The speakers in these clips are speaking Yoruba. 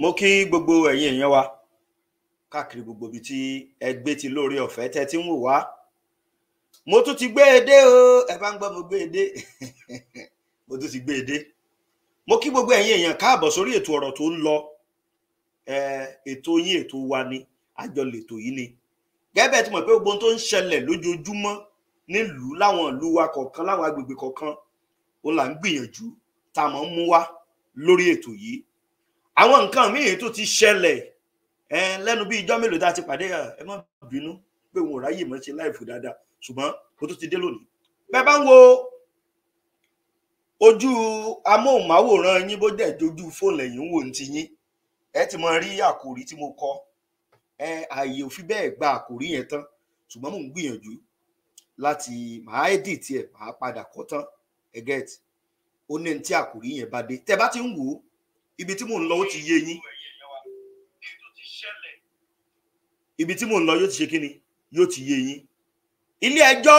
mo kí gbogbo ẹ̀yin èèyàn wa káàkiri gbogbo ibi tí ẹgbẹ́ ti lóore ọ̀fẹ́ tẹ́ ti ń wò wá mo tún ti gbé e dé o ẹ bá ń gbọ́ mo gbé e dé mo tún ti gbé e dé mo kí gbogbo ẹ̀yin èèyàn káàbọ̀ sórí ètò ọ̀rọ̀ tó ń lọ ètò yín ètò wa ni àjọ lètò yìí ni gẹ́gẹ́ tí mo pé gbogbo ohun tó ń ṣẹlẹ̀ lójoojúmọ́ nílùú láwọn ìlú wa kọ̀ọ̀kan láwọn agbègbè kọ̀ọ̀kan òun là ń gbìyànjú tá a mọ̀ ń mú wá lórí ètò yìí àwọn nǹkan míì tó ti ṣẹlẹ̀ lẹ́nu bí ijọ́ mélòó tá a ti pàdé ẹ má bínú pé wọn ò ráyè mọ́ ṣe láìfò dáadáa ṣùgbọ́n o tó ti dé lónìí. bẹ́ẹ̀ bá ń wo ojú amóhùnmáwòrán yín bó dẹ̀ dojú fóònù ẹ̀yìn wò ti yín ẹ ti mọ rí àkòrí tí mo kọ ẹ ààyè ò fi bẹ́ẹ̀ gba àkòrí yẹn tán ṣùgbọ́n mò ń gbìyànjú láti màá edit ẹ̀ màá padà kọ́ tán ẹ get ó ní ní tí àkòrí yẹn bá dé tẹ bá ti ń wò ó ibi tí mò ń lọ ó ti yé yín ibi tí mò ń lọ yóò ti ṣe kíni yóò ti yé yín ilé ẹjọ́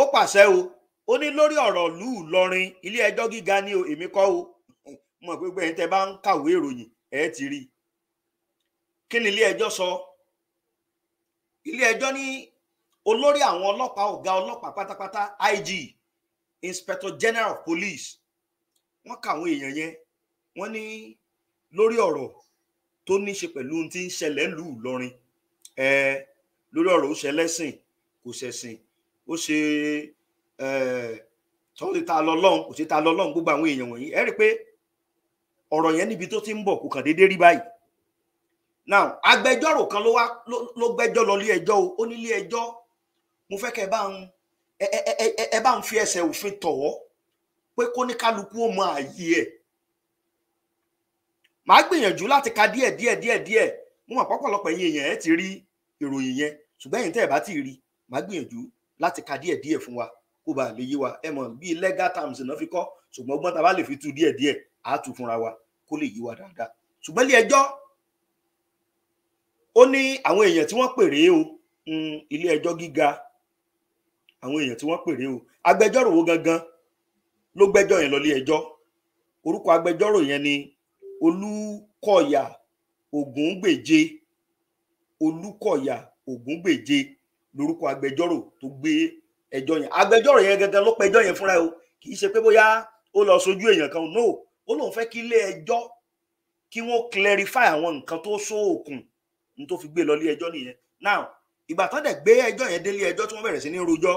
ó pàṣẹ o ó ní lórí ọ̀rọ̀ lù ú lọrin ilé ẹjọ́ gíga ní o èmi kọ́ o mọ̀ pé gbẹ̀yìn tẹ́ bá ń kàwé ìròyìn ẹ̀ ti rí kí ni ilé ẹjọ́ sọ ilé ẹjọ́ ní olórí àwọn ọlọ́pàá ọ̀gá ọlọ́pàá pátápátá IG Inspector General of Police wọ́n ka àwọn èèyàn yẹn wọ́n ní lórí ọ̀rọ̀ tó ní ṣe pẹ̀lú ohun tí ń ṣẹlẹ̀ ń lù ẹ lórí ọ̀rọ̀ ó ṣe ẹlẹ́sìn kò ṣẹ̀sìn ó ṣe tọ́wọ́n ti ta lọ lọ́hùn kò ṣe ta lọ lọ́hùn gbogbo àwọn èèyàn wọ̀nyí ẹ rí i pé ọ̀rọ̀ yẹn níbi tó ti ń bọ̀ kò kàn déédéé rí báyìí now agbẹjọ́rò kan ló wá ló gbẹ́jọ́ lọ ilé ẹjọ́ o ó ní ilé ẹjọ́ mo fẹ́ kẹ́ ẹ bá ń ẹ bá ń fi ẹsẹ̀ òfin tọ̀wọ́ pé kó ní kálukú ó mọ ààyè ẹ̀ màá gbìyànjú láti ka díẹ̀ díẹ̀ díẹ̀ díẹ̀ mo mọ̀ pọ̀pọ̀lọpọ̀ ẹ̀yin èèyàn ẹ̀ ti rí ìròyìn yẹn ṣùgbọ́n ẹ̀yin tẹ́ ẹ̀ bá ti rí màá gbìyànjú láti ka díẹ̀ díẹ̀ fún wa kó bàa lè yé wa ẹ mọ̀ bíi legal terms náà fi kọ́ ṣùgbọ́n ọgbọ́n tá a bá lè fi tú díẹ̀ díẹ̀ àá tú fúnra wa kó lè yé wa dáadáa ṣùgbọ́n ilé ẹjọ́ ó ní àwọn èèyàn tí wọ́n pèrè o hmm, ilé ẹjọ́ gíga àwọn èèyàn tí wọ́n pèrè o agbẹjọ́rò wo gangan ló gbẹ́jọ́ yẹn lọ ilé ẹjọ́ orúkọ agbẹjọ́rò yẹn ni olùkọ̀yà ògúngbèje olùkọ̀yà ògúngbèje lórúkọ agbẹjọ́rò tó gbé ẹjọ́ yẹn agbẹjọ́rò yẹn gẹ́gẹ́ ló pẹjọ́ yẹn fúnra ẹ̀ o kì í ṣe pé bóyá ó lọ sojú èèyàn kan no ó lóun fẹ́ kí ilé ẹjọ́ kí wọ́n clarify àwọn nǹkan tó sóòkùn ní tó fi gbé lọ ilé ẹjọ́ nìyẹn now ìgbà tán dẹ̀ gbé ẹjọ́ yẹn délé ẹjọ́ tí wọ́n bẹ̀rẹ̀ sí ní rojọ́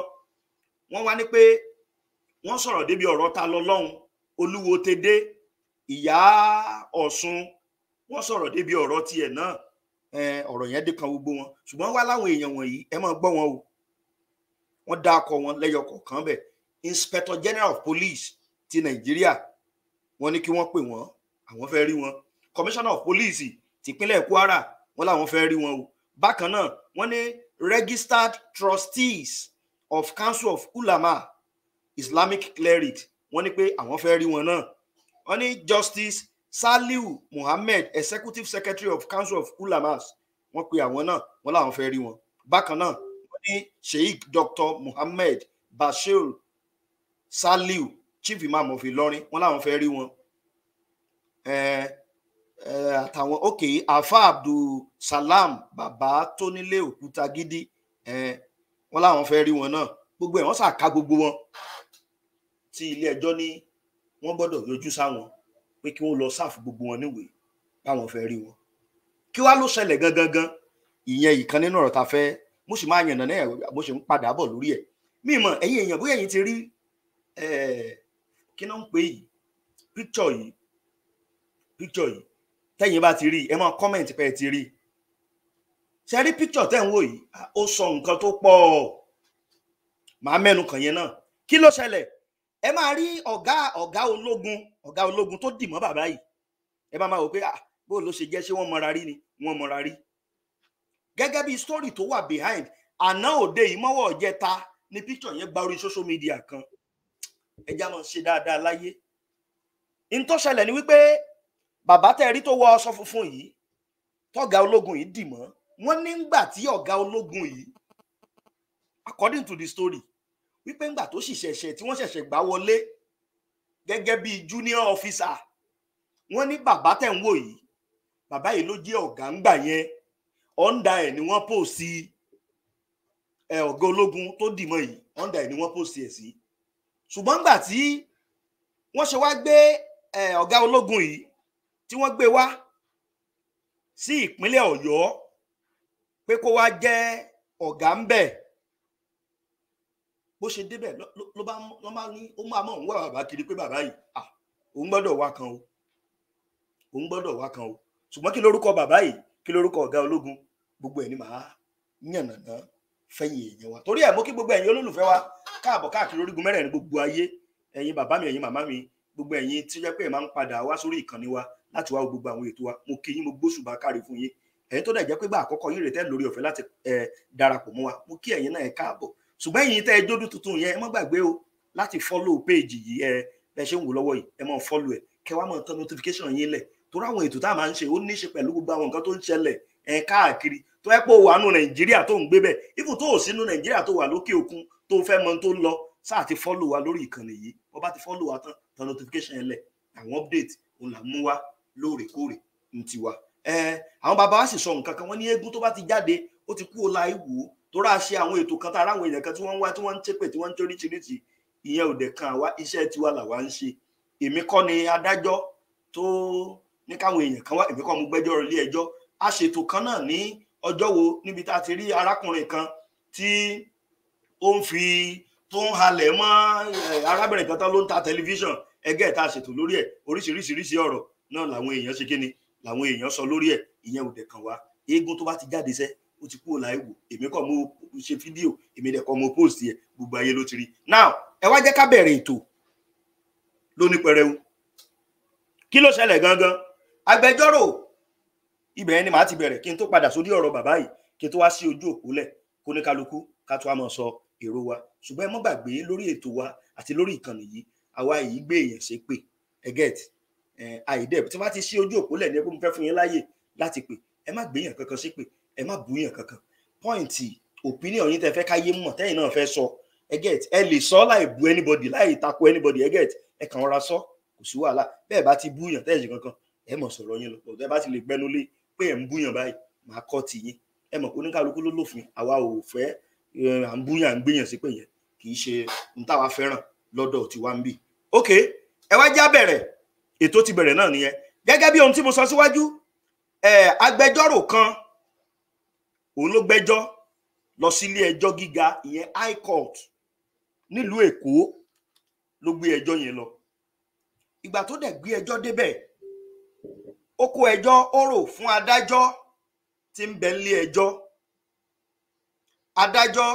wọ́n wá ní pé wọ́n sọ̀rọ̀ débi ọ̀rọ̀ ta lọ́lọ́run olúwo tedé ìyá ọ̀ṣun wọ́n sọ̀rọ̀ débi ọ̀rọ̀ tiẹ̀ náà ọ̀rọ̀ yẹn dé kan gbogbo wọn ṣùgbọ́n wá láwọn èèyàn wọ̀nyí ẹ máa gbọ́ wọn o wọ́n dá akọ wọn lẹ́yọ kọ̀ọ̀kan bẹ̀ inspector general of police ti nàìjíríà wọ́n ní kí wọ́n pè wọ́n àwọn fẹ́ rí wọn commissioner of police tìpínlẹ̀ kwara wọ́n làwọn fẹ́ rí wọn o bákan náà wọ́n ní registered trustees of council of ulama islamic cleric wọ́n ní pé àwọn fẹ́ rí wọn náà wọ́n ní justice saliu muhammed executive secretary of council of ulamas wọ́n pe àwọn náà wọ́n làwọn fẹ́ rí wọn bákan náà wọ́n ní sheikh dr muhammed bashir saliu chief imam of ìlọrin wọ́n làwọn fẹ́ rí wọn àtàwọn ok afa abdulsalam bàbá tónílé òkúta gidi wọ́n làwọn fẹ́ rí wọn náà gbogbo ẹ̀ wọ́n ṣàka gbogbo wọn tí ilé-ẹjọ́ ní wọ́n gbọ́dọ̀ yọjú sáwọn pé kí wọ́n lọ sáàfù gbogbo wọn níwèé báwọn fẹ́ rí wọn kí wàá ló ṣẹlẹ̀ gangan gan ìyẹn ìkan nínú ọ̀rọ̀ tá fẹ́ mo sì máa yànnà náà mo sì ń padà bọ̀ lórí ẹ̀ mí mọ̀ ẹ̀yin èèyàn bóyá ẹ̀yin ti rí kí náà ń pè yìí píkṣọ̀ yìí píkṣọ̀ yìí tẹ́yin bá ti rí ẹ máa kọ́mẹ̀ntì pé ẹ ti rí ṣe rí píkṣọ̀ tẹ́ ń wò yìí ó sọ nǹkan tó pọ̀ máa mẹ́nu kàn yẹn náà kí ló ṣẹlẹ̀ ẹ máa rí ọ̀gá ọ̀gá ológun ọ̀gá ológun tó dì mọ́ bàbá yìí ẹ máa máa wò pé ah bó ló ṣe jẹ́ ṣé wọ́n mọra rí ni wọ́n mọra rí gẹ́gẹ́ bí story tó wà behind àná òde yìí mọ́wọ́ ọ̀jẹta ni picture yẹn gba orí social media kan ẹja máa ṣe dáadáa láyé n tó ṣẹlẹ̀ ni wípé bàbá tẹ́ rí tó wọ aṣọ funfun yìí tọ́gá ológun yìí dì mọ́ nígbà tí ọ̀gá ológun yìí according to the story wípé ńgbà tó sì ṣẹ̀ṣẹ̀ tí wọ́n ṣẹ̀ṣẹ̀ gbà wọlé gẹ́gẹ́ bíi junior officer wọ́n ní bàbá tẹ̀ ń wò yìí bàbá yìí ló jẹ́ ọ̀gá ńgbà yẹn ọ̀ǹda ẹ̀ ni wọ́n pò sí ẹ̀ ọ̀gá ológun tó dìmọ̀ yìí ọ̀ǹda ẹ̀ ni wọ́n pò sí ẹ̀ sí ṣùgbọ́n ńgbà tí wọ́n ṣe wá gbé ẹ̀ ọ̀gá ológun yìí tí wọ́n gbé wá sí ìpínlẹ̀ ọ̀yọ́ pé kó wá jẹ́ ọ̀gá ńbẹ̀ bó ṣe débẹ̀ ló bá ló máa ní ó máa mọ̀ ń wá bàbá kiri pé bàbá yìí à òun gbọ́dọ̀ wá kan o òun gbọ́dọ̀ wá kan o ṣùgbọ́n kí lórúkọ bàbá yìí kí lórúkọ ọ̀gá ológun gbogbo ẹ̀ ni màá yànnàná fẹ̀yìn èèyàn wa torí ẹ̀ mú kí gbogbo ẹ̀yin olólùfẹ́ wa káàbọ̀ káàkiri orígun mẹ́rẹ̀ẹ̀rin gbogbo ayé ẹ̀yin bàbá mi ẹ̀yin màmá mi gbogbo ẹ̀yin tí jẹ́ pé ẹ̀ máa ń padà wá sórí ìkànnì wa láti wá gbogbo àwọn ètò wa mo kí yín mo gbóṣùbà káre fún yín ẹ̀yin tó dẹ̀ jẹ́ pé gbà àkọ́kọ́ yín rètẹ́ lórí ọ̀fẹ́ láti darapọ̀ mọ́ wa mo kí ẹ̀yin náà ẹ káàbọ̀ ṣùgbọ́n ẹ̀yin tẹ́ ẹ jódú tuntun yẹn ẹ má gbàgbé o láti follow page yìí ẹ bẹ́ẹ̀ ṣe ń wò lọ́wọ́ yìí ẹ máa follow ẹ kẹ́ wá tán notification yín lẹ̀ torí àwọn ètò tá a máa ń ṣe ó ní í ṣe pẹ̀lú gbogbo àwọn nǹkan tó ń ṣẹlẹ̀ ẹ̀ káàkiri tó ẹ pé o wà nù nàìjíríà tó ń gbé bẹ̀ ibù tó ò sínú nàìjíríà tó wà lókè òkun tó fẹ́ mọ tó ń lọ sáà ti follow wa lórí ìkànnì yìí wọ́n bá ti follow wa tán tán notification ẹ lẹ̀ àwọn update òun là ń mú wa lóòrèkóòrè ń tiwa. ẹ àwọn bàbá wa sì sọ nǹkan kan wọ́n ní eégún tó bá ti jáde ó ti kú ọlá ìwò tóra ṣe àwọn ètò kan tára àwọn èèyàn kan tí wọ́n ń wá tí wọ́n ń tépè tí wọ́n ń toríṣiríṣi ìyẹn ò dẹ̀ kan àwa iṣẹ́ tiwa làwa ń ṣe èmi kọ́ ni adájọ́ tó ní káwọn èèyàn kan wá èmi kọ́ mo gbẹ́jọ́ ilé ẹjọ́ a ṣètò kan náà ní ọjọ́ wo níbi tá a ti rí arákùnrin kan tí ó ń fi tó ń halẹ̀ mọ́ eh, arábìnrin kan tán ló ń ta tẹlifíṣàn ẹgẹ́ tá a ṣètò lórí ẹ̀ oríṣiríṣiríṣi ọ̀rọ̀ náà làwọn èèyàn ṣe kíni làwọn èèyàn sọ lórí ẹ̀ ìyẹn ò dẹ̀ kan wá eégún tó bá ti jáde sẹ́ ó ti kúrò láì wò èmi kọ́ mo ṣe fídíò èmi dẹ̀ kọ́ mo post yẹ gbogbo ayé ló ti rí now ẹ wá jẹ́ ká bẹ̀rẹ̀ ètò lóní pẹrẹwu kí ló ṣẹlẹ̀ gangan agbẹjọ́rò ibẹ̀ yẹn ni màá ti bẹ̀rẹ̀ kí n tó padà sórí ọ̀rọ̀ bàbá yìí kí n tó wá sí ojú òpó lẹ̀ kó ní kálukú ká tó wá mọ̀ sọ èrò wa ṣùgbọ́n ẹ mọ́ gbàgbé lórí ètò wa àti lórí ìkànnì yìí àwa yìí gbé èèyàn ṣe pé ẹ get àìdẹ tí wọ́n ti sí ojú òpó lẹ̀ ní ẹgbẹ́ mo fẹ́ fún yín láàyè láti pè ẹ má gbé èèyàn kankan sí pé ẹ má búyàn kankan pọ́ìntì opinion yín tẹ fẹ́ káyé mọ̀ tẹ́yìn náà fẹ́ sọ ẹ get ẹ lè sọ láì bu anybody láì tako anybody ẹ get ẹ kàn ra sọ kò sí wàhálà bẹ́ẹ̀ bá ti búyàn tẹ́yìn kankan ẹ mọ̀ sọ̀rọ̀ yín lọ ọ̀dọ̀ ẹ bá ti lè gbẹnu lé pé ẹ̀ ń búyàn báyìí màá kọ́ ti yín ẹ mọ̀ pé oníkálukú ló lòfin àwa ò fẹ́ eh, à ń búyàn à ń gbìyàn sí pé yẹn kì í ṣe n táwa fẹ́ràn lọ́dọ̀ tiwa ń bì ok ẹ wá já bẹ̀rẹ̀ ètò ti bẹ̀rẹ̀ náà nìyẹn gẹ́gẹ́ bí ohun tí mo sọ síwájú eh, agbẹjọ́rò kan òun ló gbẹ́jọ́ lọ sílé ẹjọ́ gíga ìyẹn high court nílùú èkó ló gbé ẹjọ́ yẹn lọ ìgbà tó dẹ̀ gbé ẹjọ́ débẹ̀ ó kó ẹjọ́ ó rò fún adájọ́ tí ń bẹ nílé ẹjọ́ adájọ́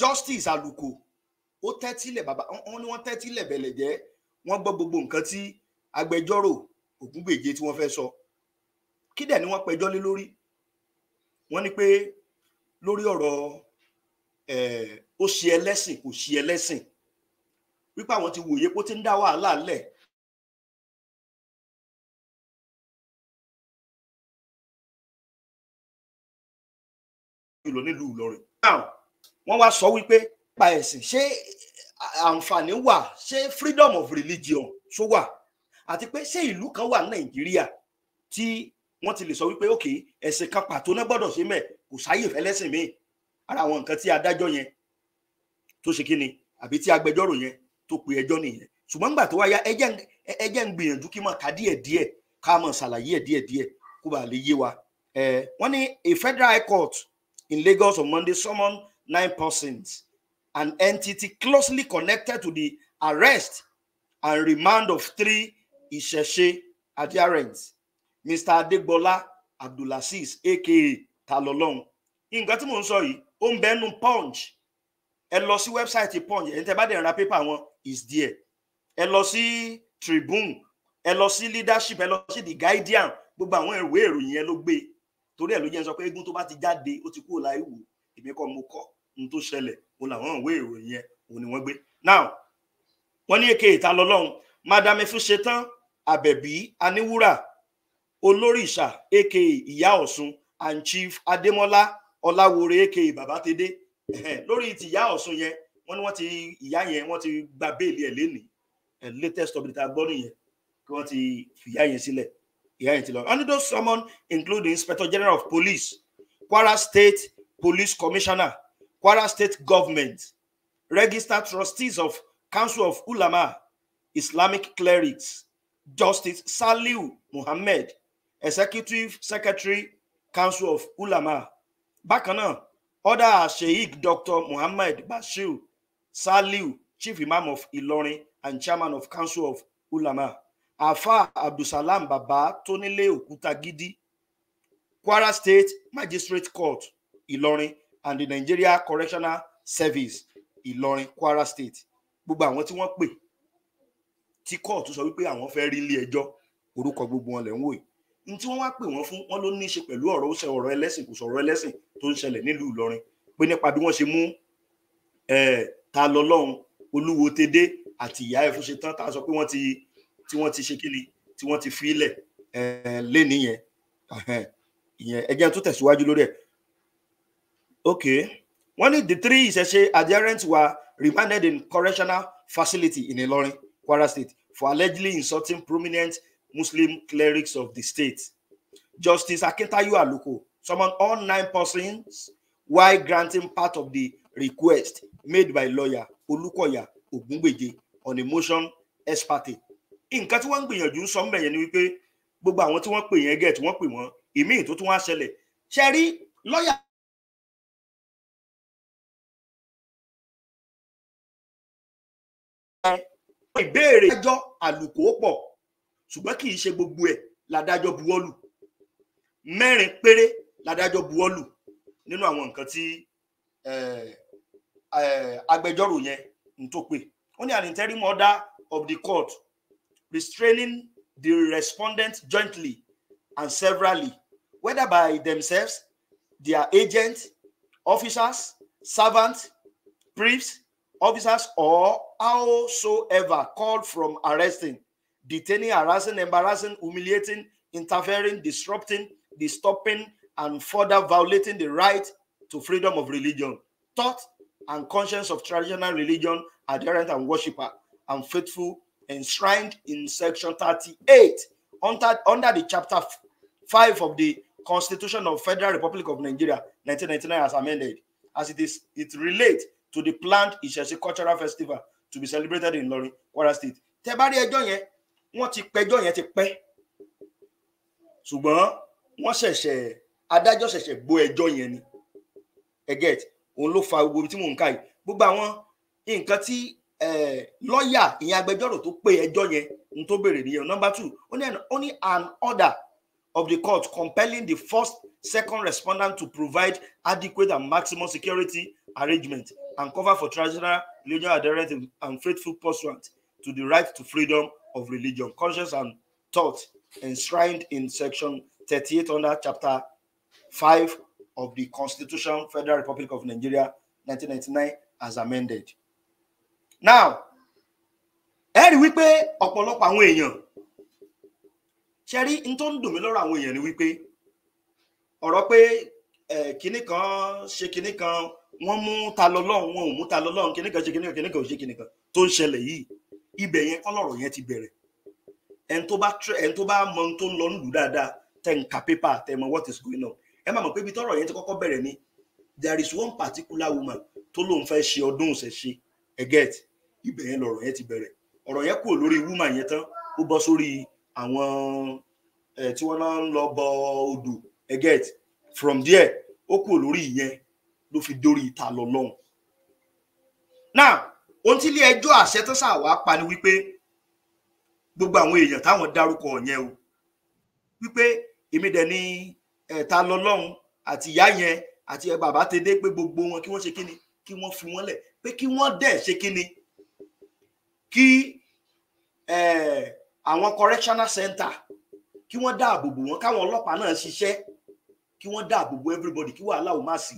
justice aluko ó tẹ́tílẹ̀ bàbá wọn ni wọ́n tẹ́tílẹ̀ bẹ̀lẹ̀ jẹ́ wọ́n gbọ́ gbogbo nǹkan tí agbẹjọ́rò ògúngbèje tí wọ́n fẹ́ sọ kí dẹ̀ ni wọ́n pẹjọ́ lé lórí wọ́n ní pé lórí ọ̀rọ̀ ó ṣe ẹlẹ́sìn kò ṣe ẹlẹ́sìn wípé àwọn ti wòye pé ó ti ń dá wàhálà lẹ̀ ìlò nílùú Ìlọrin. wọ́n wá sọ wípé pa ẹ̀sìn ṣé àǹfààní wà ṣé freedom of religion ṣó wà àti pé ṣé ìlú kan wà ní Nàìjíríà tí wọ́n ti lè sọ wípé ok ẹ̀sìn kan pàtó náà gbọ́dọ̀ ṣe mẹ́ẹ̀ kò sáyè fẹ́lẹ́sìn míì ara àwọn nǹkan tí adájọ́ yẹn tó ṣe kí ni àbí tí agbẹjọ́rò yẹn tó pe ẹjọ́ nìyẹn ṣùgbọ́n nígbà tó wáyá ẹjẹ́ ń gbìyànjú kí mọ̀ ká díẹ̀ díẹ̀ ká mọ̀ ṣàlàyé ẹ̀ díẹ̀ díẹ̀ kó bàa lè yé wa. wọ́n ní a federal high court in Lagos on Monday summoned nine persons an entity closely connected to the arrest and remand of three Ìṣẹ̀ṣe adherents Mr. Adegbola Abdulaziz aka ta lọ́lọ́run nǹkan tí mò ń sọ yìí ó ń bẹ́nu punch ẹ lọ sí wẹ́bsáìtì punch ẹ̀yin tẹ́ bá dẹ̀ ra pépà wọn is there ẹ lọ sí tribune ẹ lọ sí leadership ẹ lọ sí the guardian gbogbo àwọn ìwé ìròyìn yẹn ló gbé torí ẹ ló jẹ́ sọ pé eégún tó bá ti jáde ó ti kúrò láì wù èmi kọ́ mo kọ́ ohun tó ṣẹlẹ̀ òun làwọn ìwé ìròyìn yẹn òun ni wọ́n gbé now wọ́n ní èké ìta lọ́lọ́run madam efusetán abẹ̀bí aníwúrà olórí ìṣà aka ìyá ọ̀sùn and chief Ademola ọláwòrè aka babatede lórí ti ìyá ọ̀sùn yẹn wọ́n ní wọ́n ti ìyá yẹn wọ́n ti gba béèlì ẹ̀ lénìí latest of the a gbọ́ nìyẹn kí wọ́n ti fìyà yẹn sílẹ̀ ìyá yẹn ti lọ. and those someone include the inspector general of police kwara state police commissioner kwara state government registered trustees of council of ulama islamic clerics justice saliu muhammed executive secretary council of ulama bákan náà order sheikh dr muhammad bashir saliu chief imam of ilorin and chairman of council of ulama afa abdulsalam baba tónílé òkútagídí kwara state magistrate court ilorin and the nigeria correctional service ilorin kwara state gbogbo àwọn tí wọ́n pè tí kóòtù sọ wípé àwọn fẹ́ẹ́ rí ilé ẹjọ́ orúkọ gbogbo wọn lẹ ń wò n tí wọ́n wá pè wọ́n fún wọn ló ní í ṣe pẹ̀lú ọ̀rọ̀ ó ṣe ọ̀rọ̀ ẹlẹ́sìn kò sọ̀rọ̀ ẹlẹ́sìn tó ń ṣẹlẹ̀ nílùú Ìlọrin pé nípa bí wọ́n ṣe mú ta lọ́lọ́run olúwo tedé àti ìyá ẹ̀fún ṣe tán tá sọ pé wọ́n ti tí wọ́n ti ṣe kí ni tí wọ́n ti fi ilẹ̀ lé nìyẹn ìyẹn ẹjẹ tó tẹ̀síwájú lórí ẹ̀ ok wọ́n ní the three ìṣẹ̀ṣe adherents were remanded in correctional facility in Ilorin Kwara State for allegedly insulting prominent Muslim clerics of the state. Justice Akintayo Aluko summoned all nine persons while granting part of the request made by lawyer Olukoya Ogunbeje on a motion ex parte. Nǹkan tí wọ́n ń gbìyànjú sọ ń bẹ̀yẹn ni wípé gbogbo àwọn tí wọ́n pè yẹn gẹ̀ tí wọ́n pè wọ́n ìmíì tó tún wá ṣẹlẹ̀ ṣe rí lọ́yà ìbéèrè ẹjọ́ àlùkò pọ̀ ṣùgbọ́n kì í ṣe gbogbo ẹ̀ ládájọ́ buwọ́lù mẹ́rin péré ládájọ́ buwọ́lù nínú àwọn nǹkan tí agbẹjọ́rò yẹn ń tó pè ó ní an interim order of the court restraining the respondent jointly and severally whether by themselves their agents officers servants priests officers or howsoever called from arresting detaining, harassing, embarrassing, humiliating, interfering, disrupting, disturbing, and further violating the right to freedom of religion, thought and conscience of traditional religion, adherent and worshiper, and faithful, enshrined in section 38 under, under the chapter 5 of the Constitution of Federal Republic of Nigeria, 1999, as amended, as it is, it relates to the planned Ìṣẹ̀ṣe Cultural Festival to be celebrated in Ilorin, Kwara State. Tẹ́bárí ẹjọ́ yẹn wọ́n ti pẹjọ́ yẹn ti pẹ́ ṣùgbọ́n wọ́n ṣẹ̀ṣẹ̀ adájọ́ ṣẹ̀ṣẹ̀ gbọ́ ẹjọ́ yẹn ni ẹgẹt òun ló fa gbogbo tí mò ń kà yìí gbogbo àwọn nǹkan tí lọ́ọ̀yà ìyẹn agbẹjọ́rò tó pé ẹjọ́ yẹn ń tó béèrè nìyẹn number two only an order of the court compelling the first second respondent to provide adequate and maximum security arrangement and cover for traditional religious adherence and faithful pursuant to the right to freedom of religion, conscience and thought enshrined in section 38 under chapter 5 of the Constitution, Federal Republic of Nigeria, 1999, as amended. Now, ẹ rí wípé ọ̀pọ̀lọpọ̀ àwọn èèyàn ṣe rí n tó ń dùn mí lọ́rọ̀ àwọn èèyàn ni wípé ọ̀rọ̀ pé kinní kan ṣe kinní kan wọ́n mú ta lọ́lọ́run wọn ò mú ta lọ́lọ́run kinní kan ṣe kinní kan kinní kan ò ṣe kinní kan tó ń ṣẹlẹ̀ yìí ibẹ̀ yẹn kọ́ lọ̀rọ̀ yẹn ti bẹ̀rẹ̀ ẹni tó bá ẹni tó bá mọ ohun tó ń lọ nílùú dáadáa tẹ̀ ń ka pépà tẹ̀ mọ what is going on ẹ má mọ̀ pé ibi tọ́rọ̀ yẹn ti kọ́kọ́ bẹ̀rẹ̀ ni there is one particular woman tó lóun fẹ́ ṣe ọdún ìṣẹ̀ṣe ẹ get ibẹ̀ yẹn lọ̀rọ̀ yẹn ti bẹ̀rẹ̀ ọ̀rọ̀ yẹn kúrò lórí woman yẹn tán ó bọ́ sórí àwọn ẹ̀ tí wọ́n náà ń lọ bọ odò ẹ get from there ó kúrò lórí ìyẹn ló fi dórí ìta lọ lọ́hùn now ohun tí ilé ẹjọ́ àṣẹ tó ṣàwá pa ni wípé gbogbo àwọn èèyàn táwọn dárúkọ yẹn o wípé èmi dẹ̀ ni ẹ̀ta lọ́lọ́run àti ìyá yẹn àti ẹ bàbá tẹdẹ pé gbogbo wọn kí wọ́n ṣe kíni kí wọ́n fi wọ́n lẹ̀ pé kí wọ́n dẹ̀ ṣe kíni kí àwọn correctional center kí wọ́n dáàbò bò wọ́n káwọn ọlọ́pàá náà ṣiṣẹ́ kí wọ́n dáàbò bò everybody kí wàhálà ò má sí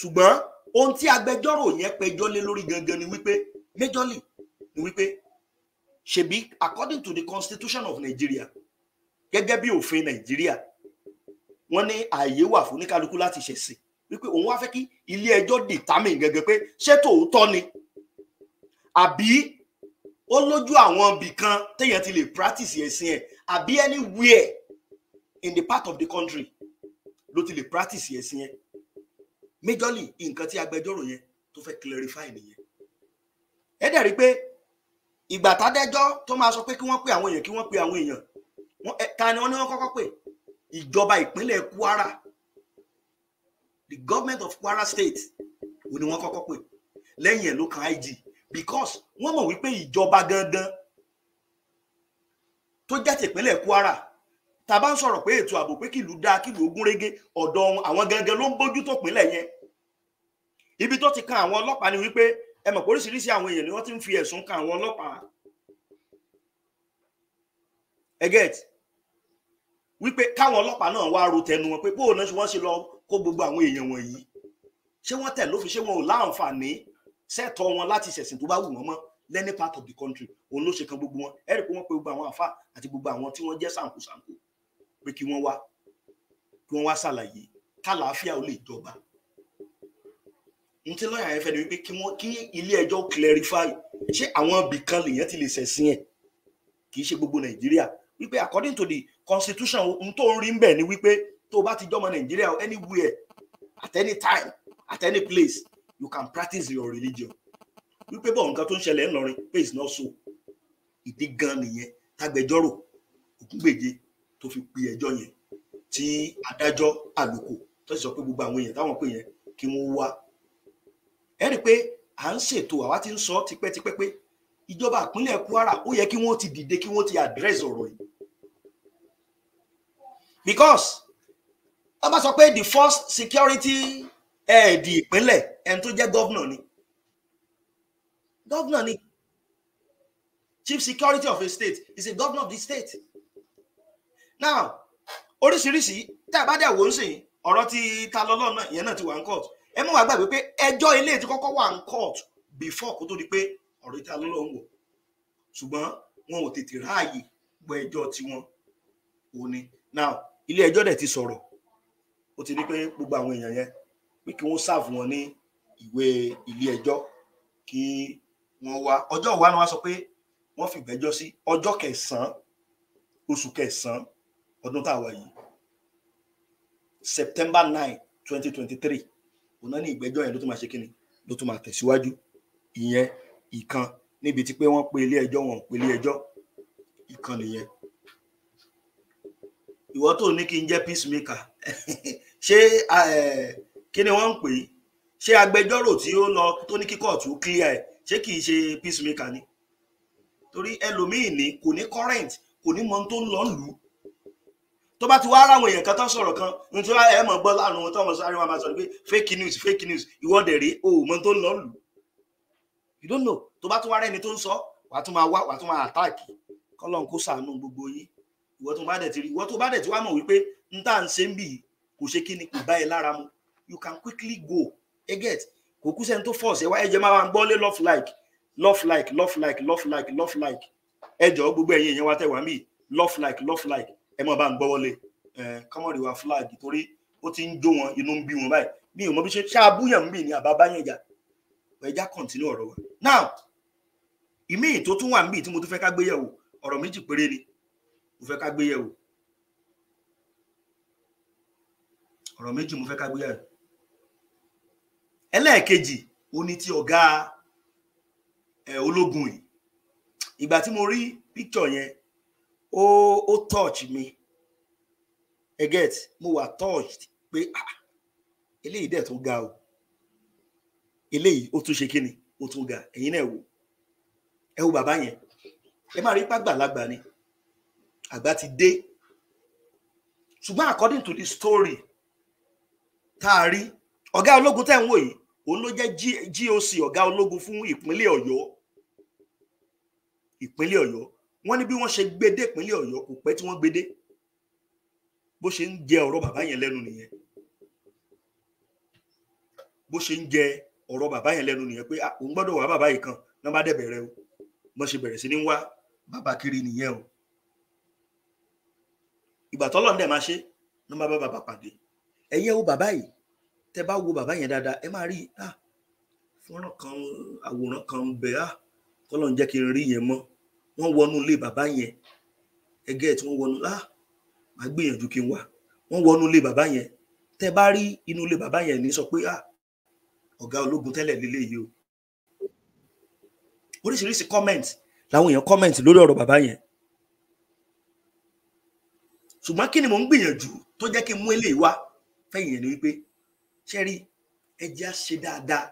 ṣùgbọ́n ohun tí agbẹjọ́rò yẹn pẹjọ́ lé lórí gangan ni wípé majorly ni wípé ṣebí according to the constitution of Nigeria gẹ́gẹ́ bí òfin Nigeria wọ́n ní ààyè wà fún oníkálukú láti ṣẹ̀sìn wípé òun wá fẹ́ kí ilé ẹjọ́ determine gẹ́gẹ́ pé ṣé tòótọ́ ni àbí ó lójú àwọn ibì kan téèyàn ti lè practice ẹ̀sìn ẹ̀ àbí anywhere in the part of the country ló ti lè practice ẹ̀sìn ẹ̀ majorly nǹkan tí agbẹjọ́rò yẹn tó fẹ́ clarify nìyẹn ẹ dẹ̀ rí pé ìgbà tádẹ́jọ́ tó máa sọ pé kí wọ́n pe àwọn èèyàn kí wọ́n pe àwọn èèyàn ta ni wọ́n ní wọ́n kọ́kọ́ pè ìjọba ìpínlẹ̀ Kwara the government of Kwara state ò ní wọ́n kọ́kọ́ pè lẹ́yìn ẹ̀ ló kan IG because wọ́n mọ̀ wípé ìjọba gangan tó jẹ́ tìpínlẹ̀ Kwara ta bá ń sọ̀rọ̀ pé ètò ààbò pé kìlú dáa kìlú ogún régé ọ̀dọ̀ àwọn gangan ló ń bójú tó pínlẹ̀ yẹn ibi tó ti kan àwọn ọlọ́pàá ni wípé ẹ mọ̀ oríṣiríṣi àwọn èèyàn ni wọ́n ti ń fi ẹ̀sùn kan àwọn ọlọ́pàá ẹ get wípé káwọn ọlọ́pàá náà wá ro tẹnu wọn pé bóun náà ṣe wọ́n ṣe lọ kó gbogbo àwọn èèyàn wọ̀nyí ṣé wọ́n tẹ̀ lófin ṣé wọn ò láǹfààní sẹ́tọ̀ wọn láti ṣẹ̀sìn tó bá wù wọ́n mọ́ lẹ́ni part of the country òun ló ṣe kan gbogbo wọn ẹ rí i pé wọ́n pe gbogbo àwọn àfa àti gbogbo àwọn tí wọ́n jẹ́ sàǹkóṣàǹkó pé kí wọ́n wá kí wọ́n wá ṣàlàyé kálàáfíà ó lè jọba n tí lọ́ọ̀yà yẹn fẹ́ ni wípé kí wọ́n kí ilé ẹjọ́ clarify ṣé àwọn ibìkan lèèyàn ti lè ṣẹ̀sìn ẹ̀ kì í ṣe gbogbo nàìjíríà wípé according to the constitution n tó ń rí ń bẹ̀ ni wípé tó o bá ti jọmọ nàìjíríà anywhere at any time at any place you can practice your religion wípé bọ̀ nǹkan tó ń ṣẹlẹ̀ ńlọrin pé not so ìdí gan nìyẹn tágbẹjọ́rò ògúngbèje tó fi pe ẹjọ́ yẹn tí adájọ́ àlùkò tó sì sọ pé gbogbo àwọn èèyàn táwọn pè yẹn kí wọ́n wá ẹ rí i pé à ń ṣètò àwa ti ń sọ tipẹ́tipẹ́ pé ìjọba ìpínlẹ̀ Kwara ó yẹ kí wọ́n ti dìde kí wọ́n ti address ọ̀rọ̀ yìí because wọ́n bá sọ pé the first security ẹ̀ẹ́dì ìpínlẹ̀ ẹni tó jẹ́ gọ́vnà ni gọ́vnà ni chief security of a state is a governor of the state now oríṣiríṣi tá a bá dẹ̀ wò ó sìn ọ̀rọ̀ ti ta lọ́lọ́ náà ìyẹn náà ti wà ń court ẹ mọ̀ wá gbàgbé pé ẹjọ́ ilé ti kọ́kọ́ wà ń court before kó tó di pé ọ̀rọ̀ ìta ló lọ́wọ́ ṣùgbọ́n wọn ò tètè ráàyè gbọ́ ẹjọ́ tiwọn ò ní now ilé ẹjọ́ dẹ̀ ti sọ̀rọ̀ ó ti ní pé gbogbo àwọn èèyàn yẹn pé kí wọ́n sáàfù wọn ní ìwé ilé ẹjọ́ kí wọ́n wá ọjọ́ ìwá ni wọ́n sọ pé wọ́n fìgbẹ́jọ́ sí ọjọ́ kẹsàn-án oṣù kẹsàn-án ọdún táwa yìí September nine twenty twenty three òun náà ní ìgbẹ́jọ́ yẹn ló tún máa ṣe kíni ló tún máa tẹ̀síwájú ìyẹn ìkan níbi tí pé wọ́n pe ilé ẹjọ́ wọn pe ilé ẹjọ́ ìkan nìyẹn ìwọ tó ní kí n jẹ́ peacemaker ṣé kí ni wọ́n ń pè é ṣé agbẹjọ́rò tí ó lọ tó ní kí kóòtù clear ẹ̀ ṣé kì í ṣe peacemaker ni torí ẹlòmíì ni kò ní current kò ní mọ tó ń lọ lù tó bá ti wá ara àwọn èèyàn kan tán sọ̀rọ̀ kan ní tí wọ́n ẹ̀ mọ̀ gbọ́ láàrin wọn tó ọmọ sáré wọn máa sọ̀rọ̀ pé fake news fake news ìwọ́de rèé o mọ tó ń lọ lù you don't know tó bá tún wá rẹ́ni tó ń sọ wà á tún máa wá wà á tún máa attack kọ́lọ́n kó ṣàánú gbogbo yín ìwọ tó bá dẹ̀ ti rí ìwọ tó bá dẹ̀ ti wá mọ̀ wípé n tá à ń ṣe ń bì kò ṣe kí ni kò bá ẹ lára mu you can quickly go ẹ get kò kú sẹ́ni tó force ẹ wá ẹ jẹ́ máa gbọ́ lé love like love like love like love like love like ẹ jọ̀ọ́ gbogbo ẹ̀yin èèyàn wa tẹ̀ wá mí love like love like ẹ mọ̀ bá ń gbọ́wọ́lé kọ́mọ̀rì wa fúláàgì torí ó ti ń jó wọn inú ń bí wọn báyìí bí ìmọ̀ bí ṣe ṣáàbùyàn mí ni àbábá yẹn jà ẹja kọ̀ǹtínú ọ̀rọ̀ wa now ìmíì tó tún wà níbi tí mo tún fẹ́ ká gbé yẹ̀wò ọ̀rọ̀ méjì péré ni mo fẹ́ ká gbé yẹ̀wò ọ̀rọ̀ méjì mo fẹ́ ká gbé yẹ̀wò ẹlẹ́ẹ̀kejì ó ti ọ̀gá ológun yìí ìgbà tí mo rí píkítọ̀ yẹn O o touch me ẹ get mo wà touched pe ah eléyìí dẹ̀ tó ga o Eleyi o tun ṣe kini ni tun ga eyin na wò ẹ wo bàbá E ma máa rí lagba ni Agba ti de. ṣùgbọ́n according to the story Taari a ologun ọ̀gá ológun tẹ̀ ń wò yìí òun ló jẹ́ GOC ọ̀gá ológun fún ìpínlẹ̀ Ọ̀yọ́ ìpínlẹ̀ Ọ̀yọ́ wọ́n ní bí wọ́n ṣe gbédé ìpínlẹ̀ Ọ̀yọ́ kò pẹ́ tí wọ́n gbédé bó ṣe ń jẹ ọ̀rọ̀ bàbá yẹn lẹ́nu nìyẹn bó ṣe ń jẹ ọ̀rọ̀ bàbá yẹn lẹ́nu nìyẹn pé òun gbọ́dọ̀ wá bàbá yìí kan náà bá dẹ̀ bẹ̀rẹ̀ o mo ṣe bẹ̀rẹ̀ sí ní wá bàbá kiri nìyẹn o ìgbà tọ́lọ̀ ń dẹ̀ máa ṣe ló máa bá bàbá pàdé ẹ̀yẹ wo bàbá yìí tẹ bá wo bàbá yẹn dáadáa ẹ máa rí i fọ́nrán kan àwòrán kan bẹ̀ á kọ́lọ̀ ń jẹ́ kí n rí yẹn mọ́ wọ́n wọnú ilé bàbá yẹn ẹgẹ́ tí wọ́n wọnú á ah, màá gbìyànjú kí n wà wọ́n wọnú ilé bàbá yẹn tẹ́ bá rí inú ilé bàbá yẹn ní sọ pé à ah, ọ̀gá ológun tẹ́lẹ̀ lélẹ́yìí o oríṣiríṣi comment làwọn èèyàn comment lórí ọ̀rọ̀ bàbá yẹn ṣùgbọ́n kí ni mò ń gbìyànjú tó jẹ́ kí n mú eléyìí wá fẹ̀yìn yẹn ni wípé ṣẹ́rí ẹja ṣe dáadáa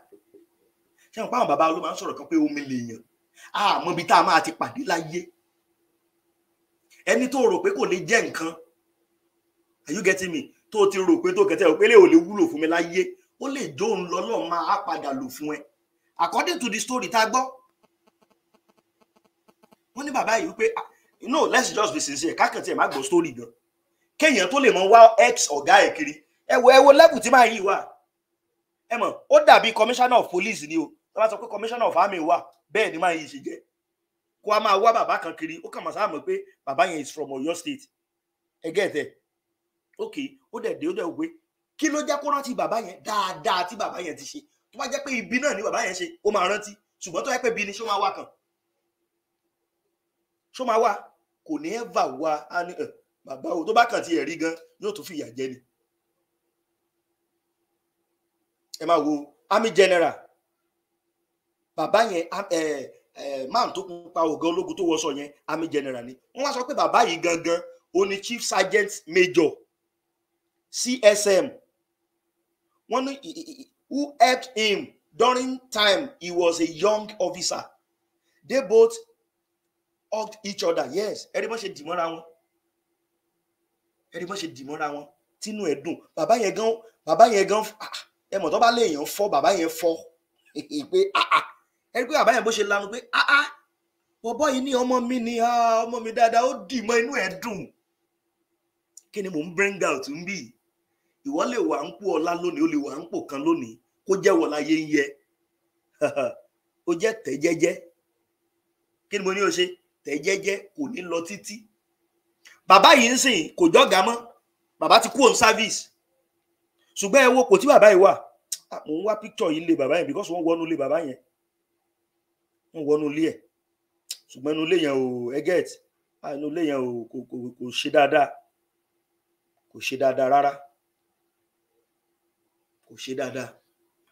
ṣé àwọn bàbá ló ń sọ̀rọ̀ kan pé omi lèèyàn àmọ́ ibi tá a máa ti pàdé láyé ẹni tó rò pé kò ní jẹ́ nǹkan are you getting me tó ti rò pé tó kẹtẹ́ rò pé lè ò lè wúlò fún mi láyé ó lè jó ń lọ lọ́ọ́ máa padà lò fún ẹ according to the story tá a gbọ́ wọ́n ní bàbá yìí wípé ah, no let's just be sincere kákàntì ẹ̀ má gbọ́ story gan kéèyàn tó lè mọ wá ex ọ̀gá ẹ̀ kiri ẹ wo ẹ wo level tí máa yí wa ẹ mọ̀ ó dàbí commissioner of police ni o tó bá sọ pé commissioner of army wà bẹ́ẹ̀ ni máa yìí ṣe jẹ́ kó a máa wá bàbá kan kiri ó kàn máa sáà mọ̀ pé bàbá yẹn is from Ọ̀yọ́ state ẹgẹ́ ẹ̀tẹ̀ ok ó dẹ̀ dé ó dẹ̀ wé kí ló jẹ́ kó rántí bàbá yẹn dáadáa tí bàbá yẹn ti ṣe tó bá jẹ́ pé ibi náà ni bàbá yẹn ṣe ó máa rántí ṣùgbọ́n tó yẹ pé ibi ni ṣó máa wá kan ṣó máa wá kò ní ẹ́và wá á ní ẹ̀ bàbá o tó bá kàn ti ẹ̀rí gan yóò tún fìyà jẹ ni ẹ máa wo army general bàbá yẹn máàm tó pa ọ̀gá ológun tó wọṣọ yẹn army general ni wọ́n wá sọ pé bàbá yìí gangan ó ní chief sergeant major CSM wọ́n ní who helped him during time he was a young officer they both hugged each other yes ẹ̀rí bọ́n ṣe dì mọ́ra wọn ẹ̀rí bọ́n ṣe dì mọ́ra wọn tínú ẹ̀ dùn bàbá yẹn gan bàbá yẹn gan ah, ẹ mọ̀ tó bá léèyàn fọ́ bàbá yẹn fọ́ pé ah ẹni pé àbáyọ̀ bó ṣe lanu pé ah ah bọ̀bọ̀ yìí ní ọmọ mi ni ah, ọmọ mi dáadáa ó dì mọ́ inú ẹ̀ dùn kí ni mò ń bring out ń bì ìwọ lè wà ń pò ọlá lónìí ó lè wà ń pò kan lónìí kó jẹ́ wọ̀ láyé ń yẹ ó jẹ́ tẹ̀ jẹ́jẹ́ kí ni mo ní o ṣe tẹ̀ jẹ́jẹ́ kò ní lọ títí bàbá yìí ń sìn kò jọ́gà mọ́ bàbá ti kú on service ṣùgbọ́n ẹ wo kò tí bàbá yìí wà ah, mò ń wá picture yìí lé bàbá yẹn because wọ́n wọnú lé bàbá yẹn wọ́n wọnú ilé ẹ̀ ṣùgbọ́n inú ilé yẹn ò ẹgẹ́t inú ilé yẹn ò kò kò kò ṣe dáadáa kò ṣe dáadáa rárá kò ṣe dáadáa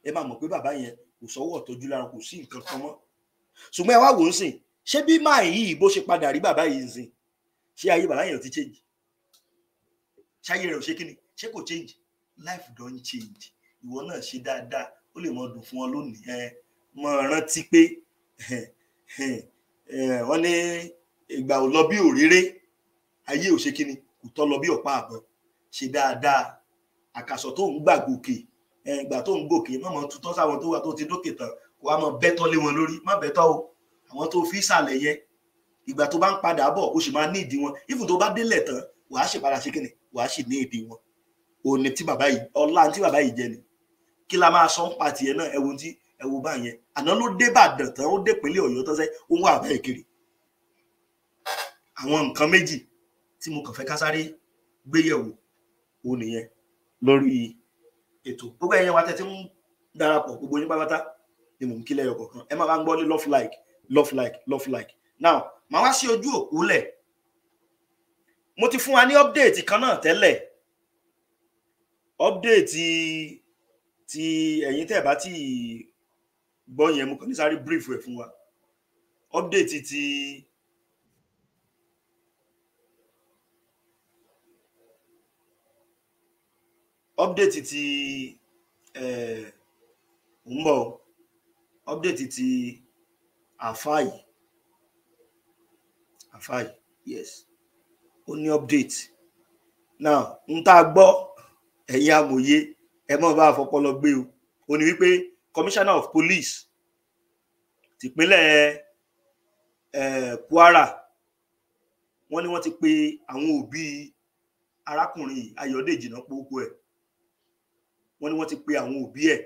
ẹ máa mọ̀ pé bàbá yẹn kò sọ́wọ́ tọ́jú lára kò sí nǹkan kan mọ́ ṣùgbọ́n ẹ wá wò ó sìn ṣé bí máa yìí bó ṣe padà rí bàbá yìí sìn ṣé ayé bàbá yẹn ò ti change ṣé ayé rẹ̀ ò ṣe kí ni ṣé kò change life don change ìwọ náà ṣe dáadáa ó lè mọ dùn fún ọ lónìí ẹ mọ rántí pé wọ́n ní ìgbà ò lọ bí òréré ayé ò ṣe kíni kò tọ́ lọ bí ọ̀pá àbọ̀ ṣe dáadáa àkàsọ̀ tó ń gbà gòkè ìgbà tó ń gòkè má mọ tutọ́ sáwọn tó wà tó ti dókè tán kó wá mọ bẹ́tọ́ lé wọn lórí má bẹ́tọ́ o àwọn tó fi ìsàlẹ̀ yẹ ìgbà tó bá ń padà bọ̀ o sì máa ní ìdí wọn ìfún tó bá délẹ̀ tán wàá sì padà ṣe kíni wàá sì ní ìdí wọn òní tí bàbá yìí ọlá tí bàbá yìí jẹ ni kí la máa sọ ń pa tiẹ̀ náà ẹ̀wọ̀n tí ẹ wo báyẹn àná ló dé Ìbàdàn tán ó dé ìpínlẹ̀ Ọ̀yọ́ tán sẹ òun wà bẹ́ẹ̀ kiri àwọn nǹkan méjì tí mo kàn fẹ́ ká sáré gbéyẹ̀wò ó nìyẹn lórí ètò gbogbo ẹ̀yin wa tẹ́tí ń darapọ̀ gbogbo yín pátápátá ni mò ń kí lẹ́yọ̀ kọ̀ọ̀kan ẹ máa bá ń gbọ́ lé love like love like love like now màá wá sí ojú òkú lẹ̀ mo ti fún wa ní update kan náà tẹ́lẹ̀ update ti ẹ̀yin tẹ́ bá ti gbọ́ yẹn mo ní sáré brief ẹ̀ fún wa update ti update ti eh, ń bọ̀ update ti afai, afai, yes ó ní update now n tá a gbọ́ ẹ̀yin amòye ẹ mọ̀ bá fọpọlọ gbé o ó ní wípé commissioner of police tìpínlẹ̀ eh, Kwara wọ́n ní wọ́n ti pe àwọn òbí arákùnrin Ayọ̀dèjì náà pókó ẹ̀ wọ́n ní wọ́n ti pe àwọn òbí ẹ̀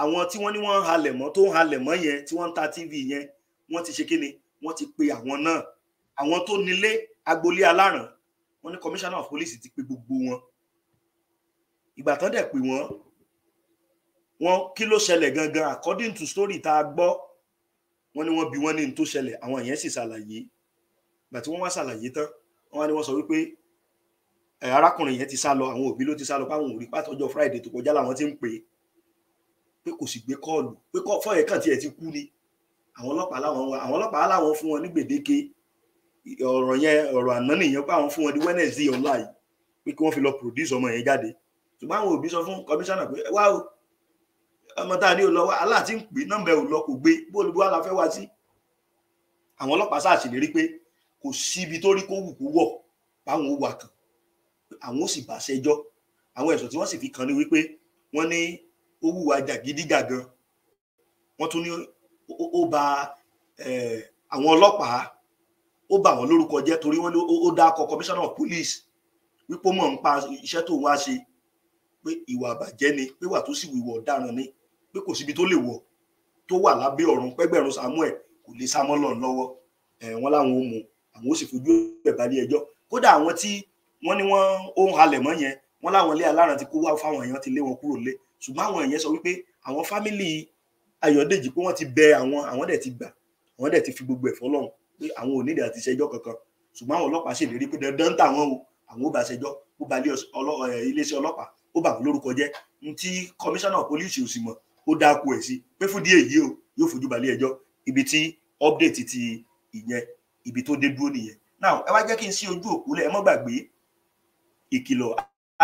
àwọn tí wọ́n ní wọ́n ń halẹ̀ mọ́ tó ń halẹ̀ mọ́ yẹn tí wọ́n ń ta tv yẹn wọ́n ti ṣe kí ni wọ́n ti pe àwọn náà àwọn tó nílé agboolé aláràn wọ́n ní commissioner of police ti pe gbogbo wọn ìgbà tán dẹ̀ pè wọ́n wọn kí ló ṣẹlẹ̀ gangan according to story tá a gbọ́ wọn ni wọ́n bi wọ́n ní n tó ṣẹlẹ̀ àwọn èèyàn sì ṣàlàyé ìgbà tí wọ́n wá ṣàlàyé tán wọ́n ni wọ́n sọ wípé arákùnrin yẹn ti sá lọ àwọn òbí ló ti sá lọ páwọn òrí pátọjọ́ friday tó kọjá làwọn ti ń pè é pé kò sì gbé kọ́ọ̀lù pé fọyẹ kàn tiẹ̀ ti kú ni àwọn ọlọ́pàá làwọn wá àwọn ọlọ́pàá làwọn fún wọn ní gbèdéke ọ̀rọ̀ yẹn ọ̀rọ̀ àná nìyẹn pé àwọn fún wọn di wednesday ọ̀la yìí pé kí wọ́n fi lọ produce ọmọ yẹn jáde ṣùgbọ́n àwọn òbí sọ fún kọmíṣánná pé wá o ọmọ tá a ní olọ́wọ́ aláàtí ń pè nọ́mbà ò lọ kò gbé bóòlù wa la fẹ́ wá sí àwọn ọlọ́pàá sáà ṣèlérí pé kò síbi tó rí kó wù kó wọ̀ báwọn ó wà kàn àwọn ó sì bá ṣẹjọ́ àwọn ẹ̀sùn tí wọ́n sì fi kàn ní wípé wọ́n ní ó wùwà jàgídíjàgan wọ́n tún ní ó ba àwọn ọlọ́pàá ó bà wọ́n lórúkọ jẹ́ torí wọ́n ó dákọ̀ commissioner of police wípé ó mọ̀ ń pa iṣẹ́ tó wá ṣe pé ìwà àbàjẹ́ ni pé wà tó sì wíwọ̀ ọ̀daràn ni pé kò síbi tó lè wọ̀ tó wà lábẹ́ ọ̀run pẹ́gbẹ̀rún samuel kò lè sá mọ́ lọ́n lọ́wọ́ wọn láwọn ò mú àwọn ó sì fojú ẹ̀ bá ilé ẹjọ́ kódà àwọn tí wọ́n ní wọ́n ó ń halẹ̀ mọ́ yẹn wọ́n láwọn ilé alára ti kó wá fáwọn èèyàn ti lé wọn kúrò lé ṣùgbọ́n àwọn èèyàn sọ wípé àwọn fámìlì ayọ̀dèjì pé wọ́n ti bẹ àwọn àwọn dẹ̀ ti gbà àwọn dẹ̀ ti fi gbogbo ẹ̀fọ́ lọ́hùn pé àwọn ò nídìí àti ṣẹjọ́ kankan ṣùgbọ́n àwọn ọlọ́pàá ṣèlérí pé dandan táwọn o àwọn ò bá ṣẹjọ́ ó ba iléeṣẹ́ ọlọ́pàá ó bà lórúkọ jẹ́ ní kọmíṣánná pólíṣì ò mọ̀ ó dáko ẹ̀ sí pé fún díẹ̀ yìí o yóò fojú balẹ̀ ẹjọ́ ibi tí update ti ìyẹn ibi tó dé dúró nìyẹn now ẹ wá jẹ́ kí n sí ojú òkú lẹ̀ ẹ mọ́ gbàgbé ìkìlọ̀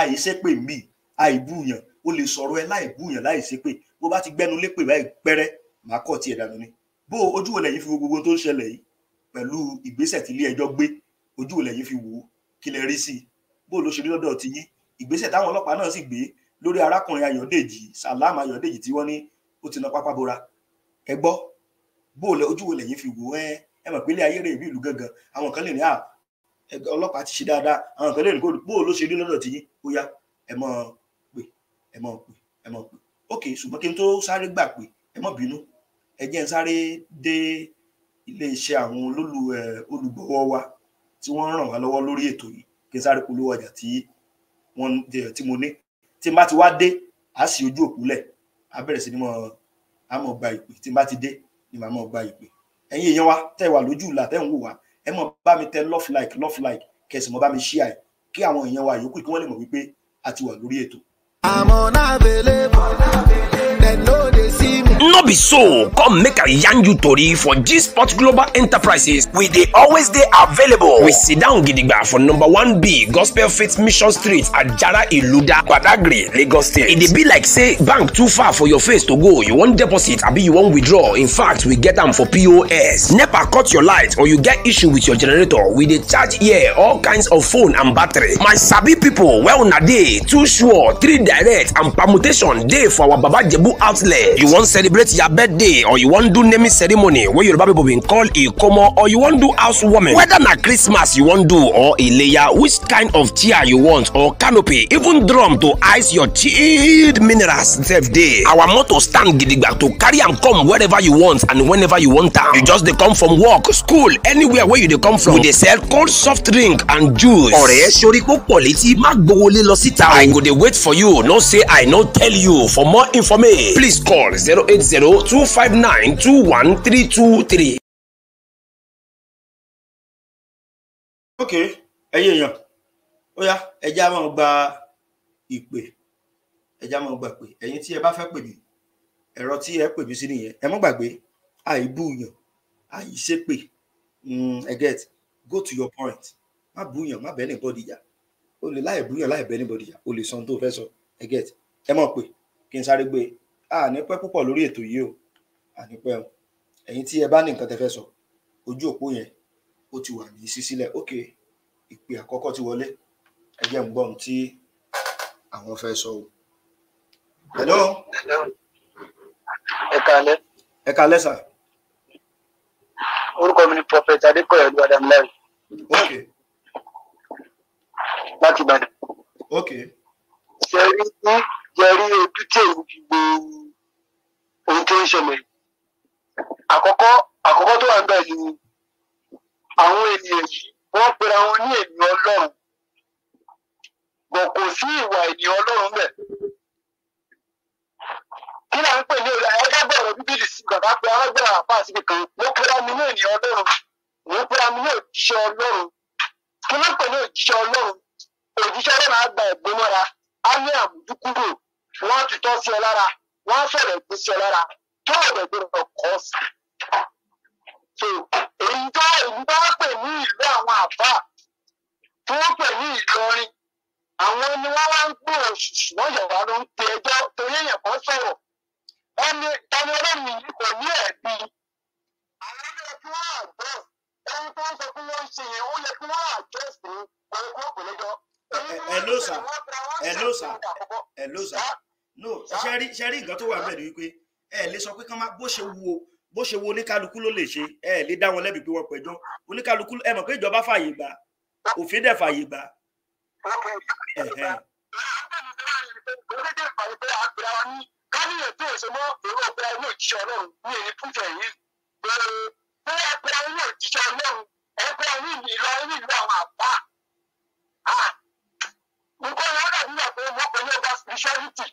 àìṣépè mi àìbúyàn o lè sọ̀rọ̀ ẹ láìbúyàn láìṣépè bó bá ti gbẹ́nu lépè báyìí pẹ́rẹ́ màá kọ̀ tiẹ̀ dànù ni bó ojú wo lẹ́yìn fi wo gbogbo tó ń ṣẹlẹ̀ yìí pẹ̀lú ìgbésẹ̀ tí ilé ẹjọ́ gbé ojú wo lẹ́yìn fi wò ó kí lẹ rí sí i bó ló ṣe rí lọ́dọ̀ tiyín ìgbésẹ̀ táwọn ọlọ́pàá náà sì gbé lórí arákùnrin ayọ̀dèjì salam ayọ̀dèjì tí wọ́n ní ó ti na pápá bora ẹ gbọ́ bó lẹ ojú wo lẹ́yìn fi wò ẹ ẹ mọ̀ pé ilé ayé rẹ̀ ìlú ìlú gangan àwọn kan lè ní à ọlọ́pàá ti ṣe dáadáa àwọn kan lè ní bó ló ṣe rí lọ́dọ̀ tí ó yá ẹ mọ̀ pé ẹ mọ̀ pé ẹ mọ̀ pé ok ṣùgbọ́n kí n tó sáré gbà pé ẹ mọ̀ bínú ẹ jẹ́ n sáré dé iléeṣẹ́ àwọn olólù olùgbọ̀wọ́ wa tí wọ́n ràn wá lọ́wọ́ lórí ètò yìí kí n sáré polówó ọjà tí wọ́n tí mo ní tí n bá ti wá dé a sì ojú òkú lẹ̀ a bẹ̀rẹ̀ sí ni mo mọ̀ gba ìpè tí bá ti dé ni màá mọ̀ gba ìpè ẹ̀yin èèyàn wa tẹ́ wà lójú ìlà tẹ́ ń wò wá ẹ mọ̀ bá mi tẹ love like love like kẹsì mọ̀ bá mi share kí àwọn èèyàn wa yòókù kí wọ́n lè mọ̀ wípé a ti wà lórí ètò. àmọ́ náà bèlè mọ́ náà bèlè mọ́ no be so come make i yarn you tori for gsport global enterprises we dey always dey available we sit down gidigba for number one b gospel faith mission street ajara iluda badagry lagos state e dey be like say bank too far for your face to go you wan deposit abi you wan withdraw in fact we get am for pos nepa cut your light or you get issue with your generator we dey charge here all kinds of phone and battery my sabi people, well na dey too sure three direct and permutation dey for our baba jebu outlet you wan sell celebrate your birthday or you wan do naming ceremony wey yoruba people bin call ikomo or you wan do housewarming whether na christmas you wan do or ileya which kind of chair you want or canopy even drum to ice your chilled minerals sef dey our motor stand gidigba to carry am come wherever you want and whenever you want am you just dey come from work school anywhere wey you dey come from we dey sell cold soft drink and juice. ọ̀rẹ́ sori kó pọ̀ létí má gbowó lé lọ síta. i go dey wait for you no say i no tell you for more information please call zero eight eight zero two five nine two one three two three. ok ẹyẹ èèyàn ó yá ẹjẹ á máa gba ìpè ẹjẹ á máa gba ìpè ẹ̀yin tí ẹ bá fẹ́ pè mí ẹ̀rọ tí ẹ pè mí sí nìyẹn ẹ má gbàgbé àìbúyàn àìṣépè mm, ẹ get go to your point má búyàn má bẹ́ẹ̀ nìbọ̀dì jà o lè láì búyàn láì bẹ́ẹ̀ nìbọ̀dì jà o lè sọ ohun tó fẹ́ sọ ẹ get ẹ mọ̀ pé kí n sáré gbé e àní pẹ́ púpọ̀ lórí ètò yìí o àní pẹ́ o ẹ̀yin tí ẹ bá ní nǹkan tẹ́ fẹ́ sọ ojú òpó yẹn ó ti wà ní sísílẹ̀ ok ìpè àkọ́kọ́ ti wọlé ẹ jẹ́ ń gbọ́ ohun tí àwọn fẹ́ sọ o. hello. ẹ kálẹ́. ẹ kálẹ́ sà. orúkọ mi ni prophet adékọ̀yọ̀ ọdún adamulayi. ok. láti ìbàdàn. ok. ṣe é rí jẹrí ojú tí èmi fi gbé ohun tó ń ṣẹlẹ̀ àkọ́kọ́ àkọ́kọ́ tó wà ń bẹ̀ ni àwọn ènìyàn yìí wọ́n pera wọn ní ènìyàn ọlọ́run bọ̀ kò sí ìwà ènìyàn ọlọ́run bẹ̀ kí là ń pè ní ẹgbẹ́gbẹ̀rún bíbélì sí bàbá pé alágbèrè àpá àti kankan wọ́n pera mi ní ènìyàn ọlọ́run wọ́n pera mi ní òjíṣẹ́ ọlọ́run kí ló pè ní òjíṣẹ́ ọlọ́run òjíṣẹ́ ọlọ́run á ẹ̀gbọ́n mọ́ra á ní àmójúkúrò wọ́n ti tọ́ sí ọ lára wọ́n á gbé sí ọ lára tó ọ̀dọ̀ gbọ́dọ̀ kọ́ sí. so èyí tó èyí tó wọ́n pè ní ìlú àwọn àbá tí wọ́n pè ní Ìlọrin àwọn ni wọ́n wá ń gbọ́ òṣùṣù wọ́n yọ̀wá ló ń pe ẹjọ́ torí èèyàn kan sọ̀rọ̀ ẹni ẹni ọlọ́run yìí kò ní ẹ̀bi àwọn ọmọ tí no ṣẹ́rí ṣẹ́rí nǹkan tó wà bẹ́ẹ̀ ni wípé ẹ lè sọ pé kán má bó ṣe wo bó ṣe wo oníkálukú ló lè ṣe ẹ lè dá wọn lẹ́bi pé wọ́n pẹ̀jọ́ oníkálukú ẹ mọ̀ pé ìjọba fààyè gbà òfin dẹ̀ fààyè gbà. káníyàn tó ṣe mọ èrò ọgbà inú òjíṣẹ́ Ọlọ́run ní èyí túnjọ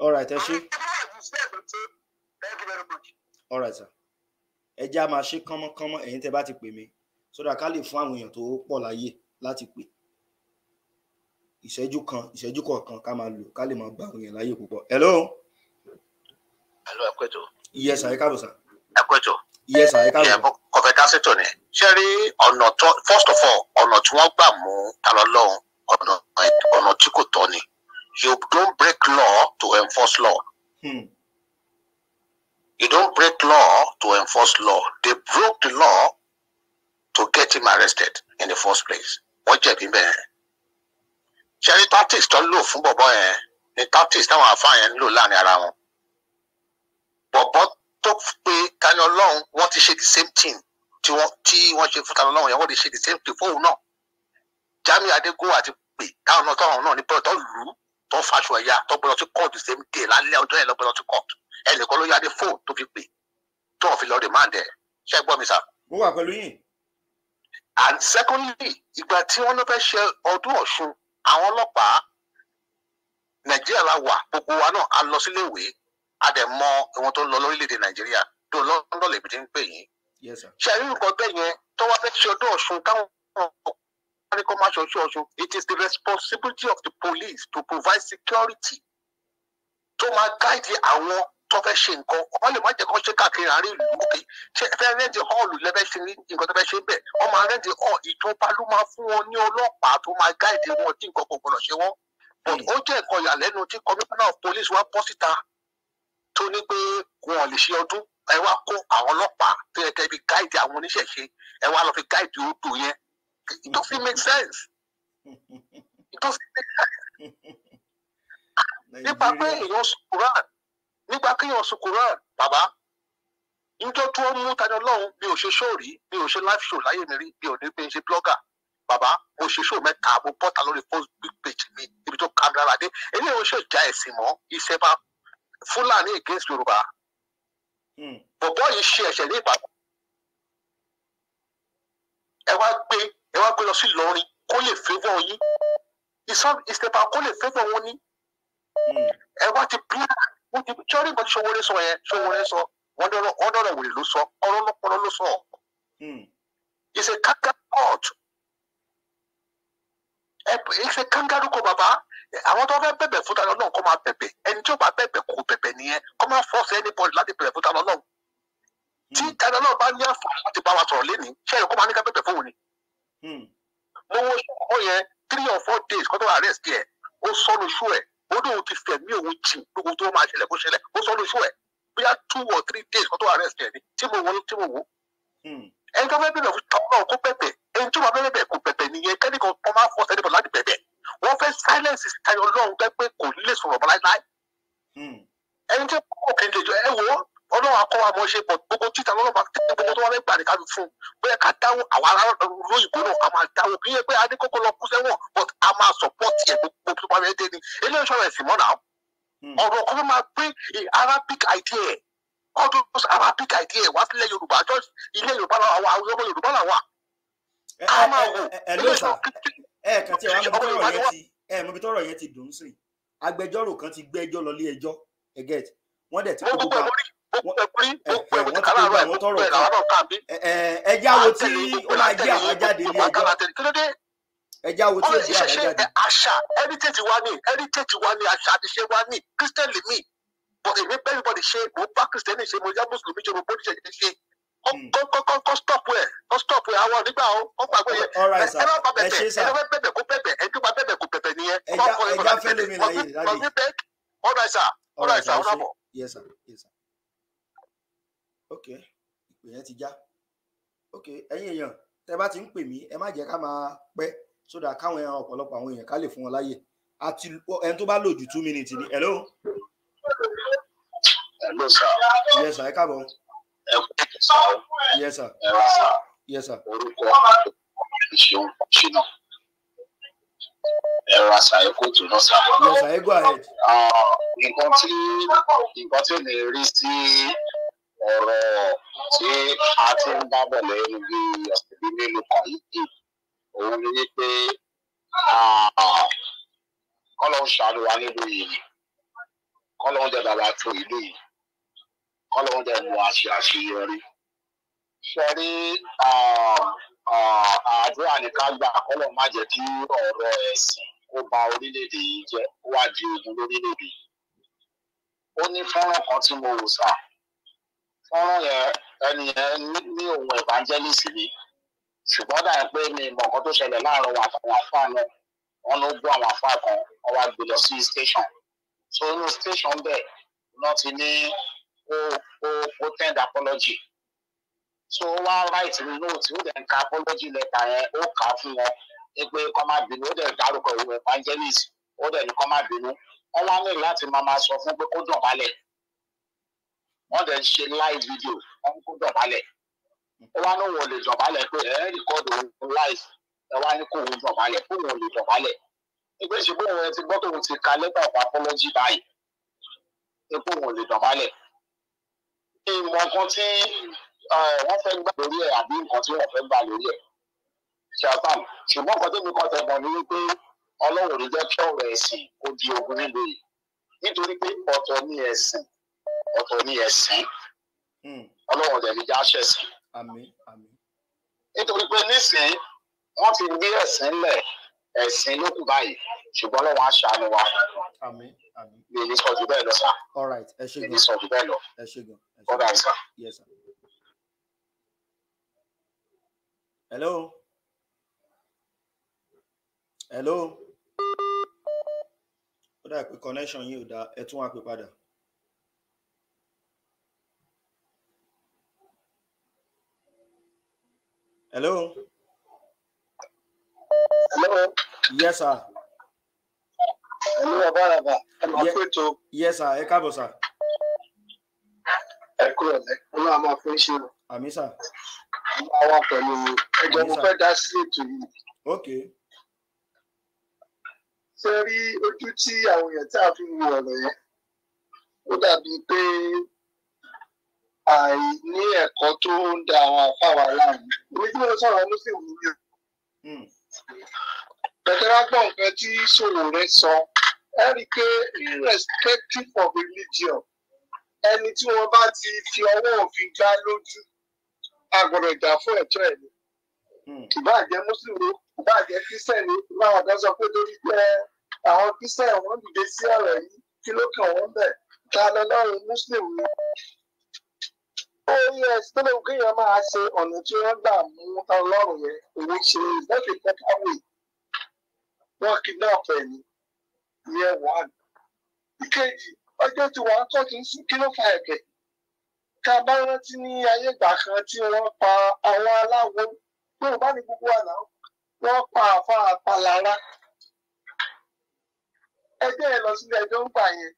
all right ẹ ṣe. all right sir ẹ já máa ṣe kánmọ́kánmọ́ ẹ̀yin tẹ́ bá ti pè mí sódà ká lè fún àwọn èèyàn tó pọ̀ láyè láti pè ìṣẹ́jú kan ìṣẹ́jú kọ̀ọ̀kan ká máa lò ká lè máa gba àwọn èèyàn láyè púpọ̀. hello. hello ẹ pẹ́jọ. iye sàyẹ káàbọ̀ sà. ẹ pẹ́jọ. iye sàyẹ káàbọ̀. kọfẹ dásítọ ni ṣé rí ọ̀nà tó first of all ọ̀nà tí wọ́n gbà mú ta lọ ọ̀nà tí kò tọ́ ni you don't break law to enforce law. Hmm. You don't break law to enforce law. They broke the law to get him arrested in the first place. Wọ́n jẹ̀bi bẹ́ẹ̀. Ṣẹ́rí tactics tó ń lò fún bọ̀bọ̀ yẹn tactics now are fine. ń lò láàrin ara wọn. Bọ̀bọ̀ tó pe Tani Olohun wọ́n ti ṣe the same thing tí wọ́n tí wọ́n ṣe fún Tani Olohun yẹn wọ́n ti ṣe the same thing fóun náà. Jamiu Adégún àti pè táwọn náà táwọn náà ní bọ́ọ̀dọ̀ lù ú tó faṣọ ẹ̀yà tó gbọ́dọ̀ sí kóòtù same day lálẹ́ ọjọ́ yẹn ló gbọ́dọ̀ sí kóòtù ẹnìkan ló yáde fóònù tó fi pè tó fi lọ demand ẹ̀ ṣe gbọ́ mi sà. mo wà pẹ̀lú yín. and secondly ìgbà tí wọ́n lọ fẹ́ ṣe ọdún ọ̀ṣun àwọn ọlọ́pàá nàìjíríà la wà gbogbo wa náà a lọ sílé ìwé a dẹ̀ mọ ohun tó ń lọ lórílẹ̀‐èdè nàìjíríà tó lọ́dọ̀ lèmi ti ń pè yín. ṣe àyè nǹkan bẹ́ẹ̀ yẹn tó wá fẹ́ ṣe ọdún It is the responsibility of the police to provide security tó máa gáìdì àwọn tó fẹ́ ṣe nǹkan wọ́n lè má jẹ́ kó ṣe káàkiri àárín ìlú òkè ṣe fẹ́ rẹ́ǹdì hall lẹ́fẹ́ ṣe ní nǹkan tó fẹ́ ṣe bẹ́ẹ̀ wọ́n máa rẹ́ǹdì hall ìjọba ló máa fún wọn ní ọlọ́pàá tó máa gáìdì wọn tí nǹkan kò gbọdọ̀ ṣe wọ́n but ó jẹ́ nǹkan ìyàlẹ́nu tí commissioner of police wá bọ́ síta tó ní pé wọn ò lè ṣe ọdún ẹ wá kó àwọn ọlọ́pàá tó yẹ kẹ́ fi gáìdì àwọn oníṣẹ̀ṣe ẹ wá lọ fi gáìdì odò It doesn't make sense. It doesn't make sense. Nípa pé èèyàn sùn Quran nípa kéèyàn sùn Quran bàbá níjọ́ tó ń mú tani ọlọ́run mi ò ṣe show rí mi ṣe live show láyé mi rí mi ò ní pé n ṣe blogger bàbá o ṣe show mẹ́ta mo bọ́ta lórí Facebook page mi ibi tó kà mí lára dé eléyìí ó ṣe ìjà ẹ̀sìn mọ́ ìṣẹ̀bà Fúlàní against Yorùbá hmm. bọ̀bọ́ yìí ṣe ẹ̀ṣẹ̀ ní Ìbàdàn ẹ wá gbé ẹ wá gbé lọ sí Ìlọrin kó lè fẹ́fọ́ yín ìsẹ̀pà kó lè fẹ́fọ́ wọn ní. Hmm. ẹ wá ti plan wọ́n ti tíọ́rì nǹkan tí Sowore sọ yẹn Sowore sọ wọ́n dọ̀rọ̀ wèrè ló sọ ọ̀rọ̀ lọ́pọ̀lọ́ ló sọ. Hmm. it's a kangaroo court it's a kangaroo court bàbá àwọn tó fẹ́ bẹ̀bẹ̀ fún tàlọ́ náà kó máa bẹ̀bẹ̀ ẹni tí ó bá bẹ̀bẹ̀ kò bẹ̀bẹ̀ nìyẹn kó máa force anybody láti bẹ̀bẹ̀ fún tàlọ́ náà tí hmm. tàlọ́ náà bá ní àǹfààní láti bá wa sọ̀rọ̀ lẹ́nìí ṣé ẹ̀rọ kó máa ní ká bẹ̀bẹ̀ fóun ni mo wo ọkọ yẹn three or four days kó tó arrest yẹ ó sọ lóṣù ẹ ó dóun ti fẹ̀mí òun jìn gbogbo tó máa ṣẹlẹ̀ kó ṣẹlẹ̀ ó sọ lóṣù ẹ bóyá two or three days kó tó arrest yẹ ni tí mo wo tí mo wo hmm. ẹni tó bẹ bẹ̀bẹ̀ tọkọ kó bẹ̀bẹ̀ ẹni tó bá bẹ bẹ̀bẹ̀ kó bẹ̀bẹ̀ nìyẹn kẹ́nìkan tó máa fọ́ sẹ́nìbọ̀ láti bẹ̀bẹ̀ wọ́n fẹ́ silence tayọ lọ́run pé kò ní lè sọ̀rọ̀ bọ́lá láì hmm. ẹni tó kọ̀ kéde jọ ẹ wò ọlọ́run akọ́ wa mọ̀ ṣe pọ̀ gbogbo títà lọ́lọ́ba tẹ gbogbo tó wà lẹ́gbàá ní kábi fún un bóyá ká dáwọ́ àwa lóyìnbó náà ká máa dáwọ́ kí yẹ pé adé kókó lọ kú sẹ́wọ̀n but a máa sọ̀pọ̀tì ẹ̀ gbogbo tó bá fẹ́ dé ni ilé iṣẹ́ rẹ̀ sì mọ́ náà hmm. ọ̀rọ̀ kan máa gbé Arabic idea all those Arabic idea wá sílẹ̀ Yorùbá church ilé Yorùbá làwọn àwọn ọmọ Yorùbá làwọn. ẹ ẹ lóòótọ́ ẹ kàn tí ẹ mọbi tọ́rọ̀ yẹn ti dùn sí agbẹjọ́rò kan ti gbẹ́jọ́ lọ lé ẹjọ́ ẹ gẹẹti wọn dẹ ti kó gbogbo ẹjá wo tí ó máa gbé àbájáde ilé ẹjọ́ ẹjá wo tí ó gbé àbájáde. àṣà heritage wa ni heritage wa ni àṣà àtiṣe wa ni christian lèmi but èmi bẹ́ẹ̀ bọ́dì ṣe mo bá christian ṣe mo yá mùsùlùmí ṣe mo bọ́dì ṣe ṣe hmm. kọ́ stop ẹ̀ kọ́ stop ẹ̀ àwọn nígbà ó ó gbàgbé ẹ bá bá bẹ̀bẹ̀ ẹ bá bẹ̀bẹ̀ kó bẹ̀bẹ̀ ẹ bá bẹ̀bẹ̀ kó bẹ̀bẹ̀ nìyẹn. ẹja ẹja fẹ́ lómi náà yìí rádìí. ọ̀rọ̀ ẹ̀sà ọ̀rọ̀ ok ìpè yẹn ti já ok ẹ̀yin èèyàn tẹ bá ti ń pè mí ẹ má jẹ́ ká máa pẹ́ sódà káwọn èèyàn ọ̀pọ̀lọpọ̀ àwọn èèyàn ká lè fún wọn láàyè àti ẹni tó bá lò ju two minutes ni hello. hello sir. yes sir ẹ káàbọ̀. ẹ kú sá o. yes sir. ẹ wá sá. yes sir. orúkọ ìṣòwò ṣìnà ẹ wá sá ẹ kó tù náà sá. yes sir ẹ go ahead. Ah, nǹkan tí nǹkan tí ò lè rí sí ọ̀rọ̀ tí a ti ń dábọ̀ lẹ́nu bí ọ̀sẹ̀ bíi mélòó kan yìí òun ni wípé kọ́lọ́ ń ṣàánú wa nílùú yìí kọ́lọ́ ń dẹ̀dà wa tó ìlú yìí kọ́lọ́ ń dẹ̀ mú àṣẹ àṣeyọrí. ṣe rí àdúrà nìkan gbà kọ́lọ́ má jẹ́ kí ọ̀rọ̀ ẹ̀sìn kó ba orílẹ̀-èdè yìí jẹ́ wá ogun lórílẹ̀-èdè ó ní fọ́nrán kan tí mo wò sáà fọ́nrán yẹn ní òun evangelist ni ṣùgbọ́n dà pé mi ìmọ̀ tó ṣẹlẹ̀ láàárọ̀ wà fún àwọn àfáà náà wọn ló gbọ́ àwọn àfáà kan wọn wá gbé lọ sí station so inú station bẹ́ẹ̀ náà ti ní ó ó apology so ó wá write ní note ó dẹ̀ ń ka apology letter yẹn ó kà á fún wọn ẹ pé kọ́ má bínú ó dẹ̀ dárúkọ ìwé evangelist ó dẹ̀ ní kọ́ má bínú wọ́n wá ní láti máa máa sọ fún pé kó dùn balẹ̀ wọ́n dẹ̀ ṣe live video wọ́n kó dọ̀bálẹ̀ ẹ wá lóun ò lè dọ̀bálẹ̀ pé ẹ rìkọ́dù òun live ẹ wá ní kóun dọ̀bálẹ̀ kóun ò lè dọ̀bálẹ̀ ẹgbẹ́ ìṣègbè òun ẹ ti gbọ́ tóun ti ka lẹ́tà ọ̀pá apọ́lọ́jì báyìí ẹ kóun ò lè dọ̀bálẹ̀ ìmọ̀ kan tí wọ́n fẹ́ gbà lórí ẹ̀ àbí nǹkan tí wọ́n fẹ́ gbà lórí ẹ̀ ṣàtàn ṣùgbọ́n nǹkan tó mi kọ́ tẹ̀ mọ̀ ni wípé ọlọ́run ò ní jẹ́ kí ọ̀rọ̀ ẹ̀sìn kó di ogun nílò yìí nítorí pé ọ̀tọ̀ ni ẹ̀sìn ọ̀tọ̀ ní ẹ̀sìn hmm. ọlọ́run ọ̀dẹ̀ ní já ṣẹ̀sìn. nítorí pé nísìnyí wọ́n ti gbé ẹ̀sìn lẹ̀ ẹ̀sìn ló báyìí ṣùgbọ́n ọlọ́run á ṣàánú wa. mi ní sọ jù bẹ́ẹ̀ lọ sá. mi ní sọ jù bẹ́ẹ̀ lọ. kọ́dà sá. hello. hello. ó dà pé connection yìí ò dáa ẹ tún wá pè padà. Hello. Hello. Yes, sir. Hello, Abaraba. I'm afraid to. Yes, sir. Ẹ káàbọ̀, sir. Ẹ kúrò lẹ́. Olú àmọ́ fún iṣẹ́ o. Àmì sà. Mo máa wá pẹ̀lú ẹjọ́ mo fẹ́ dá sí ètò yìí. Ok. Ṣé rí ojú tí àwọn èèyàn tá a fi wo ọ̀rọ̀ yẹn? Ó dàbí pé àìní ẹ̀kọ́ tó ń da àwọn afáwa láàmú. Èmi tí mo sọ̀rọ̀ Mùsùlùmí ni o. Hmm. Bẹ̀tẹ̀rá gbọ́ nǹkan tí Sowore sọ. Ẹ rí i pé irrespective of religion, ẹni tí wọ́n bá ti fi ọwọ́ òfin gbá lójú, a gbọ́dọ̀ jà fún ẹ̀tọ́ ẹ̀ ni. Ìbáà hmm. jẹ́ Mùsùlùmí, ìbáà jẹ́ Kírísítẹ̀nì, láwọn kan sọ pé torí pé àwọn Kírísítẹ̀nì wọ́n dìde sí ọ̀rọ̀ yìí, kí ló kàn wọ́n bẹ̀? Ta lọ́lọ́run Mùsùlùmí Oh yes, tó lè kí èèyàn máa ṣe ọ̀nà tí wọ́n gbà mú ọlọ́run yẹn èmi ṣe ìdẹ́kẹ̀ kọ́káwé wọn kidnap ẹ̀ ní year one. ìkejì ọjọ́ tí wọ́n kọ́ ti ń sún kí ló fa ẹ̀kẹ́ ká bá rántí ní ayé ìgbà kan tí wọ́n pa àwọn aláwo yorùbá ní gbogbo àná wọ́n pa àfa àpalára ẹgbẹ́ ẹ lọ sílé ẹjọ́ ń gbà yẹn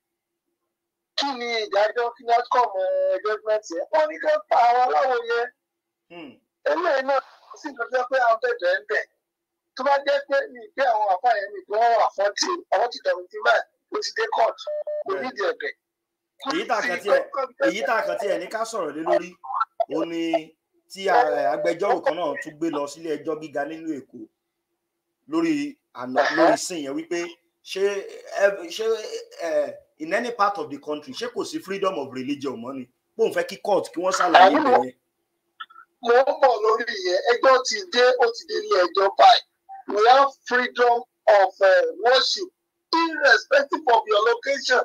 kí ni ìdájọ́ kí ni outcome eh, judgement yẹn wọ́n ní kí wọ́n pa àwọn aláwo yẹn hmm. eléyìí náà sì lọ jẹ́ pé àwọn tẹ̀tẹ̀ ń bẹ̀ tó bá jẹ́ pé mi gbé àwọn àpá yẹn mi gbọ́n wà fọ́tì àwọn ti dàrú ti báyìí ó ti dé court kò hmm. ní ìdí ẹ̀bẹ̀. èyí tá a kàn tiẹ̀ ní ká sọ̀rọ̀ lé lórí ó ní tí eh, agbẹjọ́rò kan náà tún gbé lọ sílé ẹjọ́ gíga nílùú Èkó lórí àná lórí sìn yẹn wípé ṣé eh, in any part of the country ṣé kò sí freedom of religion mọ́ ni bó ń fẹ́ kí court kí wọ́n ṣàlàyé ìbò mo ń bọ̀ lórí yẹn ẹjọ́ ti dé ó ti dé ilé ẹjọ́ báyìí we have freedom of uh, worship irrespective of your location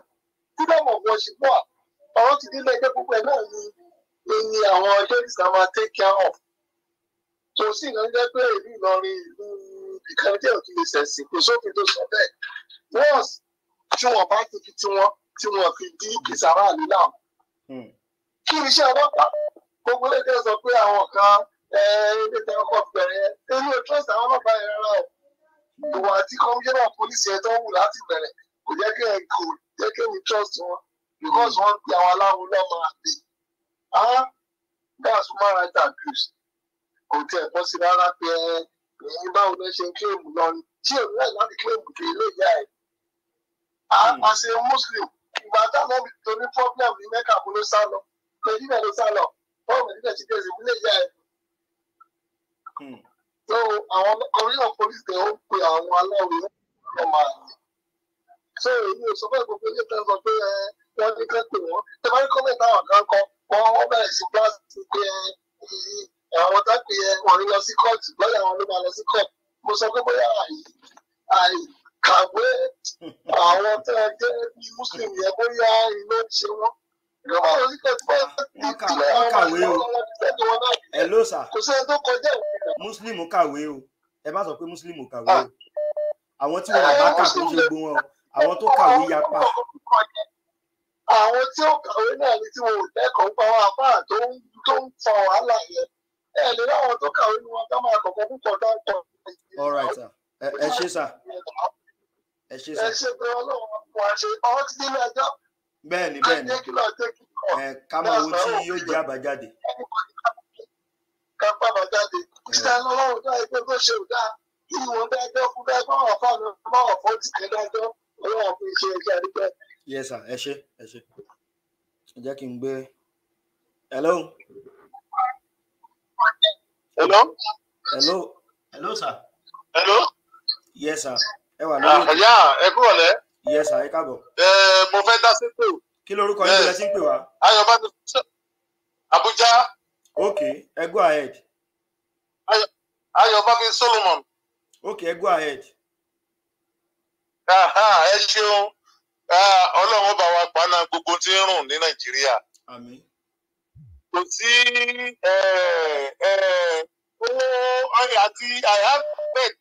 freedom of worship wà ọ̀rọ̀ ti dé ilé ẹjọ́ púpọ̀ náà ni ni àwọn ladies na máa take care of kò sí ìnáwó jẹ́ pé ìlú Ìlọrin ìlú ìkànnì tí ò kí lè ṣẹ̀sìn kò sófin tó sọ bẹ́ẹ̀ once tí wọ́n bá ti fi tiwọn tí wọ́n fi dí kìsàrà nílà. Hmm. kí iṣẹ́ ọlọ́pàá gbogbo lédè sọ pé àwọn kan ilé tẹ ọkọ̀ bẹ̀rẹ̀ eré trust àwọn ọlọ́pàá yẹn rárá o. ìwà àti kọmíṣánná pólísì ẹ̀ tó wù láti bẹ̀rẹ̀ kò jẹ́ kí ẹ̀ kò jẹ́ kí mi trust wọn because wọ́n gbé àwọn aláwọ̀ lọ́mọ àgbè. Ah, that's human rights abuse kò tẹ̀ bọ́ sí rárá pé ẹ̀yin báwo ló ṣe ń kílèmù lọ tí èmi náà láti kílèmù kì í lè yá ẹ̀ as a hmm. muslim ìgbà táwọn ibi tó ní problem ní mẹ́kà kó ló sá lọ lójú náà ló sá lọ bọ́ọ̀ mẹ́tìlẹ̀ ti dé ìsìnkúlẹ̀ ìyá ẹ̀. Hmm. so àwọn oríyàn police dẹ̀ ó pe àwọn aláwọ̀ yóò máa yẹ. so èyí ò sọ fún ìgbòho ilé tẹ́ sọ pé wọ́n ní ká pè wọ́n tẹ bá ní kọ́mẹ̀ táwọn kan kọ wọ́n wọ́n bẹ̀rẹ̀ sí gíláàsì pé àwọn tápì ẹ̀ wọ́n lọ sí kóòtù lọ́yà àwọn ló máa lọ sí kóòtù mo sọ pé bóyá àyè àyè kàwé àwọn tó ẹ jẹ́ bí muslim yẹn bóyá iná ń ṣe wọ́n. ìjọba àwọn oníkẹ́ tó bá ti tilẹ̀ wọn kàwé o ẹ ló sà kò sí ẹni tó kọjá ìwé. muslim kàwé o ẹ má sọ pé muslim kàwé o ah. àwọn tí wọn bá kà tó ṣe gbó wọn àwọn tó kàwé yapa. àwọn tí ó kàwé náà ni tí wọn ò lẹ́kọ̀ọ́ pa àwọn àbá tó ń fa wàhálà yẹn ẹ lè láwọn tó kàwé ni wọn ká máa kọ̀ọ̀kan púpọ̀ dáńtọ̀. all right sir ẹ ṣe sà ẹ ṣe sọ. ẹ ṣe pé ọlọ́run wọn ṣe ọtí nílé ẹjọ́. bẹ́ẹ̀ni bẹ́ẹ̀ni ẹ ká máa wo tí yóò jẹ àbájáde. ká pa àbájáde títà lọ́wọ́ dá ẹgbẹ́ tó ṣe òdá kí ìwọ̀n dájọ́ fún dájọ́ ọ̀fọ̀ ni ọmọ ọ̀fọ̀ ti tẹ̀ dájọ́ ọlọ́run fún iṣẹ́ ẹ̀ṣẹ̀ àdúgbò. yes sir ẹ ṣe ẹ ṣe ẹ jẹ́ kí n gbé hello. hello. hello. hello sir. hello. yes sir ẹ wà lórí. ọ̀yá ah, ẹ kúrò lẹ́. iye sàn ẹ káàbọ̀. ẹ mo fẹ́ dá sí pé o. kí lorúkọ yín bẹ̀rẹ̀ sí ń pè wá. ayọ̀ bá ti sọ Abuja. ok ẹ go ahead. ayọ̀ bá mi Solomon. ok ẹ go ahead. ẹ ṣeun ah, ọlọ́run ọba wa paná gbogbo tí ń rùn ní Nàìjíríà. àmín. kò sí eh, eh, owó oh, ọyà àti i have faith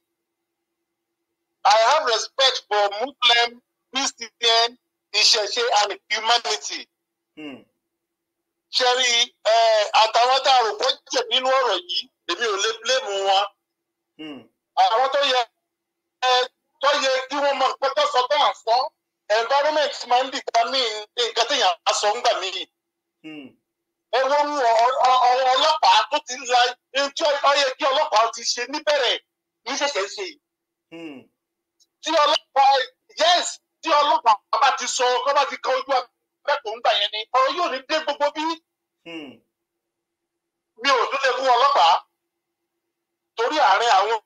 I have respect for Muslim, Christian, ìṣẹ̀ṣe and humanity. Hmm. Ṣẹ́rí eh, àtàwọn tá a rò kó jẹ̀ nínú ọ̀rọ̀ yìí, èmi ò lè blame wọn. Hmm. Àwọn tó yẹ eh, tó yẹ kí wọ́n mọ pé tó sọ tó à ń sọ, environment máa ń dìgbà míì nǹkan téèyàn á sọ ńgbà míì. Hmm. Ẹ wo ń wọ ọlọ́pàá tó ti ń la ohun tí ó yẹ kí ọlọ́pàá ti ṣe níbẹ̀rẹ̀ ní ṣẹ̀ṣẹ̀ ṣe tí ọlọ́pàá yes tí ọlọ́pàá bá ti sọ ọlọ́pàá bá ti kan ojú abẹ́kọ̀ ń gbà yẹn ni ọ̀rọ̀ yóò ní dé gbogbo bí. Hmm. mi ò tún lè fún ọlọ́pàá torí àárín àwọn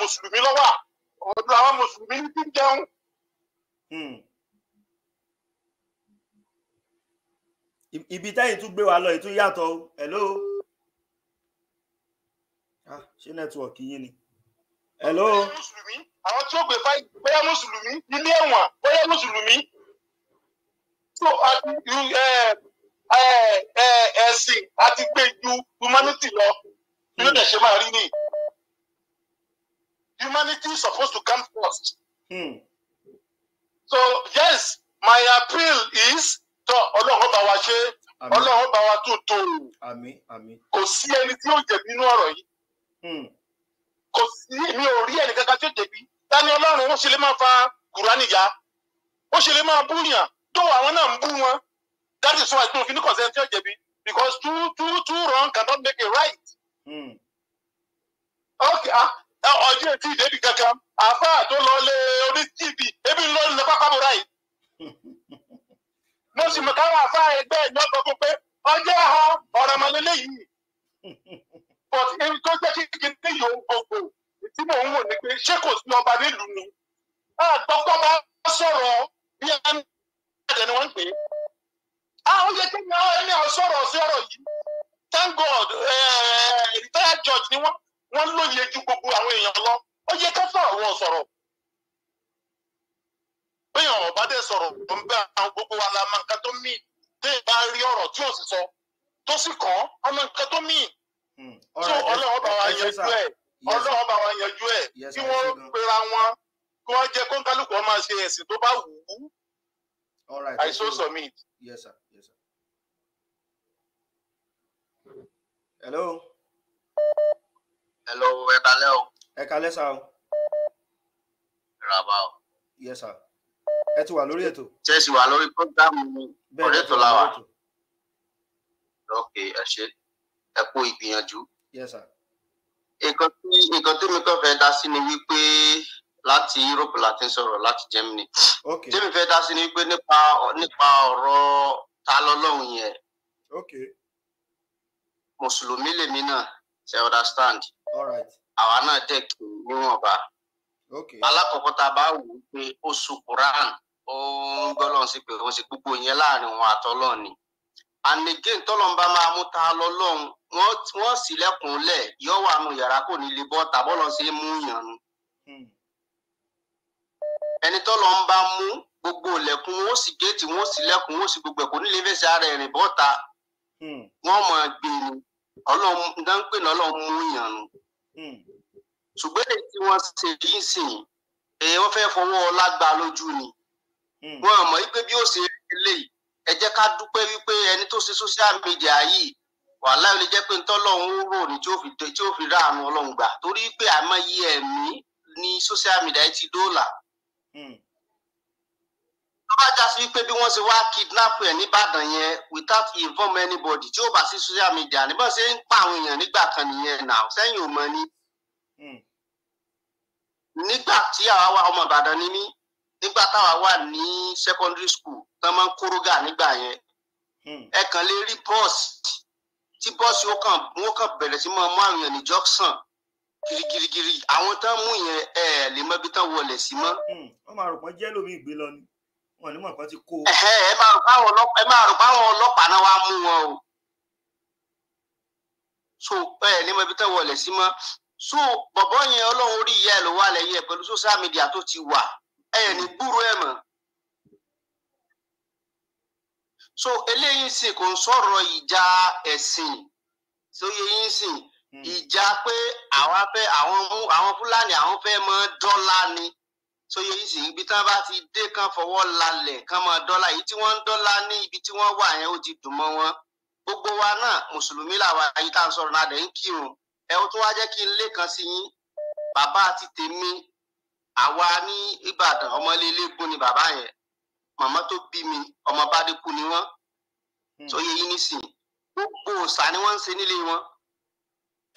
mùsùlùmí lọ́wọ́ ọ̀dọ̀ àwọn mùsùlùmí ní ti jẹun. Hmm. ibi tẹ́yìn tún gbé wa lọ ìtún yàtọ̀ o hello. Ah, ṣé nẹ́tíwọ̀kì yín ni. hello. mùsùlùmí àwọn tí ó gbé fáyì bóyá mùsùlùmí ilé ẹ̀wọ̀n bóyá mùsùlùmí tó àti ẹ̀sìn àti gbé ju humanity lọ bí ó dẹ̀ ṣe máa rí ni humanity is supposed to come first. Hmm. So yes, my appeal is tọ́ ọlọ́run bá wa ṣe ọlọ́run bá wa tún tó o kò sí ẹni tí yóò jẹ̀bi inú ọ̀rọ̀ yìí hmm. kò sí mi ò rí ẹnì kankan tí jẹ̀bi ta ọlọ́run ó ṣe lè máa fa kùránì ya ó ṣe lè máa búyàn tó àwọn náà ń bú wọn that is why tó fi ní consent yóò jẹ̀bi because two two two wrong cannot make a right. Mm. okay ah, ah, ọjọ́ etí ìdẹ́bì kankan àáfàá tó lọ lé orí tv ebi ló ń lọ pápábọ̀ ráì. mo sì mọ̀ káwọn àáfàá ẹgbẹ́ ẹ̀ lọ́kọ̀ fún pé ọjọ́ ọ̀rọ̀ ọmọlélẹ́yìí but èyí tó jẹ́ kí kí n ní yòó ní ṣé kò sí ọba nílùú ni àtọkọ bá sọ̀rọ̀ bí ẹnìyàdẹ ni wọn ń pè é àwọn yẹ kí ni ọ sọ̀rọ̀ sí ọ̀rọ̀ yìí thank god retired judge ni wọn wọn lóye ju gbogbo àwọn èèyàn lọ ó yẹ ká sọ̀rọ̀ wọn sọ̀rọ̀ bẹyàn ọba dẹ sọ̀rọ̀ tó ń bẹ àwọn gbogbo wa la máa ń ká tó mí tẹ ẹ bá rí ọ̀rọ̀ tí ò sì sọ tó sì kàn án máa ń ká tó mí. Hmm. so ọlọ́wọ́ bá wa yẹ pé ọlọ́run bá wa yanjú ẹ̀ kí wọ́n pera wọn kí wọ́n jẹ́ kóńkálùkù ọmọ ṣe ẹ̀sìn tó bá wù ú I so submit. Yes, sir. Yes, sir. Hello. Hello, ẹ kalẹ́ o. Ẹ kalẹ́ sá o. Ràbá o. Yes, sir. Ẹ ti wà lórí ètò. Ṣé ẹ sì wà lórí program mi? Orí ètò la Ok, ẹ ṣe. Ẹ kú ìgbìyànjú. Yes, sir nǹkan tí nǹkan tí mi kàn fẹ́ dá sí ni wípé láti Europe la ti ń sọ̀rọ̀ láti Germany tí mi fẹ́ dá sí ni wípé nípa nípa ọ̀rọ̀ ta lọ́lọ́run yẹn mùsùlùmí lèmi náà ṣe understand àwa náà dẹ̀ kì í níwọ̀nba alákọ̀ọ́kọ́ tá a bá wù ú pé ó su Quran ó ń gbọ́lọ́run sí pé ó ń ṣe gbogbo yẹn láàrin òun àtọ́lọ́ọ̀ni ànìgé tọ́lọ́mbà máa mú ta lọ lọ́hùn wọ́n sílẹ̀kùn lẹ̀ yọ wà nù yàrá kò ní lè bọ́ tàbọ́ lọ sí mú yàn hmm. ẹni tọ́lọ́mbà mú gbogbo ilẹ̀kùn wọ́n sì géètì wọ́n sílẹ̀kùn wọ́n sì gbogbo ẹ̀kọ́ nílé fẹsẹ̀ ara ẹ̀rìn bọ́ta hmm. wọ́n máa gbé ni ọlọ́run náà ń pè ní ọlọ́run mú yàn nù. Hmm. ṣùgbọ́n èyí tí wọ́n ṣe yìí sìn èyí wọ́n fẹ́ fọwọ́ ọlá lójú ni. wọ́n mọ̀ wípé ẹ jẹ́ ká dúpẹ́ wípé ẹni tó ṣe social media yìí wàhálà ò lè jẹ́ pé ntọ́lọ́hún rò ní tí ó fi tí ó fi ráàánú ọlọ́run gbà torí pé àmọ́yé ẹ̀mí ni social media ti dóòlà. Hmm. tó bá já sí wípé bí wọ́n ṣe wá kidnap ẹ̀ nìbàdàn yẹn without inform anybody tí ó bá sí social media níbọn ṣe ń pa àwọn èèyàn nígbà kan nìyẹn nà sẹ́yìn ò mọ ni. Hmm. nígbà tí àwa ọmọ Ìbàdàn ni mí nígbà táwa wà ní secondary school tán máa ń kórógà nígbà yẹn hmm. ẹ kàn lè rí bọ́ọ̀sì tí bọ́ọ̀sì ó kàn ó kàn bẹ̀rẹ̀ sí máa mú àwọn èèyàn ní jọ́sàn girigirigiri àwọn tán mú yẹn ẹ lè mọ ibi tán wọlé sí mọ́. Hmm. wọ́n máa rò pọ́n jẹ́ lómi ìgbé lọ ni wọn ò ní mọ̀ pọ́n ti kó. ẹ máa rò páwọn ọlọ́pàá náà wàá mú wọn o so ẹ ní mọ ibi tán wọlé sí mọ́ so bọ̀bọ́ yẹn ọlọ́run orí ìyá ẹ̀ ló wà lẹ́yìn ẹ̀ pẹ̀lú social media tó ti wà ẹ̀ ní gbúrò ẹ̀ mọ́. so eléyìí sì kò ń sọ̀rọ̀ ìjà ẹ̀sìn tó yẹ yín sìn hmm. ìjà pé àwọn fẹ́ àwọn fúlàní àwọn fẹ́ mọ dọ́là ni tó yẹ yín sìn ibi tí wọ́n bá ti dé kán fọwọ́ lalẹ̀ kán mọ dọ́là yìí tí wọ́n ń dọ́là ní ibi tí wọ́n wà yẹn ó ti dùn mọ́ wọn gbogbo wa náà mùsùlùmí làwa yìí tá à ń sọ̀rọ̀ náà dẹ̀ ń kírun ẹ ó tún wá jẹ́ kí n lé kan sí yín bàbá àti tèmi àwa ní Ìbàdàn ọmọlé eléegun ni bàbá yẹn màmá tó bí mi ọmọ Bádékù ni wọ́n tó hmm. yẹ yín nísìnyí gbogbo òòṣà ni wọ́n ń ṣe nílé wọn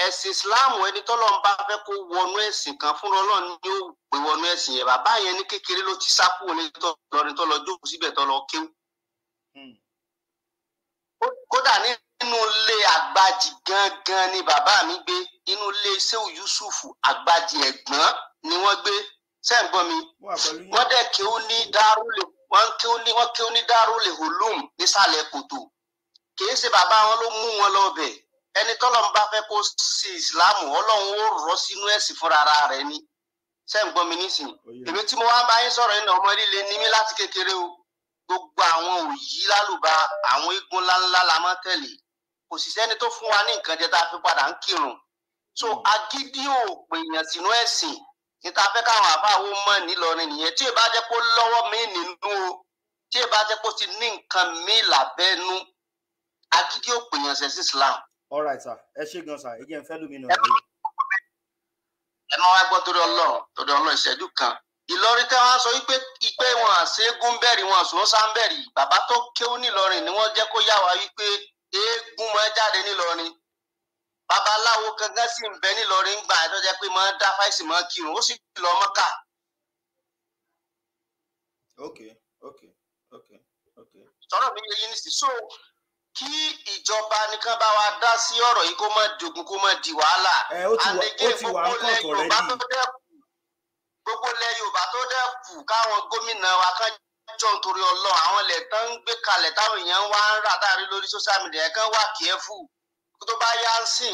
ẹ̀sìn ìsìláàmù ẹni tọ́lọ́run bá fẹ́ kó wọnú ẹ̀sìn kan fúnra ọlọ́run ni ó pè wọnú ẹ̀sìn yẹn bàbá yẹn ní kékeré ló ti sá kúrò nítorí tó lọ jókòó síbẹ̀ tó kéwù. Hmm. kódà nínú ilé àgbàjì gangan ni bàbá mi gbé inú ilé Ṣéhù Yúsúfù àgbàjì ẹ̀gbọ́n ni wọ́n gbé sẹ́ǹgbọ́n mi wọ́n dẹ̀ kí ó ní dárúlẹ̀ wọ́n kí ó ní wọ́n kí ó ní Darul Ulum nísàlẹ̀ kòtò kì í ṣe bàbá wọn ló mú wọn lọ bẹ̀ ẹni tọ́lọ́run bá fẹ́ kó sí ìsìláàmù ọlọ́run ó rọ̀ sínú ẹ̀sìn fúnra ara rẹ̀ ni sẹ́yìn gbọ́n mi nísìnyí èmi tí mo wá bá yín sọ̀rọ̀ yín ọmọ líle ní mí láti kékeré o gbogbo àwọn òyì lálùbá àwọn igun ńláńlá la mọ́ tẹ̀lé kò sì sẹ́ni tó fún wa ní nǹkan jẹ tá a fi padà ń kírun so hmm. agídí ò pèèyàn sínú ẹ̀sìn níta fẹ́ káwọn àfáàwọ̀ mọ̀ nílọrin nìyẹn tí ìbá jẹ́ kó lọ́wọ́ mi nínú o tí ìbá jẹ́ kó ti ní nǹkan mi lábẹ́nu agídí òpèyàn ṣẹ̀ sí Islam. all right sir ẹ ṣe gan sir again fẹ́ lómi nù. ẹ máa wá gbọ́ torí ọlọ́run torí ọlọ́run ìṣẹ́jú kan Ìlọrin tẹ́ wọ́n sọ wípé ìpè wọn àṣeégún bẹ̀rì wọn àṣùwọ̀n sáńbẹ̀rì bàbá tó kéwú nílọrin ni wọ́n jẹ́ kó yá wa wípé eégún máa jáde nílọrin babaláwo kankan sì ń bẹ nílọrin gbà tó jẹ́ pé máa ń dá fáìsì máa ń kírun ó sì lọ mọ́kà. okay okay okay okay. sọ̀rọ̀ mi yẹ yín nísì so kí ìjọba nìkan bá wa dá sí ọ̀rọ̀ yìí kó má dogun kó má di wàhálà. ẹ ó ti wà ó ti gbogbo ilẹ̀ Yorùbá tó dẹ́kù káwọn gómìnà wa kan jọ nítorí Ọlọ́run àwọn ilẹ̀ tán ń gbé kalẹ̀ táwọn èèyàn wá ń rà táàrí lórí social media kan wà kẹ́fù tó bá yá sí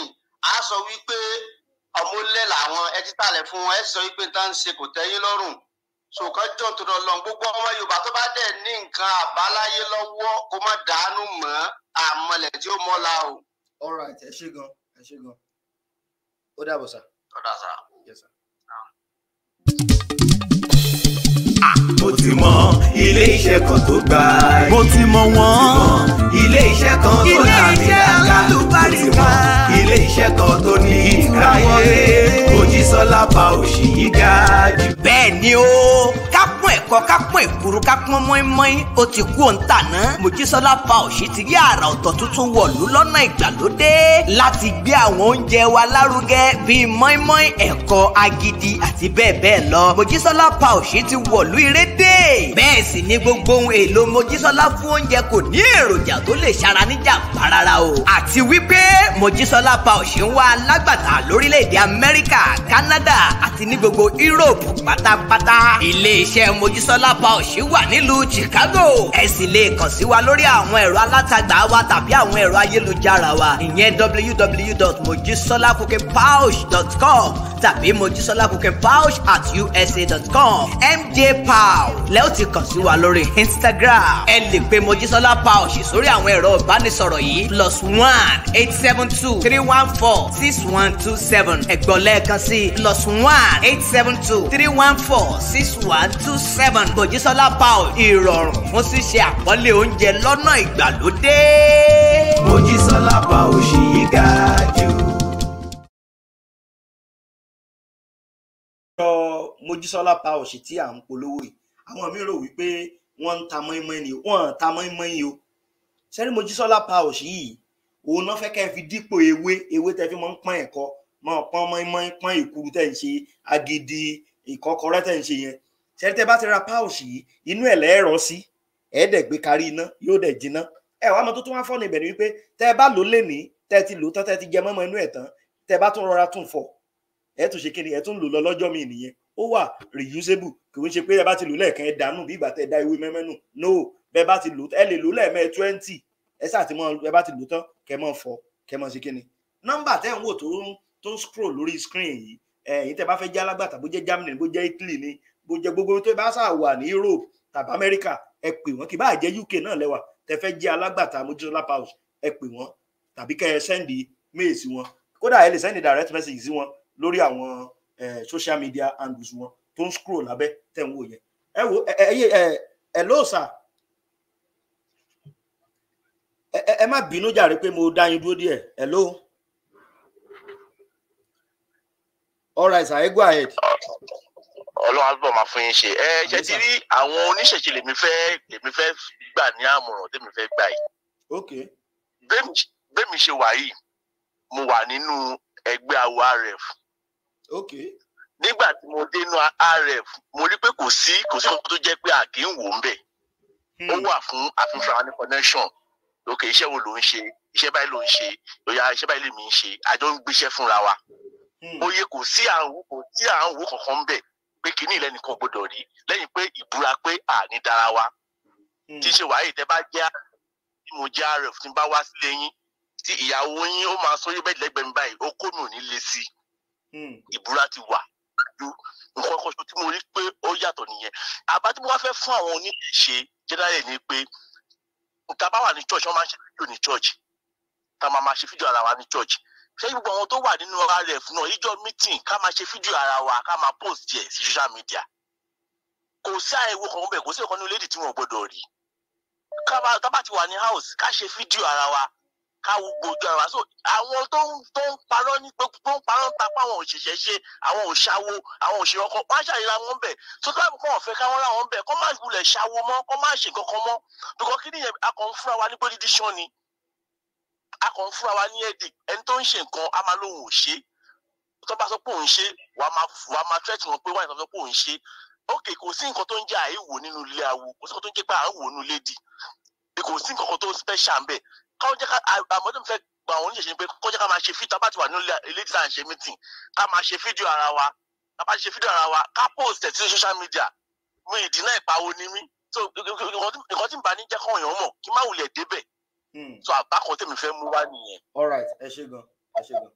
a sọ wípé ọmọlẹ́ làwọn ẹ ti tàlẹ̀ fún wọn ẹ sọ wípé tá ń ṣe kò tẹ́yìn lọ́rùn sòkan jọ tó lọ lọ gbogbo ọmọ Yorùbá tó bá dẹ̀ ní nǹkan àbáláyé lọ́wọ́ kó má dàánú mọ́ àmọ́lẹ̀ tí ó mọ́la o. all right ẹ ṣé gan ẹ ṣé gan ó dàbọ̀ sá. ó dà sá. yes sir. ó ah, ti mọ́ ilé iṣẹ́ kan tó gba ayé. mo ti mọ wọn. ilé iṣẹ́ kan tó làmì dáadáa. mo ti mọ ilé iṣẹ́ kan tó ní ìkáyé. Mojísọ́lá pa òṣì yí ga jù. bẹ́ẹ̀ ni ó ẹ̀kọ́ ká pọ́n èkuru ká pọ́n mọ́ínmọ́ín ó ti kú òǹtà náà Mojísọ́lá pa òṣì ti rí àrà ọ̀tọ̀ tuntun wọ̀lú lọ́nà ìgbàlódé láti gbé àwọn oúnjẹ wa lárugẹ bíi mọ́ínmọ́ín ẹ̀kọ́ agidi àti bẹ́ẹ̀ bẹ́ẹ̀ lọ Mojísọ́lá pa òṣì ti wọ̀lú irédè bẹ́ẹ̀ sì ni gbogbo ohun èlò Mojísọ́lá fún oúnjẹ kò ní èròjà tó lè ṣara níjàmbá rárá o àti wípé Mojísọ́lá pa òṣì ń wá alágbàtà lórílẹ̀‐èdè Canada àti ní gbogbo Europe pátápátá ilé iṣẹ́ Mojísọ́lá Bísọ́lá Paòṣì wà nílùú Chicago ẹ sì lè kàn sí wa lórí àwọn ẹ̀rọ alátagbà wa tàbí àwọn ẹ̀rọ ayélujára wa ìyẹn www.mojisolakokepauch.com tàbí mojisolakokepauch@usa.com mjpaul lẹ́ ó ti kàn sí wa lórí Instagram ẹ lè pe Mojísọ́lá Paòṣì sórí àwọn ẹ̀rọ ìbánisọ̀rọ̀ yìí plus one eight seven two three one four six one two seven ẹ̀gbọ́n lẹ́ẹ̀kan sí plus one eight seven two three one four six one two seven. Clement Mojísọ́lá pa ìrọ̀rùn fún ṣíṣe àkọlé oúnjẹ lọ́nà ìgbàlódé. Mojísọ́lá Paul ṣì yí ga jù. ọ̀rọ̀ Mojísọ́lá Paul ṣì tí à ń polówó yìí àwọn mi rò wípé wọ́n ń ta mọ́ínmọ́ín ni wọ́n ń ta mọ́ínmọ́ín o sẹ́ni Mojísọ́lá Paul ṣì yìí òun náà fẹ́ kẹ́ ẹ fi dípò ewé ewé tẹ́ fi máa ń pọ́n ẹ̀kọ́ máa pọ́n mọ́ínmọ́ín pọ́n ìkuru tẹ̀ ń ṣe agidi ìkọ́kọrẹ́ tẹ̀ ń ṣe yẹn ṣẹ́ni tẹ́ bá ti ra páùsì yìí inú ẹ̀ lẹ́ẹ̀rọ sí ẹ̀ẹ́dẹ̀gbé kárí iná yóò dẹ̀ jiná ẹ wàá mọ tó tún wá fọ́ ni ibẹ̀ ni wípé tẹ́ ẹ bá lò lè ní tẹ́ ẹ ti lò tán tẹ́ ẹ ti jẹ mọ́mọ́ inú ẹ̀ tán tẹ́ ẹ bá tún rọra tún fọ̀ ẹ tún ṣe kí ni ẹ tún lò lọ lọ́jọ́ mi nìyẹn ó wà reusable kì í ṣe pé ẹ bá ti lò lẹ́ẹ̀kan ẹ dànù bí ìgbà tẹ́ ẹ da ewé mẹ́mẹ́nu no bẹ́ẹ̀ bá ti lò ẹ lè lò lẹ́ẹ̀mẹ́ twenty ẹ sáà ti mọ ẹ bá ti lò tán kẹ́ mọ́ fọ̀ kẹ́ mọ́ ṣe kí ni nọ́mbà tẹ́ ń wò tó ń scroll lórí screen yìí ẹ̀yin tẹ́ bá fẹ́ jẹ́ alágbàtà bó jẹ́ Germany bó jẹ́ Italy ni bó jẹ gbogbo tó bá sà wà ní Europe tàbí Amẹ́ríkà ẹ pè wọ́n kì bá jẹ́ UK náà lẹ́wà tẹ fẹ́ jẹ́ alágbàtà Mojisola Pals ẹ pè wọ́n tàbí kẹ́ ẹ sẹ́ndì mail sí wọn kódà ẹ lè sẹ́ndì direct message sí wọn lórí àwọn social media handles wọn tó ń scroll lábẹ́ tẹ̀ ń wò yẹn ẹ wo ẹ ẹ ẹ lóòsà ẹ má bínú jàre pé mo dá yín dúró díẹ̀ ẹ ló. All right, sir. Go ahead ọlọ́run àgbọ̀ máa fún yín ṣe ẹ ṣe ti rí àwọn oníṣẹ̀ṣe lèmi fẹ́ lèmi fẹ́ gbà ní àmọ̀ràn tèmi fẹ́ gbà yìí. okay. bẹ́ẹ̀mi ṣe wà yìí mo wà nínú ẹgbẹ́ awo rf. okay. nígbà tí mo dé inú rf mo rí pé kò sí kò sí ohun tó jẹ́ pé a kì wò ń bẹ̀. ó hmm. wà fún àfihàn ní connection ok iṣẹ́ wo ló ń ṣe iṣẹ́ báyìí ló ń ṣe lóyà iṣẹ́ báyìí lèmi ń ṣe àjọ ń gbéṣẹ́ fúnra wa. Hmm. oye kò sí àwọn kò sí àwọn kankan bẹ́ẹ̀ pé kínní lẹ́nìkan gbọ́dọ̀ rí lẹ́yìn pé ìbúra pé àní dára wa tí ṣe wáyé tẹ́ bá jẹ́ tí mo jẹ́ rẹ̀ tí n bá wá sílé yín tí ìyàwó yín ó máa sórí bẹ́ẹ̀ lẹ́gbẹ̀ẹ́ mi báyìí okó mi ò ní le sí i hmm. ìbúra ti wà ju nǹkan kan tí mo rí pé ó yàtọ̀ nìyẹn àbá tí mo wá fẹ́ fún àwọn oníṣe jẹ́dáyẹ̀ ni pé tá bá wà ní church wọ́n máa ń ṣe fídíò ní church tá máa máa ṣe fídíò ara wa ní church ṣé gbogbo àwọn tó wà nínú rf náà ìjọ meeting ká máa ṣe fídíò ara wa ká máa post ẹ̀ sí social media kò sí àìwò kan bẹ́ẹ̀ kò sí ọ̀kan ní lady tí wọ́n gbọ́dọ̀ rí ká bá ti wà ní house ká ṣe fídíò ara wa ká gbòjú ara wa so àwọn tó ń tó ń parọ́ ní pé tó ń parọ́ ń tapá àwọn òṣìṣẹ́ ṣe àwọn òṣàwò àwọn òṣèré ọkọ wọn ṣàyẹ̀ra wọn bẹ̀ tó dáàbò kọ́ ọ̀fẹ́ káwọn ra wọn bẹ̀ kọ́ máa wulẹ̀ ṣàwò mọ́ kọ́ máa ṣe kankan mọ́ bìkọ́ kí nìyẹn akọ̀ ń fúnra wa ní pé ni a kàn ń fúnra wa ní ẹ̀dì ẹni tó ń ṣe nǹkan a máa lóun ò ṣe tó bá sọ pé òun ṣe wà á máa tẹ́tì wọn pé wà á sọ pé òun ṣe ok kò sí nǹkan tó ń jẹ́ àìwò nínú ilé awo kò sí nǹkan tó ń jẹ́ pé àìwò nínú ilé dì kò sí nǹkan tó special ń bẹ̀ káwọn jẹ́ ká àmọ́ fẹ́ gba àwọn oníṣẹ̀ṣe pé kó ká máa ṣe fídíò abá wà nínú ilé tí à ń ṣe meeting ká máa ṣe fídíò ara wa ká máa ṣe fídíò ara wa ká post ẹ̀ sí social media mi ìdínà ìpawó ni mí so nǹkan tí ń bá ní jẹ́ kọ́ Hmm. so àbá kan fẹ́ mú wá nìyẹn. all right ẹ ṣé gan ẹ ṣé gan.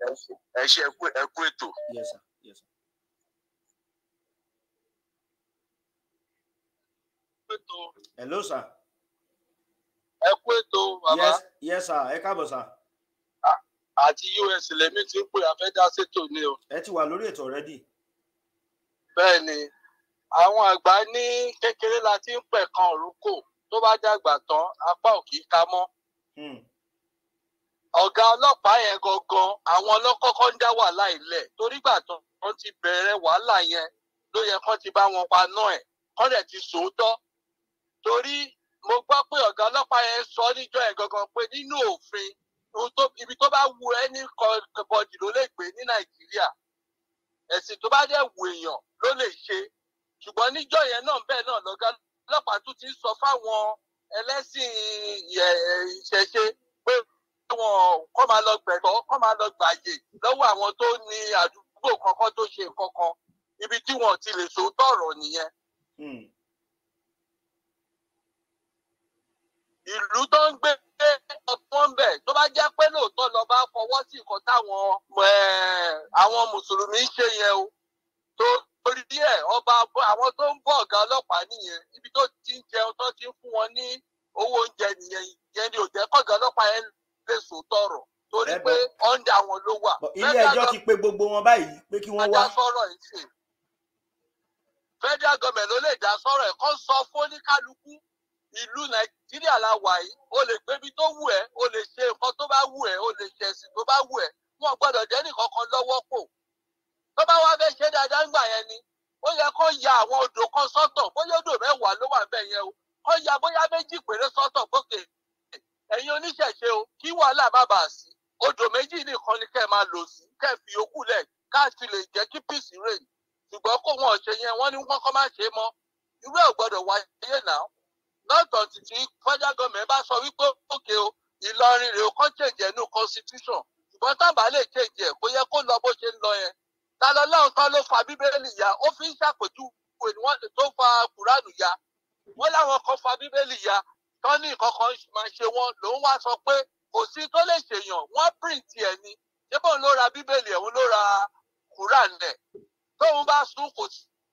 ẹ ṣé ẹ kú ẹ kú ètò. yes sir yes sir. hello sir. ẹ kú ètò bàbá. yes sir ẹ káàbọ̀ sir. àti us lèmi ti ń pè afẹ́dásẹ́tò ni o. ẹ ti wà lórí ètò already. bẹ́ẹ̀ ni àwọn àgbà ní kékeré la ti ń pẹ̀kan òrókò tó bá dàgbà tán apá ò kì í ká mọ́. Hmm. ọ̀gá ọlọ́pàá yẹn gangan àwọn ọlọ́kọ́kọ́ ń dá wàhálà ilẹ̀ torígbà tó wọ́n ti bẹ̀rẹ̀ wàhálà yẹn ló yẹ kán ti bá wọn paná ẹ̀ kán dẹ̀ ti sòótọ́ torí mo gbọ́ pé ọ̀gá ọlọ́pàá yẹn sọ níjọ́ yẹn gangan pé nínú òfin ibi tó bá wù ẹni kọbọdì ló lè gbé ní nàìjíríà ẹ̀sìn tó bá dẹ̀ wù èèyàn ló lè ṣe ṣùgbọ́n níjọ́ yẹn náà bẹ́ẹ̀ náà lọ́gá ọlọ́pàá tún ti sọ fáwọn ẹlẹ́sìn ìṣẹ̀ṣe pé wọn kọ́ máa lọ gbẹ̀tọ́ kọ́ máa lọ gbàyè lọ́wọ́ àwọn tó ní àdúgbò kankan tó ṣe kankan ibi tí wọn ti lè sòótọ́ ọ̀rọ̀ nìyẹn. Hmm. ìlú tó ń gbé ọgbọ́n bẹ̀ tó bá jẹ́ pé lóòótọ́ lọ bá sí nǹkan táwọn àwọn mùsùlùmí ṣe yẹn o tó torí ẹ̀ ọba àwọn tó ń bọ̀ ọ̀gá ọlọ́pàá nìyẹn ibi tó ti ń jẹun tó ti ń fún wọn ní owó oúnjẹ nìyẹn ìyẹn ni òjẹ́ kọ̀gá ọlọ́pàá yẹn lè sòótọ́ ọ̀rọ̀ torí pé ọ̀ǹdà wọn ló wà. ilé ẹjọ́ ti pe gbogbo wọn báyìí pé kí wọ́n wá. ajá sọ̀rọ̀ yìí sì federal government ló lè dá sọ̀rọ̀ ẹ̀ kọ́ sọ fóníkálukú ìlú nàìjíríà la wà yìí o lè gbébi tó wù ẹ́ o lè ṣe nǹkan tó bá wù ẹ́ o lè ṣẹ̀sìn tó bá wù ẹ́ wọn gbọ́dọ̀ jẹ́ nìkankan lọ́wọ́ pọ̀ tó bá wá fẹ́ ṣe dáadáa ń gbà yẹn ni ó yẹ kó ya àwọn odò kan sọ́tọ̀ bóyá odò mẹ́wàá ló wà bẹ́ẹ̀ yẹn o kó ya bóyá méjì péré sọ́tọ̀ gbòkè ẹ̀yin oníṣẹ̀ṣe o kí wàhálà má bàa sí odò méjì nìkan ni kẹ́ ẹ máa lò sí kẹ́ ẹ fi yòókù lẹ̀ káàtì lè jẹ́ kí peace reign ṣùgbọ́n kó wọn ṣe yẹn wọ́n ní wọ́n má ṣe mọ́ irú ẹ̀ gbọ́dọ̀ wáyé náà lọ́tọ̀ títí federal government bá sọ wípé òkè o Ìlọrin rèé kọ́ change ẹ̀ nù constitution ṣùgbọ́n tábà lè change ẹ̀ kó yẹ kó lọ bó ṣe ń lọ yẹn talọ́láòtọ́ ló fa bíbélì ya ó fi ń ṣàpèjúwe tó fa kùránù ya wọ́n láwọn kan fa bíbélì ya tán ní máa ṣe wọn lòun wá sọ pé kò sí tó lè ṣèyàn wọ́n print ẹ̀ ni ṣébọ̀ ló ra bíbélì ẹ̀ òun ló ra kùrán ẹ̀ tóun bá sún kò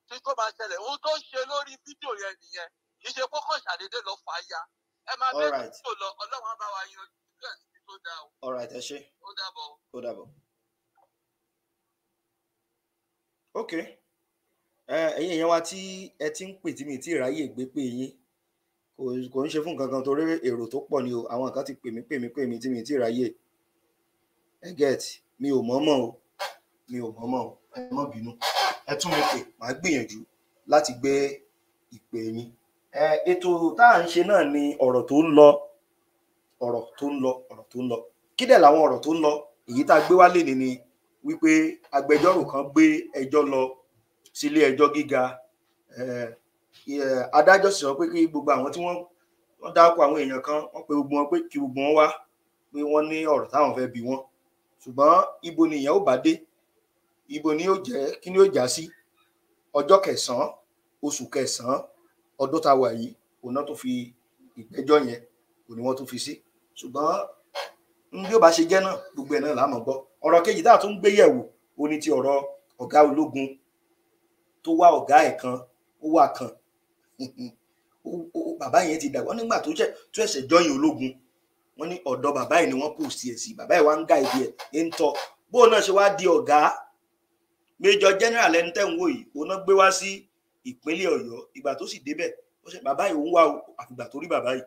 sí tó máa ṣẹlẹ̀ òun tó ṣe lórí fídíò yẹn nìyẹn kì í ṣe kókó ṣàdédé lọ fà á ya ẹ máa bẹ́ẹ̀ fídíò lọ ọlọ́run á bá wa yan ojú ẹ̀ sí tó dáa ó dàbọ̀. ó ok ẹ̀yin èèyàn wa tí ẹ ti ń pè tí mi ti ráyè gbé pé yín kò ń ṣe fún nǹkan kan torí èrò tó pọ̀ ni o àwọn kan ti pè mí pè mí pè mí tí mi ti ráyè ẹ get mi ò mọ̀ọ́mọ̀ o mi ò mọ̀ọ́mọ̀ o ẹ má bínú ẹ tún mi pè màá gbìyànjú láti gbé ìpè yín ètò tá à ń ṣe náà ni ọ̀rọ̀ tó ń lọ ọ̀rọ̀ tó ń lọ ọ̀rọ̀ tó ń lọ kí dẹ̀ làwọn ọ̀rọ̀ tó ń lọ èyí tá a gbé wá lè ní ni. ni wípé agbẹjọ́rò kan gbé ẹjọ́ lọ sílé ẹjọ́ gíga eh, eh, adájọ́ sì sọ pé kí gbogbo àwọn tí wọ́n dáko àwọn èèyàn kan wọ́n pe gbogbo wọn pé kí gbogbo wọn wá pé wọ́n ní ọ̀rọ̀ táwọn fẹ́ bi wọ́n ṣùgbọ́n ibo ni ìyẹn ò bá dé ibo ni yóò jẹ́ kí ni yóò já sí ọjọ́ kẹsàn-án oṣù kẹsàn-án ọdún tá a wà yìí òun náà tó fi ìgbẹ́jọ́ yẹn òun ni wọ́n tó fi sí ṣùgbọ́n bí ó bá ṣe jẹ́ náà gbogbo ẹ̀ náà là mọ̀ gbọ́ ọ̀rọ̀ kejì tá a tún gbé o ó ní ti ọ̀rọ̀ ọ̀gá ológun tó wá ọ̀gá ẹ̀ kan ó wà kan bàbá yẹn ti dàgbà nígbà tó jẹ́ tó ẹ̀sẹ̀ jọyìn ológun wọ́n ní ọ̀dọ̀ bàbá yẹn ni wọ́n post ẹ̀ sí bàbá yẹn wá ń gá ìdí ẹ̀ ń tọ́ bóun náà ṣe wá di ọ̀gá major general ẹni tẹ́ ń wò yìí òun náà gbé wá sí ìpínlẹ̀ ọ̀yọ́ ìgbà tó sì débẹ̀ ó ṣe bàbá yìí òun wà àfìgbà tó rí bàbá yìí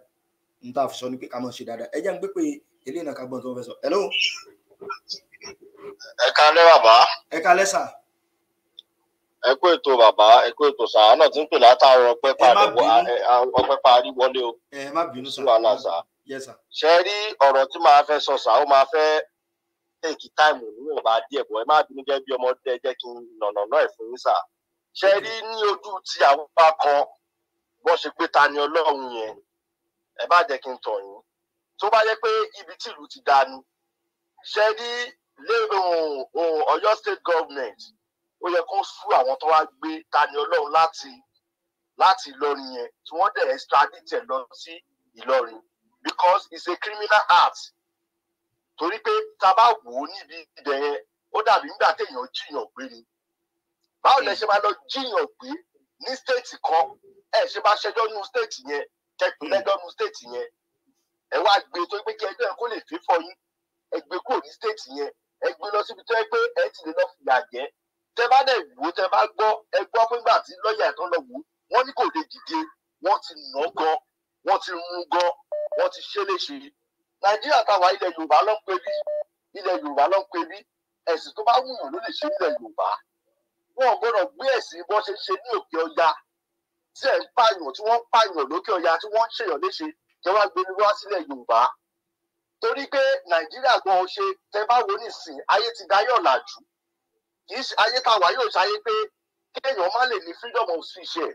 n ta fi sọ ni pé ká mọ̀ ṣe dáadáa ẹ jẹ́ ń gbé pé eléyìí náà tó fẹ́ sọ hello. ẹ kálẹ́ bàbá. ẹ kálẹ́ ẹ ètò bàbá ẹ kú ètò sà náà tí ń pè látàárọ̀ ọpẹ́ parí wọlé o. ẹ má bínú sà wàhálà sà. ṣe rí ọ̀rọ̀ tí màá fẹ́ sọ sà ó máa fẹ́ tèkì táìmù níwọ̀nba díẹ̀ bọ̀ ẹ má bínú gẹ́gẹ́ bí ọmọdé jẹ́ kí n nànà náà ẹ̀ fún yín ṣe rí ní ojú ti àwọn bá kan bó ṣe pé ta ni ọlọ́run yẹn ẹ bá kí n yín tó bá yẹ pé ibi ti dá ni ṣe rí lérò Ọ̀yọ́ state government ó yẹ kó sú àwọn tó wá gbé Tani Olohun láti láti Ìlọrin yẹn tí wọ́n dẹ̀ extradite lọ sí Ìlọrin because it's a criminal act torí pé tá a bá wò ó níbi ibẹ̀ yẹn ó dàbí nígbà téèyàn jiyàn gbé ni báwo lẹ ṣe máa lọ jiyàn gbé ní state kan ẹ ṣe bá ṣẹjọ́ nu state yẹn kẹpẹ lẹ́jọ́ nu state yẹn ẹ wá gbé e tó gbé kí ẹjọ́ yẹn kó lè fi yín ẹ gbé kúrò ní state yẹn ẹ gbé lọ síbi tó ẹ pé ẹ ti lè lọ fìyà jẹ tẹ bá dẹ̀ wò tẹ bá gbọ́ ẹ gbọ́ pé nígbà tí lọ́ọ̀yà ìtàn lọ wò wọ́n ní kò lè dìde wọ́n ti nà án gan wọ́n ti rún gan wọ́n ti ṣe léṣe nàìjíríà táwa ilẹ̀ yorùbá ló ń pè bí ilẹ̀ yorùbá ló ń pè bí ẹ̀sìn tó bá wùyàn ló lè ṣe ilẹ̀ yorùbá wọn ò gbé ẹ̀sìn bọ́n ṣe ṣe ní òkè ọya tí ẹ̀ ń pààyàn tí wọ́n ń pààyàn lókè ọya tí wọ́n ń ṣèyàn léṣe kí wọ́n á gbé wá sílẹ̀ yorùbá torí pé nàìjíríà gan ṣe tẹ bá wo nísìn ayé ti dayọ̀ làjú kì í ṣe ayé táwa yóò ṣayé pé kéèyàn má lè ní freedom of speech ẹ̀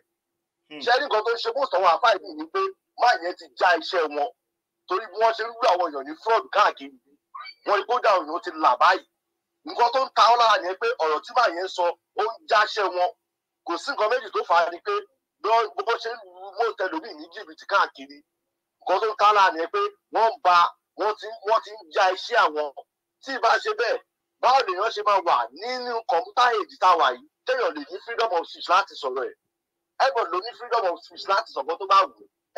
hmm. ṣẹ́rí nǹkan tó ń ṣe bóòsàn àwọn àfáà yìí ni pé máa yẹn ti já iṣẹ́ wọn torí bí wọ́n ṣe ń lù àwọn èèyàn ní fraud káàkiri wọn ni kódà òyìnbó ti là báyìí nǹkan tó ń ta ọ́ lára yẹn pé ọ̀rọ̀ tí máa yẹn sọ ó ń jáṣẹ́ wọn kò sí nǹkan méjì tó fà á ni pé bó ṣe ń lu mọ́tẹ́lómì ní jìbìtì káàkiri nǹkan tó ń ta lára yẹn pé wọ́n ń ba wọ́n ti wọ́n ti ń ja iṣẹ́ àwọn tí ìbá ṣe bẹ́ẹ̀ báwo lèèyàn ṣe máa wà nínú kọ̀ǹpútà èdè táwa yìí téèyàn lè ní freedom of speech láti sọ̀rọ̀ ẹ̀ ẹ̀bọ̀n ló ní freedom of speech láti sọ̀rọ̀ tó bá wù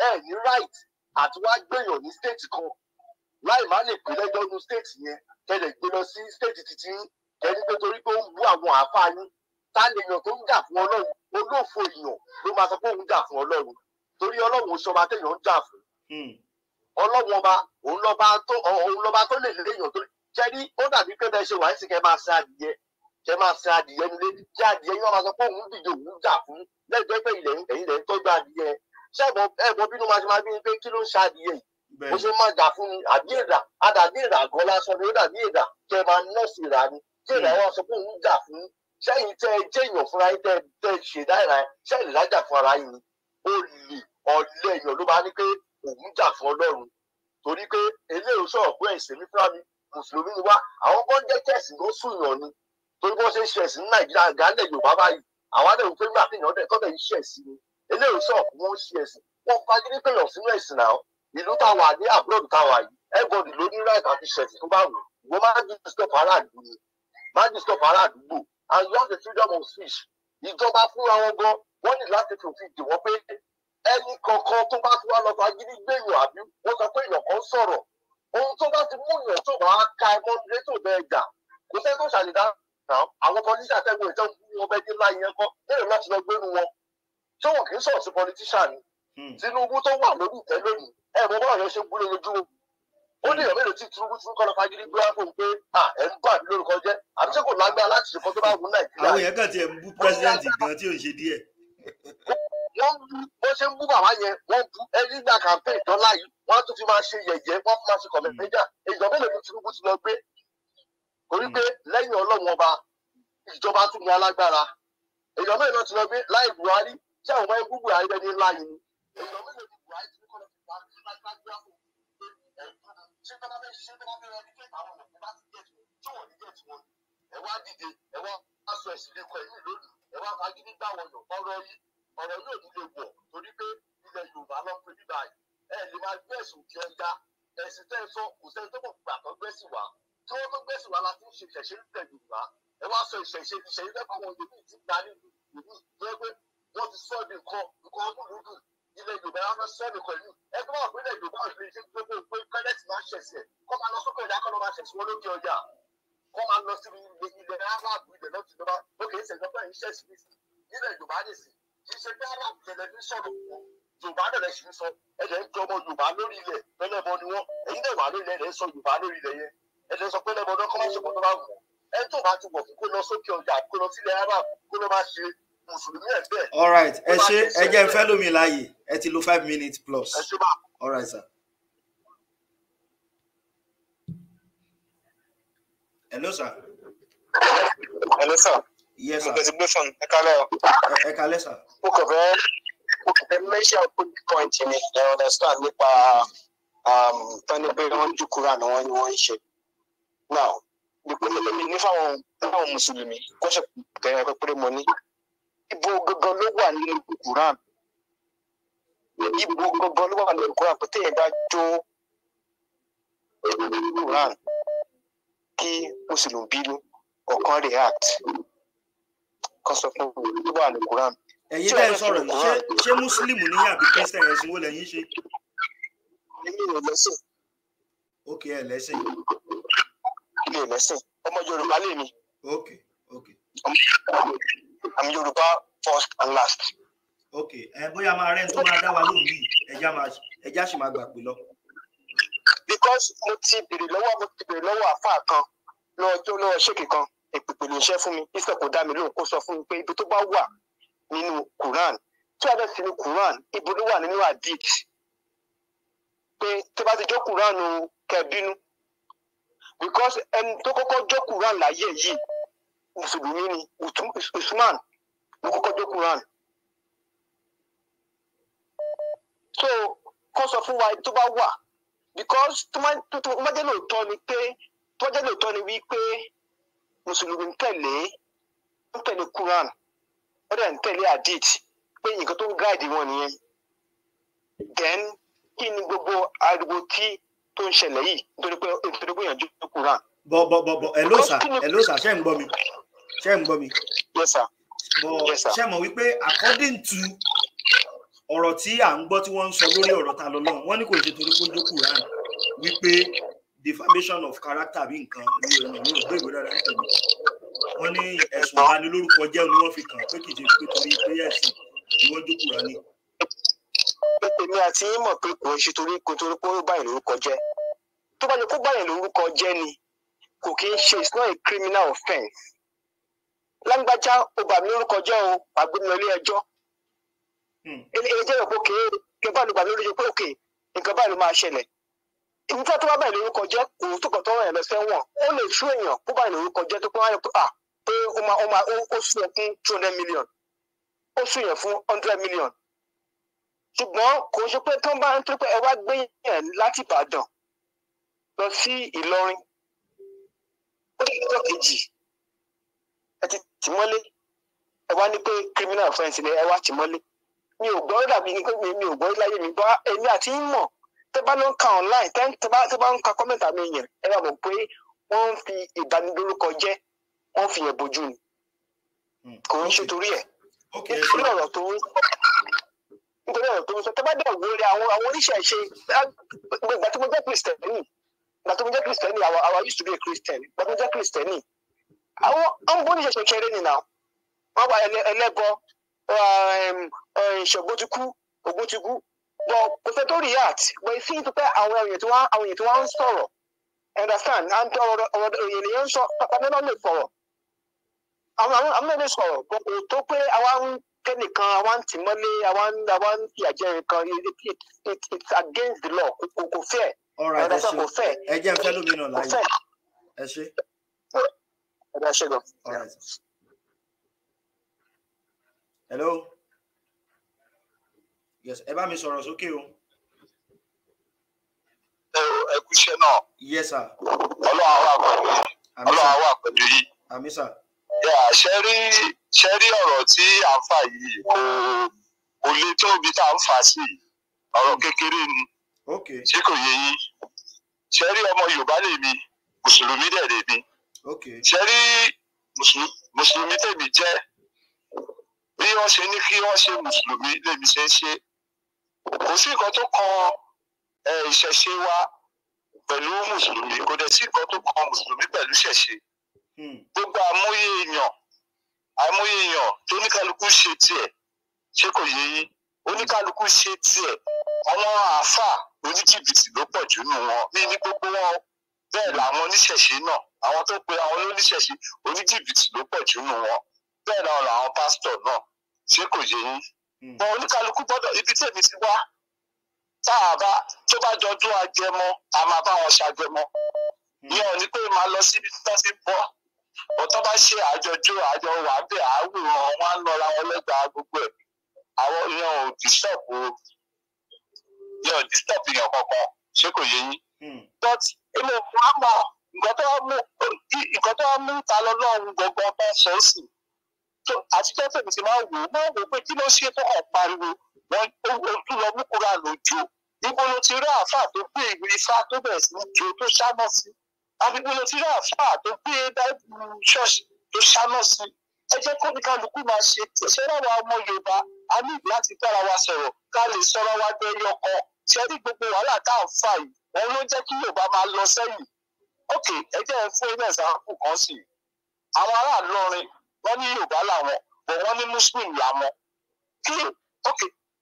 ẹ̀ ní right àti wá gbèyàn ní state kan láì má lè pè lẹ́jọ́ nu state yẹn kẹlẹ̀ gbé lọ sí state títí ẹni pé torí pé ó ń bú àwọn àáfàá yín ta lèèyàn tó ń jà fún ọlọ́run olóòfò èèyàn ló máa sọ pé òun jà fún ọlọ́run torí ọlọ́run ò ṣọba ọlọ́wọ́n ọba òun lọ́ba tó òun lọ́ba tó lè léèyàn tó jẹ́ ní ó dàbí pé bẹ́ẹ̀ ṣe wà ní sìnkẹ́ máa ṣe adìyẹ ṣe máa ṣe adìyẹ nílé jẹ́ adìyẹ yín wọ́n máa sọ pé òun dìde òun jà fún lẹ́gbẹ́ pé ilẹ̀ ẹ̀yìn lẹ̀ ń tọ́jú adìyẹ ṣẹ́bọ̀ ẹ̀bọ̀ bínú máa ṣe máa bí pé kí ló ń ṣe adìyẹ yìí ṣe máa jà fún ni àbí èdà àdàbí èdà gan lásán ni ó dàbí èdà kẹ òun jà fún ọlọ́run torí pé eléyìí sọ̀rọ̀ pé ẹ̀sìn mi fúnra mi mùsùlùmí ni wá àwọn kan jẹ́ kẹ̀sìn ló sùn yàn ni torí bó ṣe ń ṣẹ̀sìn ní nàìjíríà gánlẹ̀ yorùbá báyìí àwọn adéhùn pé nígbà téèyàn dẹ̀ tọ́lẹ̀ iṣẹ́ ẹ̀sìn ni eléyìí sọ̀rọ̀ pé wọ́n ṣe ẹ̀sìn wọ́n fagídí pèèyàn sínú ẹ̀sìn náà ìlú táwa ní abroad táwa yìí everybody ló ní right àti ṣẹ̀sìn tó bá wù wọ́n máa ń disturb ará àdúgbò ni máa ń disturb ará àdúgbò and you have the freedom of speech ìjọba fúnra wọn gan wọ́n ní láti fòfin dè wọ́n ẹni kankan tó bá ti wá lọ fagídí gbèyàn àbí wọ́n sọ pé èèyàn kan sọ̀rọ̀ ohun tó bá ti mú èèyàn tó bá ka ẹ mọ́ nílé tó bẹ́ẹ̀ gbà kò sẹ́ni tó ṣàlìdá náà àwọn politician tẹ́gbọ̀n ìtàn fún wọn bẹ́ẹ̀ dé láyé yẹn kọ́ lẹ́yìn láti lọ gbẹ́nu wọn tí wọn kì í sọ̀rọ̀ sí politician ni hmm. Tinubu tó wà lórí ìtẹ́ lónìí ẹ̀ mọ́ báwọn yẹn ṣe ń gbúlé lójú ó ní ìyàwó èrò tí Tinubu ti ń kọ́ lọ fagídí gbé fún un pé ẹ̀ ń bà mí lórúkọ jẹ́ àbí ṣé kò lágbára láti ṣe kọ́ tó bá wù Nàìjíríà. àwọn yẹn kàn ti ẹ̀ ń bú pẹ́sidẹ̀ntì gan tí ò ń ṣe díẹ̀ wọ́n bú bó ṣe ń bú bàbá yẹn wọ́n bú ẹni gbà campaign dọ́là yìí wọ́n á tún fi máa ṣe yẹ̀yẹ́ wọ́n fi máa ṣe kọ̀mẹ́tẹ́jà èèyàn mélòó ni Tinubu ti lọ gbé torí pé lẹ́yìn Ọlọ́run ọba ìjọba tún ní alágbára èèyàn mélòó ti lọ gbé láì Buhari tí àwọn ọmọ ẹgbẹ́ Buhari lẹ́ni ńlá yìí ni èèyàn mélòó ni Buhari ti kọ́ ẹ wá dìde ẹ wá aṣọ ẹsìn lè kọ ìlú ọ̀rọ̀ yóò nílé wọ̀ torí pé ilẹ̀ Yorùbá ló ń pè ní báyìí ẹ lè máa gbé ẹ̀sùn tí ẹ já ẹ̀sìn tẹ́ ẹ sọ kò sẹ́ni tó mọ̀ gbà tó gbẹ́sì wá kí wọ́n tó gbẹ́sì wá la ti ń ṣe ìṣẹ̀ṣe nílẹ̀ Yorùbá ẹ wá sọ ìṣẹ̀ṣe ìṣẹ̀ṣe lẹ́kọ̀ọ́ wọn ìdèmí ti gba ní ìlú jẹ́ pé wọ́n ti sọ ní nǹkan nǹkan ọdúnlùdù ilẹ̀ Yorùbá yà fẹ́ sọ nìkan yìí ẹ tó wà pé ilẹ̀ Yorùbá òṣèlú ṣe gbogbo pé pẹ́lẹ́tì máa ń ṣẹ̀ṣẹ̀ kọ́ máa lọ sókè ìdá kọ́ lọ́ máa ṣẹ̀ṣẹ̀ wọn lókè ọjà kọ́ máa lọ sí ilẹ̀ aráàlú ilẹ̀ lọ́tì lọ́ba kì í ara tẹlifíṣàn òkú yorùbá náà lè ṣì ń sọ ẹ̀jẹ̀ ń jọ yorùbá lórí ilẹ̀ pẹlẹbọ ni wọn ẹ̀yin náà wà lórí ilẹ̀ ẹ̀ sọ yorùbá lórí ilẹ̀ yẹn ẹ̀jẹ̀ sọ pẹlẹbọ náà kọ́ máa ṣe kọ́ tó bá wù ọ́ ẹ̀ tó bá ti wọ̀ fún kó lọ sókè ọjà kó lọ sílẹ̀ arab kó lọ máa ṣe mùsùlùmí ẹ̀ bẹ́ẹ̀. all right ẹ ṣe ẹ jẹ́ n fẹ́ lómi láàyè ẹ ti lo five minutes plus all right sir. hello sir. hello sir yes sir congratulation ẹ kálẹ́ o. ẹ kálẹ́ sir. mo kàn fẹ́ mo kàn fẹ́ mention quick point ni ẹ understand nípa um, tani pé wọ́n ń dúkúrà ni wọ́n ń ṣe now ìpínlẹ̀ lómi ní fáwọn fáwọn mùsùlùmí kó ṣe kẹrin ẹ̀kọ́ péré mo ní ibo gangan ló wà nínú Quran ibo gangan ló wà nínú Quran pété yẹn bá jó Quran kí mùsùlùmí bínú ọ̀kan react kan sọ fún mi ló wà ní Quran. ẹ̀yin bẹ́ẹ̀ sọ̀rọ̀ ṣé ṣé mùsùlùmù ní àbí kristian ẹ̀sìn wo lẹ́yìn ṣe. èmi ò lẹ́sìn. ok ẹ lẹ́sìn. èmi ò lẹ́sìn ọmọ Yorùbá lè mi. ok ok. I'm Yorùbá first and last. ok ẹ bóyá máa rẹ́ ń tó máa dá wa lóhùn yìí ẹja sì máa gbà pé lọ. because mo ti bèrè lọ́wọ́ mo ti bèrè lọ́wọ́ àfáà kan lọ́jọ́ lọ́wọ́ ṣèkì kan ẹ̀pẹ̀pẹ̀ ló fún mi ìfẹ́ kò dá mi lóhùn kó sọ fún mi pé ibi tó bá wà nínú Quran tí wàá bẹ̀rẹ̀ sí Quran ibo ló wà nínú hadith pé tó bá ti jó Quran o kẹ bínú because ẹni tó kọ́kọ́ jó Quran láyé yìí mùsùlùmí ni Usman ló kọ́kọ́ jó Quran so kó sọ fún wa tó bá wà because tó má jẹ́ lóòótọ́ ni pé tó má jẹ́ lóòótọ́ ni wípé mùsùlùmí ń tẹ̀lé ń tẹ̀lé quran ó dẹ̀ ń tẹ̀lé hadith pé nǹkan tó ń gáàdì wọn nìyẹn then kí ni gbogbo ariwo tí tó ń ṣẹlẹ̀ yìí nítorí pé nítorí pé ìyànjú tó quran. bọ bọ bọ bọ ẹ ló ṣe ń gbọ́ mi ṣe ń gbọ́ mi. yes sir. bọ ṣe mọ̀ wípé according to ọ̀rọ̀ tí à ń gbọ́ tí wọ́n ń sọ lórí ọ̀rọ̀ ta lọ́lọ́run wọ́n ní kò ṣe torí kó jó quran wípé defamation of character àbí nǹkan ní ìròyìn ní ògbé ìwé dáadáa nítorí wọn ní ẹ̀sùn ìbanilórúkọ jẹ́ ni wọ́n fi kàn pé kìí ṣe pé torí prayer sí ni wọ́n jókòó rà ní. èmi àti yín mọ̀ pé kò ń ṣe torí kò torí pé ó báyìí lórúkọ jẹ́ tó bá yẹ kó báyìí lórúkọ jẹ́ ni kò kí ń ṣe it's not a criminal offence lágbájá ó bà mí lórúkọ jẹ́ o àgbẹ̀mí ilé ẹjọ́ hmm. ilé ẹjọ́ yẹ kó kéé kẹ báyìí ló bà mí lórúkọ pé òkè nǹkan báyìí ló máa ṣẹlẹ̀ ibi tí a tó bá báyìí lórúkọ jẹ́ kò tó kàn tó ràn yẹn lọ sẹ́wọ̀n ó lè tú èèyàn kó báyìí lórúkọ jẹ́ tó pé à pé ó máa ó máa ó sún yẹn fún two hundred million ó sún yẹn fún hundred million ṣùgbọ́n kò ṣe pé tó ń bá ń tó pé ẹ wá gbé yẹn láti Ìbàdàn lọ sí Ìlọrin ó lè jọ kejì ẹ ti tì mọ́lé ẹ wá ní pé criminal offence ni ẹ wá tì mọ́lé mi ò gbọ́ dàbí mi ò gbọ́ láyé mi gbọ́ èmi àti yín mọ̀ tẹ́ bá ló ka online tẹ́ bá bá ń ka kọ́mẹ́ntì àmì yẹn ẹ bá mọ̀ pé wọ́n fi ìdánilórúkọ jẹ́ wọ́n fi yẹn bojú ni hmm. kò ń ṣe torí ẹ̀ nítorí ọ̀rọ̀ tó nítorí ọ̀rọ̀ tó ń sọ tẹ́ bá dẹ̀ wo rẹ àwọn àwọn oníṣẹ̀ṣe gbàgbà tó jẹ́ kristẹni gbàgbà tó jẹ́ kristẹni àwa used to be a christian gbàgbà tó jẹ́ kristẹni àwọn ọmọ oníṣẹ̀ṣe kéré nìyà wọ́n wà ẹlẹ́bọ ṣògbó ti kú but kò sẹ́ tó react but ìsìn tó pẹ́ àwọn èèyàn tí wọ́n àwọn èèyàn tí wọ́n ń sọ̀rọ̀ understand and ọ̀rọ̀ ọ̀rọ̀ èèyàn lè ń sọ pàtàkì lè sọ̀rọ̀ àwọn àwọn èèyàn lè sọ̀rọ̀ but kò tó pé àwa ń kẹ́nìkan àwa ń tì mọ́lé àwa ń àwa ń it àjẹ́ nìkan it's against the law kò kò fẹ́ understand kò fẹ́ ẹ jẹ́ fẹ́ lómi láyé ẹ ṣe. ẹ ṣe gan. hello yes ẹ bá mi sọ̀rọ̀ sókè o. ẹ o ẹ kú iṣẹ́ náà. yes sir. ọlọ́run wà pẹ̀lú yìí. ọlọ́run wà pẹ̀lú yìí. àmín sà. ṣe rí ṣe rí ọ̀rọ̀ tí à ń fà yìí kò kò le tó ibi tá à ń fà sí ọ̀rọ̀ kékeré ni. tí kò yé yín ṣe rí ọmọ Yorùbá lèmi mùsùlùmí dẹ̀ lèmi. ṣe rí mùsùlùmí tèmi jẹ́ bí wọ́n ṣe ní kí wọ́n ṣe mùsùlùmí lèmi ṣe ń ṣe kò sí nǹkan tó kan ìṣẹ̀ṣe wa pẹ̀lú mùsùlùmí kò dẹ̀ sí nǹkan tó kan mùsùlùmí pẹ̀lú ìṣẹ̀ṣe hmm. gbogbo àmúyẹ èèyàn àmúyẹ èèyàn tó oníkálukú ṣe tiẹ̀ ṣé kò yé yín oníkálukú ṣe tiẹ̀ àwọn àáfàá oníjìbìtì ló pọ̀ jù nù wọn ní ní gbogbo wọn bẹ́ẹ̀ làwọn oníṣẹ̀ṣe náà àwọn tó pe àwọn oníṣẹ̀ṣe oníjìbìtì ló pọ̀ jù nù wọn bẹ́ẹ̀ náà làwọn pásítọ̀ náà ṣé kò yé yín mọ mm. oníkálukú gbọ́dọ̀ ibi tèmi ti wá tá a bá tó bá jọdún àjẹmọ́ a máa bá wọn ṣàjẹmọ́ mm. ìyẹn ò ní pé máa lọ síbi tí wọn ti bọ ọtọ bá ṣe àjọjọ àjọ wà bẹ́ẹ̀ àwòrán wọn á lọra wọn lẹ́gbàá gbogbo ẹ àwọn ìyẹn ò dìṣọpù ìyẹn ò dìṣọpù ìyẹn kankan ṣé kò yé yín. Mm. but ilé ìfowópamọ́ nǹkan tó wá mú nǹkan tó wá mú ta lọ́lọ́run gbọ̀ngàn bá ṣe tó àtijọ́ tèmi ti máa wò ó máa wò ó pé kí ló ṣe tó hàn pariwo wọn ojú lọ mú kúrò àlòjò ibo ló ti rí àáfàá tó gbé ìwé ifá tó bẹ̀rẹ̀ sí ní jo tó ṣáná sí àbíbo ló ti rí àáfàá tó gbé báìbù ṣọ́ọ̀ṣì tó ṣáná sí ẹ jẹ́ kó ní kálukú máa ṣe ṣẹ́ láwa ọmọ Yorùbá a ní láti bára wa sọ̀rọ̀ ká lè sọ́ra wa dẹ́yọ kan ṣe rí gbogbo wàhálà tá à ń fà yìí òun ló jẹ́ kí Yorùbá máa lọ sẹ́yìn ok ẹ jẹ́ fún ẹ náà sáà kù kan sí àwọn aráàlú ọrin wọ́n ní yorùbá làwọn bọ̀ wọ́n ní muslim làwọn kí ok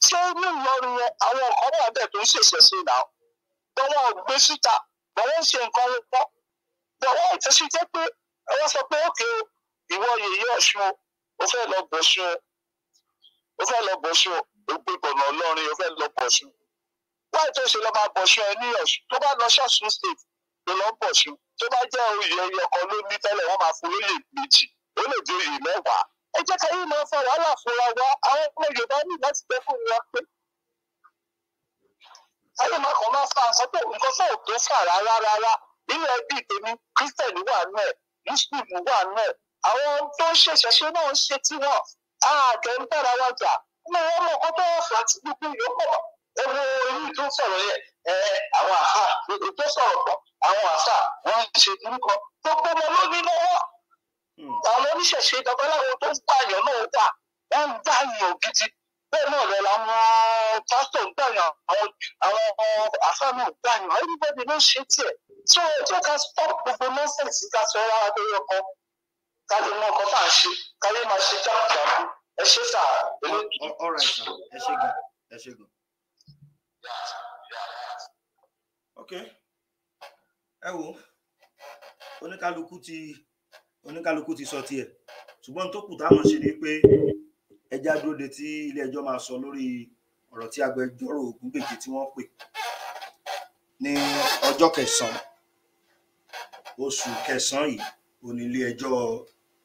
ṣé ní ìlọrin yẹn àwọn ọkọ wà tó ń ṣèṣẹ sí i náà bọ̀ gbé síta bọ̀ wọ́n ṣe nǹkan wọn pọ̀ bọ̀ jẹ́ pé wọ́n sọ pé ok ìwọ yèyé ọ̀ṣun o fẹ́ lọ bọ̀ṣun o fẹ́ lọ bọ̀ṣun o gbé gbọ̀nà ọlọ́rin o fẹ́ lọ bọ̀ṣun wọ́n ètò ìṣèlú máa bọ̀ṣun ẹ ní ọ̀ṣun tó bá lọ ṣọ́ọ̀ṣun state ló lọ bọ̀ṣun tó bá jẹ́ oyè ẹyọkan ló tẹ́lẹ̀ wọ́n máa fún lóye méjì ó lè jẹ oyè mẹ́wàá ẹ jẹ́ ká yín máa fa wàhálà fúnra wa àwọn ọmọ Yorùbá ní láti jẹ́ fún wa pé ayé máa kàn máa fa àṣọ pé nǹkan fún òtó fà rárá rárá nínú ẹbí tèmi Kristẹni wà nù ẹ Mùsùlùmí wà nù ẹ àwọn tó ń ṣẹ̀ṣẹ̀ ṣe náà ń ṣe tiwọn àgẹ̀ ń bára wa jà ní wọn mọ kọtọ ọfà tí gbogbo yòókù mọ orí tó sọ̀rọ̀ yẹ ẹ àwọn àhà tó sọ̀rọ̀ pọ àwọn àṣà wọn ń ṣe kúrúkọ gbogbo wọn ló ní lọ́wọ́. Hmm. àwọn oníṣẹ̀ṣe babaláwo tó ń pààyàn náà wà wọ́n ń pààyàn gidi bẹ́ẹ̀ náà lọ làwọn pásítọ̀ ń pààyàn àwọn àwọn àfáàmù ń pààyàn everybody ló ń ṣe tiẹ̀ tó tó ká stop gbogbo nọ́ọ̀sẹ̀sì ká sọ ọ́ abẹ́rẹ́ ọkọ ká lè mọ ọkọ tá à ń ṣe ká lè máa ṣe jákèjádò ẹ ṣe sà eléyìí. ọ̀rọ̀ ẹ̀sán ẹ ṣe gan ẹ ṣe gan. ok ẹ wo oníkálukú ti oníkálukú ti sọ tiẹ̀ ṣùgbọ́n tó kù táwọn ṣe ni pé ẹja dúró de tí ilé máa sọ lórí ọ̀rọ̀ tí agbẹjọ́rò Ògúngbèjì tí wọ́n pè ní ọjọ́ kẹsàn oṣù kẹsànán yìí òní ilé ẹjọ́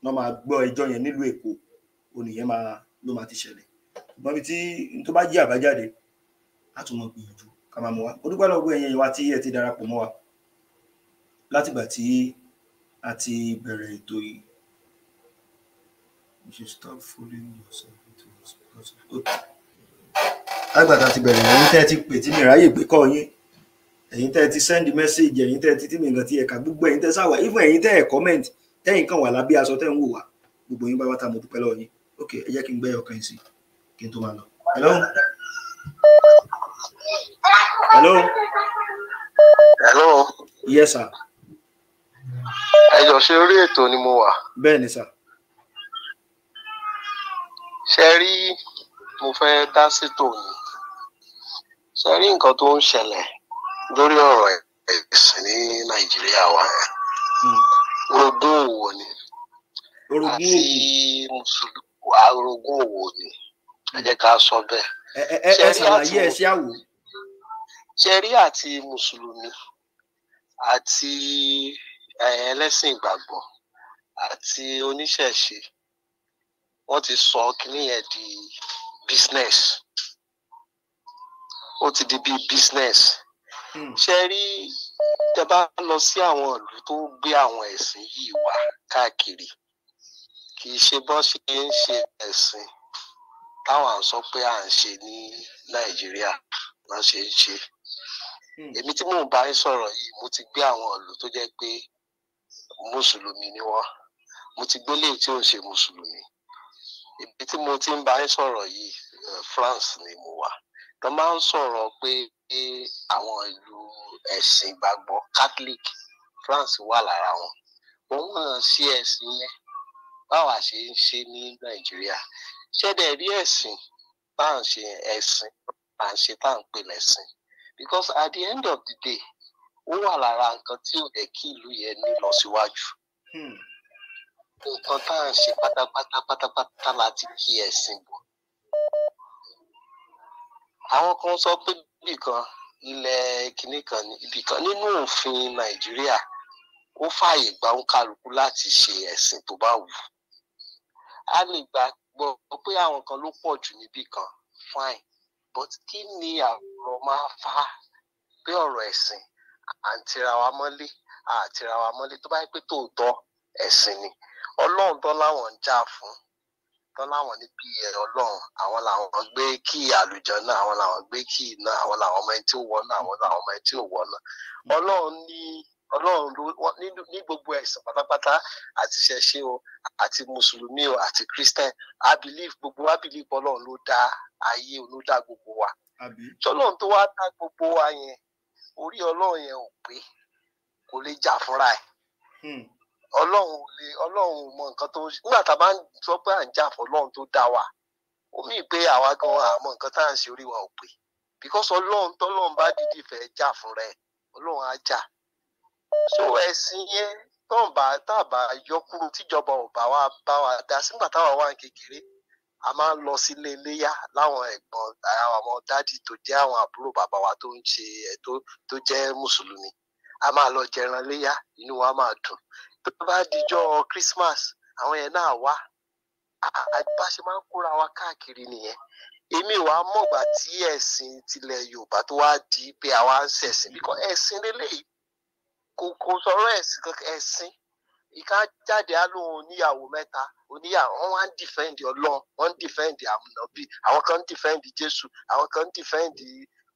máa gbọ́ ẹjọ́ yẹn nílùú Èkó òní yẹn máa ló máa ti ṣẹlẹ̀ ṣùgbọ́n ibi tí tó bá jí àbájáde á tún mọ gbìyànjú ká máa mú wa ó dúpẹ́ lọ́gbọ́ tí ẹ ti darapọ̀ mọ́ wa látìgbà tí àti ìbẹ̀rẹ̀ ètò yìí. You should stop fooling yourself into this because of okay. Lágbàtà ti bẹ̀rẹ̀ ẹ̀yin tẹ́ ti pè tí mi ráyè gbé kọ́ yín. Ẹ̀yin tẹ́ ti send message ẹ̀yin tẹ́ ti tí mi nǹkan ti ẹ̀ka gbogbo ẹ̀yin tẹ́ sáwà even ẹ̀yin tẹ́ ẹ̀ comment tẹ́yìn kan wà lábẹ́ aṣọ tẹ́ ń wò wá gbogbo yín bá wá ta mo dúpẹ́ lọ́wọ́ yín. Ok ẹ jẹ́ kí n gbé ọkàn sí kí n tó máa lọ. Hello. Hello. Hello. Yes sir ẹjọ ṣe orí ètò ni mo wà. bẹ́ẹ̀ ni sà. ṣe rí mo fẹ́ dá sétò ni ṣe rí nǹkan tó ń ṣẹlẹ̀ lórí ọ̀rọ̀ ẹ̀sìn ní nàìjíríà wa yẹn hmm. orogún òwò ni àti mùsùlùmí orogún òwò ni ẹ jẹ́ ká sọ bẹ́ẹ̀. ẹ ẹ ṣàlàyé ẹ ṣe àwò. ṣe rí àti mùsùlùmí Àti Eh, ẹlẹ́sìn ìgbàgbọ́ àti oníṣẹ̀ṣe wọ́n ti sọ kínní yẹn di business ó ti di bíi business hmm. ṣe rí tẹ bá lọ sí àwọn ìlú tó gbé àwọn ẹ̀sìn yìí wá káàkiri kì í ṣe bọ́n ṣe ń ṣe ẹ̀sìn táwọn à ń sọ pé à ń ṣe ní nàìjíríà náà ṣe ń ṣe hmm. èmi tí mò ń bá yín sọ̀rọ̀ yìí mo ti gbé àwọn ìlú tó jẹ́ pé mùsùlùmí ni wọ́n mo ti gbélé tí ò ń ṣe mùsùlùmí ibi tí mo ti ń bá yín sọ̀rọ̀ yìí eh, France ni mo wà tó máa ń sọ̀rọ̀ pé àwọn ìlú ẹ̀sìn ìgbàgbọ́ Catholic France wà lára wọn òun náà sí ẹ̀sìn yẹn báwa ṣe ń ṣe ní Nàìjíríà ṣẹ́dẹ̀ rí ẹ̀sìn tá à ń ṣe ẹ̀sìn tá ń ṣe tá à ń pè lẹ́sìn because at the end of the day ó wà lára nǹkan tí ò yẹ kí ìlú yẹn ní lọ síwájú. Hmm. nǹkan tá à ń ṣe pátápátá pátápátá láti kí ẹ̀sìn bọ̀. àwọn kan sọ pé ibì kan ilẹ̀ kìnnì kan ibì kan nínú òfin nàìjíríà ó fààyè gba òǹkàlùkù láti ṣe ẹ̀sìn tó bá wù. a lè gbàgbọ́ pé àwọn kan ló pọ̀ jù níbì kan fine but kí ni àrùn ọmọ afá pé ọ̀rọ̀ ẹ̀sìn à ń tira wa mọ́lé à ń tira wa mọ́lé tó bá yẹ pé tòótọ́ ẹ̀sìn ni ọlọ́run tán láwọn ń jà fún tán láwọn ní bí ẹ ọlọ́run àwọn làwọn gbé kí àlùjọ náà àwọn làwọn gbé kí iná àwọn làwọn ọmọ ẹni tí ó wọ náà àwọn làwọn ọmọ ẹni tí ò wọ náà ọlọ́run ní ọlọ́run ní gbogbo ẹ̀sìn pátápátá àti ṣẹ̀ṣe o àti mùsùlùmí o àti christian i believe gbogbo wa believe ọlọ́run ló dá ayé ló dá gbogbo wa ṣọlọ́run tó wá dá gbogbo wa yẹn orí ọlọ́run yẹn ò pé kò lè jà fúnra ẹ̀ hmm. ọlọ́run ò lè ọlọ́run ò mọ nǹkan tó nígbà tá a bá ń sọ pé à ń jà fún ọlọ́run tó dá wa ó mì pé àwa gan àmọ́ nǹkan tá à ń ṣe orí wa ò pé because ọlọ́run tọ́lọ́run bá dìde fẹ́ jà fúnra ẹ̀ ọlọ́run á jà so ẹ̀sìn yẹn tọ́ǹbà tá a bá yọ kúrò tíjọba ò bá wa bá wa dá sígbà táwa wà ń kékeré a máa ń lọ sílé iléyà láwọn ẹ̀gbọ́n àwọn dádì tó jẹ́ àwọn àbúrò bàbá wa tó ń ṣe ẹ̀ tó jẹ́ mùsùlùmí a máa lọ jẹran iléyà inú wa máa dùn tó bá dijọ́ Christmas àwọn yẹn náà wá bá ṣe máa ń kóra wa káàkiri nìyẹn èmi wàá mọ̀gbà tí ẹ̀sìn tilẹ̀ Yorùbá tó wá di pé àwa ń ṣẹ̀sìn bíkọ́ ẹ̀sìn lélẹ́yìí kò kò sọ̀rọ̀ ẹ̀sìn kankan ẹ̀sìn ìka jáde alóhun oníyàwó mẹ́ta oníyàwó wọn wá ń dìfẹ́ǹdì ọlọ́run wọn ń dìfẹ́ǹdì àmúnábì àwọn kan ń dìfẹ́ǹdì jésù àwọn kan ń dìfẹ́ǹdì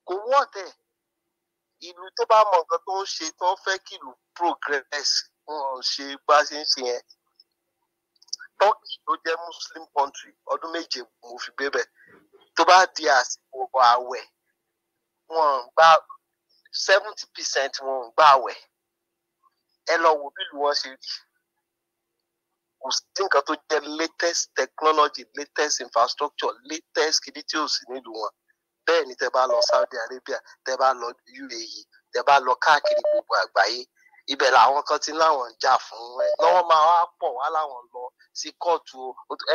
kò wọ́ọ̀tẹ̀ ìlú tó bá mọ nǹkan tó ń ṣe tó ń fẹ́ kí ìlú progress wọn ṣe bá ṣe ń ṣe yẹn turkey tó jẹ́ muslim country ọdún méje mo fi gbé bẹ̀ tó bá di àsìkò àwẹ̀ wọn gbà seventy percent wọn gbà àwẹ̀ ẹ lọ wò bí ìlú wọn ṣe rí kò sí nǹkan tó jẹ́ latest technology latest infrastructure latest kìíní tí ò sí nílùú wọn bẹ́ẹ̀ ni tẹ́ bá lọ Saudi Arabia tẹ́ bá lọ UAE tẹ́ bá lọ káàkiri gbogbo àgbáyé ibẹ̀ làwọn kan ti láwọn ń jà fún ẹ lọ́wọ́ máa wá pọ̀ wá láwọn lọ sí kóòtù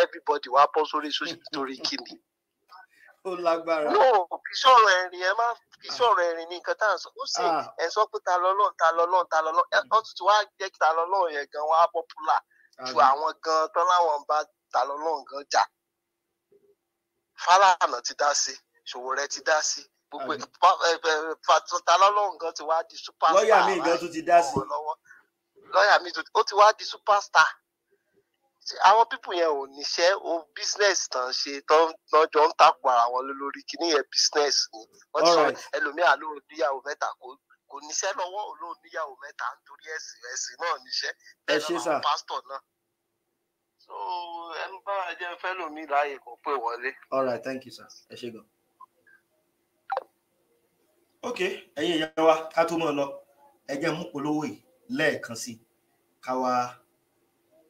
everybody wá bọ́ sórí sórí kìíní ó lágbára. no kì í sọ̀rọ̀ ẹ̀rìn ẹ má kì í ah. sọ̀rọ̀ ẹ̀rìn ní nǹkan tá à ń sọ ó sì ah. ẹ̀ sọ pé ta lọ́lọ́ ta lọ́lọ́ ta lọ́lọ́ ó tún ti wá jẹ́ ta lọ́lọ́ yẹn gan wá popular ju àwọn gan tán láwọn bá ta lọ́lọ́ gan jà Fálànà ti dá sí Ṣòwòrẹ́ ti dá sí gbogbo ta lọ́lọ́ gan ti wá di superstar lọ́ọ̀yà mi gan tún ti dá sí lọ́ọ̀yà mi ó ti wá di superstar àwọn pipo yẹn ò níṣẹ́ o business tàn ṣe tán jọ ń tàpọ̀ ara wọn lórí kíní yẹn business ni wọ́n ti sọ ẹlòmíà ló ń níyàwó mẹ́ta kó kò níṣẹ́ lọ́wọ́ olóhùn níyàwó mẹ́ta nítorí ẹ̀sìn ẹ̀sìn náà níṣẹ́ bẹ́ẹ̀ náà pásítọ̀ náà so ẹnu bára jẹ́ fẹ́lòmí láàyè kò pé wọlé. all right thank you sir ẹ ṣé gan. ok ẹ̀yin ìyá wa ká tó mọ̀ lọ ẹ jẹ́ mú polówó yìí lẹ́ẹ̀kan sí i ká wá. Kawa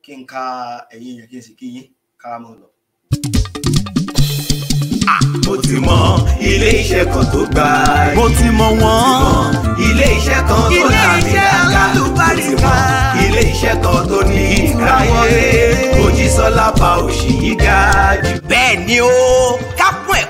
kí n ka ẹ̀yin yẹn kí n sì kí yín ká mọ̀ lọ. Ah, mo ti mọ ilé iṣẹ́ kan tó gba ẹ̀. mo ti mọ wọ́n. ilé iṣẹ́ kan tó ta mi dáadáa. mo ti mọ ilé iṣẹ́ kan tó ní ìgbà yẹn. Mojísọ́lá Bauchi yí ga jù. bẹ́ẹ̀ ni ó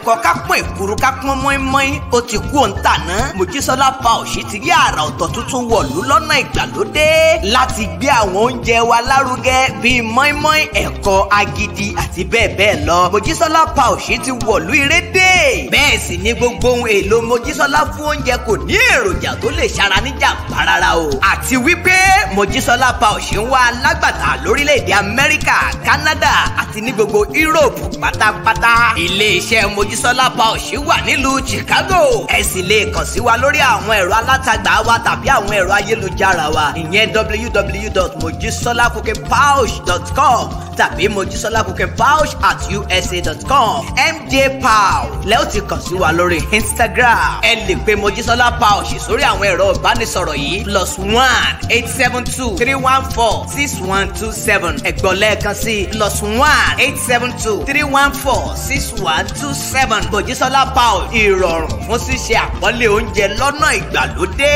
ẹ̀kọ́ ká pọ́n ìkúrú ká pọ́n mọ́ínmọ́ín ó ti kú òǹtà náà Mojísọ́lá fa òṣì ti rí àrà ọ̀tọ̀ tuntun wọ̀lú lọ́nà ìgbàlódé láti gbé àwọn oúnjẹ wa lárugẹ bíi mọ́ínmọ́ín ẹ̀kọ́ agidi àti bẹ́ẹ̀ bẹ́ẹ̀ lọ Mojísọ́lá fa òṣì ti wọ̀lú ìrédè bẹ́ẹ̀ sì ni gbogbo ohun èlò Mojísọ́lá fún oúnjẹ kò ní èròjà tó lè ṣara níjàmbá rárá o àti wípé Mojísọ́lá fa òṣì ń wá alágbàtà lórílẹ̀‐èdè Amẹ́ríkà Canada àti ní gbogbo Europe pátápátá ilé iṣẹ́ Mojísọ́lá Bísọ́lá Paushi wà nílùú Chicago ẹ sì lè kàn sí wa lórí àwọn ẹ̀rọ alátagbà wa tàbí àwọn ẹ̀rọ ayélujára wa ìyẹn www.mojisolakokepaush.com tàbí mojisolakokepaush@usa.com MJ Pau lẹ́ ó ti kàn sí wa lórí Instagram ẹ lè pe Mojísọ́lá Paushi sórí àwọn ẹ̀rọ ìbánisọ̀rọ̀ yìí plus one eight seven two three one four six one two seven ẹ̀gbọ́n lẹ́ẹ̀kan sí plus one eight seven two three one four six one two seven. Diamond Mojísọ́lá Paul ìrọ̀rùn fún ṣíṣe àkọlé oúnjẹ lọ́nà ìgbàlódé.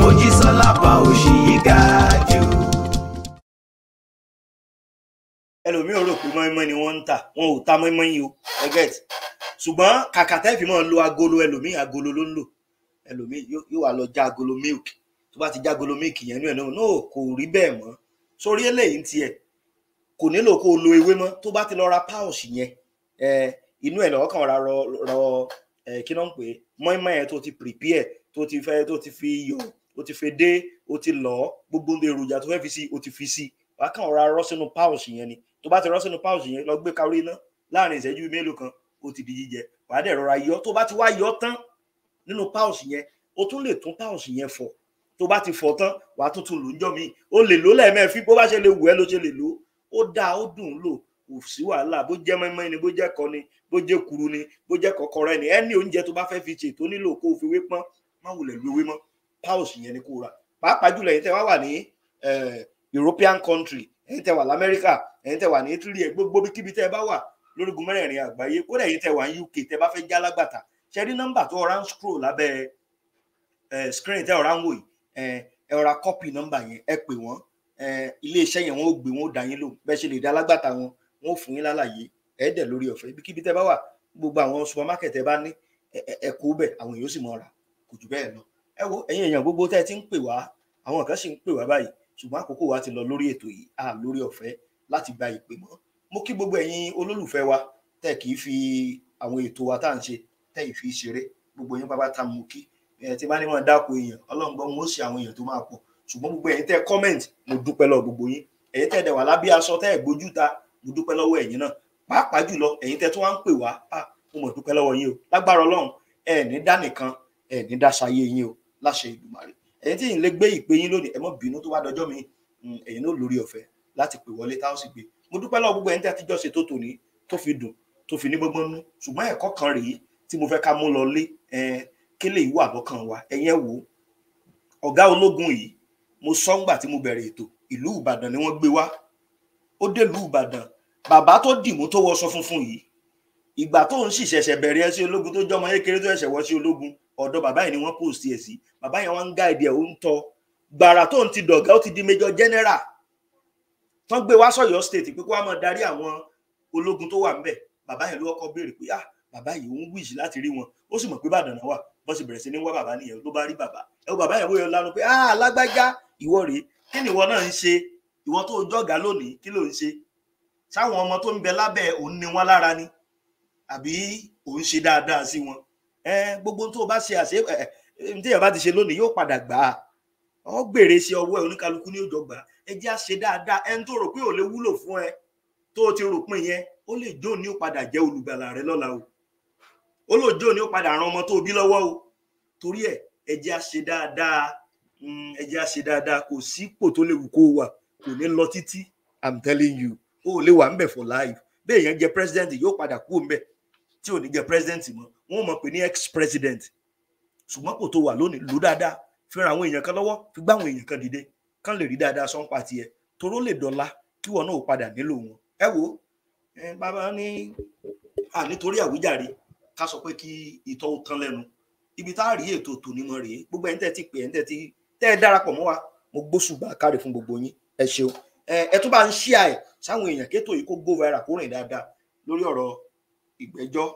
Mojísọ́lá Paul ṣìyí ga jù. ẹlòmíì ò rò pé mọ́ínmọ́ín ni wọ́n ń tà wọn ò ta mọ́ínmọ́ín yìí o ẹ gẹ́t ṣùgbọ́n kàkà tẹ́ẹ̀fì máa ń lo agolo ẹlòmíì agolo ló ń lò ẹlòmíì yóò wá lọ já agolo milk tó bá ti já agolo milk yẹn nú ẹ̀ náà náà kò rí bẹ́ẹ̀ mọ́ sórí eléyìí ń tiẹ̀ kò nílò kó o lo ewé mọ́ tó bá ti lọ ra pouch yẹn inú ẹ̀ lọ́wọ́ kàn ra rọ rọ kí ló ń pè mọ́ínmọ́ín ẹ̀ tó ti prepare tó ti fẹ́ tó ti fi yọ̀ ó ti fi dé ó ti lọ̀ gbogbo èròjà tó fẹ́ fi sí ó ti fi sí wàá kàn ra rọ sínú pouch yẹn ni tó bá ti rọ sínú pouch yẹn lọ gbé kárí iná láàrin ìṣẹ́jú mélòó kan ó ti di jíjẹ wàá dẹ̀ rọra yọ tó bá ti wá yọ tán nínú pouch yẹn ó tún lè tún pouch yẹn fọ̀ tó bá ti fọ̀ tán wàá tún tún lò jọ míì ó lè lò lẹ́ẹ̀mẹ́fì bó bá ṣe lè wù ẹ́ ló ṣe lè lò ó dáa ó dùn ún lò kò sí wàhálà bó jẹ́ mọ́ínmọ́ín ni bó jẹ́ kọ́ ni bó jẹ́ kuru ni bó jẹ́ kọ̀kọ̀rẹ́ ni ẹni oúnjẹ tó bá fẹ́ fi ṣe tó nílò kó o fi wé pọ́n má wulẹ̀ lu ewé mọ́ pounds yẹn ni kó o rà pàápàá jùlọ ẹ̀yin tẹ́ wá wà ní European country ẹ̀yin tẹ́ wà lamẹ́ríkà ẹ̀yin tẹ́ wà ní Italy ẹ̀ gbogbo kíbi tẹ́ ẹ bá wà lórígun mẹ́rẹ̀ẹ̀rin àgbáyé kódà ẹ̀yin tẹ́ wà ní UK tẹ́ bá fẹ́ já lágbàtà ṣe rí nọ́mbà tó ọ̀rá ń scroll lábẹ́ screen tẹ́ ọ̀rá ń wò yìí ẹ ọ̀rá copy nọ́mbà yẹn ẹ pè wọ́n iléeṣẹ́ yẹn wọ́n ó gbé wọn ó dá yín lò bẹ́ẹ̀ ṣe lè dá lágbàtà wọn wọ́n ó fún yín lálàyé ẹ̀ẹ́dẹ̀ lórí ọ̀fẹ́ ibikíbi tẹ́ bá wà gbogbo àwọn supermarket ẹ bá ní ẹ kó bẹ̀ àwọn èèyàn sì mọ́ ra kò jù bẹ́ẹ̀ lọ ẹ wo ẹ̀yin èèyàn gbogbo tẹ́ ẹ ti ń pè wá àwọn kan sì ń pè wá báyìí ṣùgbọ́n àkókò wa ti lọ lórí ètò yìí a lórí ọ̀fẹ́ láti gba ìpè mọ́ mo kí gbogbo ẹ̀yin olólùfẹ́ wa tẹ́ kì í fi àwọn ètò wa tá à ń ṣe tẹ́ ì fi ṣeré gbogbo yín bàbá ta mú kí ẹ ti bá ní máa dáko èèyàn ọlọ́run mo sì àwọn èèyàn tó máa pọ̀ ṣùgbọ́n gbogbo ẹ̀yin tẹ́ comment mo dúpẹ́ lọ gbogbo yín ẹ̀yin tẹ́ dẹ̀ wà lábí aṣọ tẹ́ gbójú ta mo dúpẹ́ lọ́wọ́ ẹ̀yin náà pàápàá jùlọ ẹ̀yin tẹ́ tó wá ń pè wá mo mọ̀ dúpẹ́ lọ́wọ́ yín o lágbára ọlọ́run ẹ̀ ní dá nìkan ẹ̀ ní dá sáyé yín o láṣẹ Èdùmàrè ẹ̀yin tí yìí lè gbé ìpè yín lónìí ẹ má bínú tó wá dọjọ́ mi mm, ẹ̀yin náà lórí ọ̀fẹ́ láti pè wọlé tá ó sì gbé mo dúpẹ́ lọ́wọ́ gbogbo ẹ̀yin tí a ti jọ ṣe tó tòní tó fi dùn tó fi ní gbọ́ngbọ́n nú ṣùgbọ́n ẹ̀kọ́ kan rèé tí mo fẹ́ ká mú lọ lé kélé ìwú àbọ̀kan wa ẹ̀yẹn wò ọ̀gá ológun yìí mo sọ ńgbà tí mo bẹ̀rẹ̀ ètò ìlú Ìbàdàn ni wọ́n gbé wá ó dé ìlú Ìbàdàn bàbá tó dìmú tó wọṣọ funfun yìí ìgbà tó ń sì ṣẹ̀ṣẹ̀ bẹ̀rẹ̀ ẹsẹ̀ ológun tó jọmọ kékeré tó ẹ̀ṣẹ̀ wọṣẹ̀ ológun ọ̀dọ̀ bàbá yìí ni wọ́n post ẹ̀ sí bàbá yẹn wọ́n ń gáìdì ẹ̀ ó ń tọ́ gbàrà tó ń ti dọ̀gá ó ti di major general tán gbé wá sọ̀yọ́ state pé kó wá máa darí àwọn ológun tó wà ńbẹ̀ bàbá yẹn ló kọ́kọ́ béèrè pé ah bàbá yìí òun wíṣì láti rí wọn ó sì mọ̀ pé bàdàn náà wà bọ́n sì bẹ̀rẹ̀ ah alágbájá ìwọ rèé kí ni ìwọ náà ń ṣe ìwọ tó jọ̀gá lónìí sáwọn ọmọ tó ń bẹ lábẹ́ òun ni wọ́n lára ni àbí òun ṣe dáadáa sí wọn gbogbo tó bá ṣe àṣẹ tí ìyàbá ti ṣe lónìí yóò padà gbà á ọ gbèrè sí ọwọ́ ẹ oníkálukú ní òjò gbà ẹ jẹ́ àṣẹ dáadáa ẹni tó rò pé ò lè wúlò fún ẹ tó o ti rò pin yẹn ó lè jó ní ó padà jẹ́ olùgbàlà rẹ lọ́la o ó lè jó ní ó padà ran ọmọ tó bí lọ́wọ́ o torí ẹ ẹ jẹ́ àṣẹ dáadáa mm, ẹ jẹ́ àṣẹ dáadáa kò sípò tó léwu kó wà kò ní lọ títí i'm telling you o lè wà mbẹ for life bẹ́ẹ̀ yẹn jẹ́ president yóò padà kú ńbẹ̀ tí ò ní jẹ́ president mọ́ wọ́n mọ pé ní ex president ṣùgbọ́n kò tó wà lónìí lò dáadáa fi ran àwọn èèyàn kan lọwọ fi gbá àwọn èèyàn kan dìde kán lè rí dáadáa sọ́npa tiẹ̀ toró lè dọ̀la kí wọn náà padà nílò wọn ẹ wo bàbá ní à nítorí àwíjàre ká sọ pé kí ìtọ́ ó tán lẹ́nu ibi tá a rí ètò tòní mọ́ rèé gbogbo ẹni tẹ́ ti pè ẹni tẹ́ ti tẹ́ ẹ darapọ̀ mọ́ wa mo gbóṣùbà káre fún gbogbo yín ẹ ṣeun ẹ tún bá ń ṣí àì sáwọn èèyàn kétò yìí kó go viral kó rìn dáadáa lórí ọ̀rọ̀ ìgbẹ́jọ́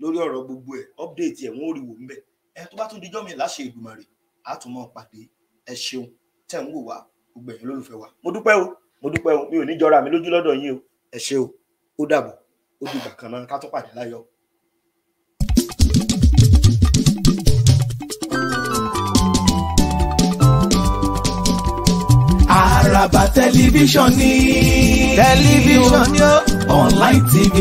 lórí ọ̀rọ̀ gbogbo ẹ̀ update ẹ̀ wọ́n ò rí wò ń bẹ̀ ẹ tó bá tún dijọ́ mi láṣẹ Èdùmàrè àtúmọ̀ pàdé ẹ ṣeun tẹ̀ ń wò wá gbogbo ẹ̀yin lólùfẹ́ wa mo dúpẹ́ o mo dúpẹ́ o mi ò ní jọra mi lójú lọ́dọ̀ yín o ẹ ṣé o ó dàbọ̀ ó dìgbà kan náà ká tún pàdé láyọ̀. Àtàbà tẹlifíṣàn ni. tẹlifíṣàn ni ó. online tv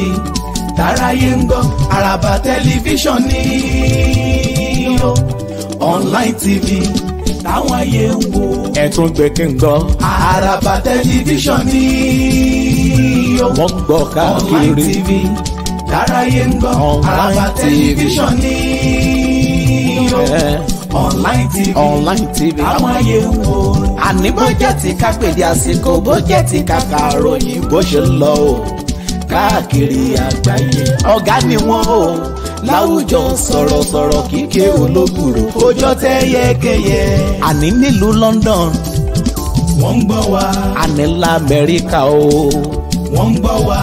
tàráyé ń gbọ́ Àràbà tẹlifíṣàn ni online tv táwọn ayé ń wo. ẹ̀tún gbẹ̀kẹ̀ ń gbọ́. Àràbà tẹlifíṣàn ni wọ́n gbọ́ káàkiri. online tv tàráyé ń gbọ́ Àràbà tẹlifíṣàn ni ó. online tv online tv táwọn ayé ń wo àní bó jẹ́ ti ká pèdé àsìkò bó jẹ́ ti ká kàròyìn bó ṣe lọ o káàkiri àgbáyé ọ̀gá ni wọ́n o láwùjọ sọ̀rọ̀sọ̀rọ̀ kíkẹ́ olóbùrò ọjọ́ tẹ́ yẹ́kẹ́yẹ́ àní nílùú London wọ́n ń gbọ́ wa àní la Amẹ́ríkà o wọ́n ń gbọ́ wa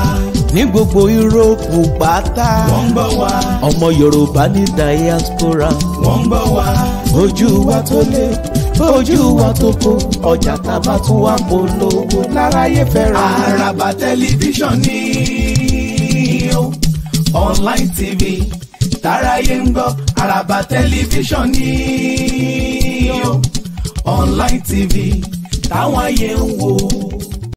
ní gbogbo yúróòpù pátá. wọ́n ń gbọ́ wa. ọmọ Yorùbá ní diaspora. wọ́n ń gbọ́ wa. ojú wa tó lé ojú wa tó kó ọjà tá a bá tún wá polówó láráyé fẹ́ràn. àràbà tẹlifíṣàn ni ó online tv táráyé ń gbọ́ àràbà tẹlifíṣàn ni ó online tv táwọn ayé ń wò.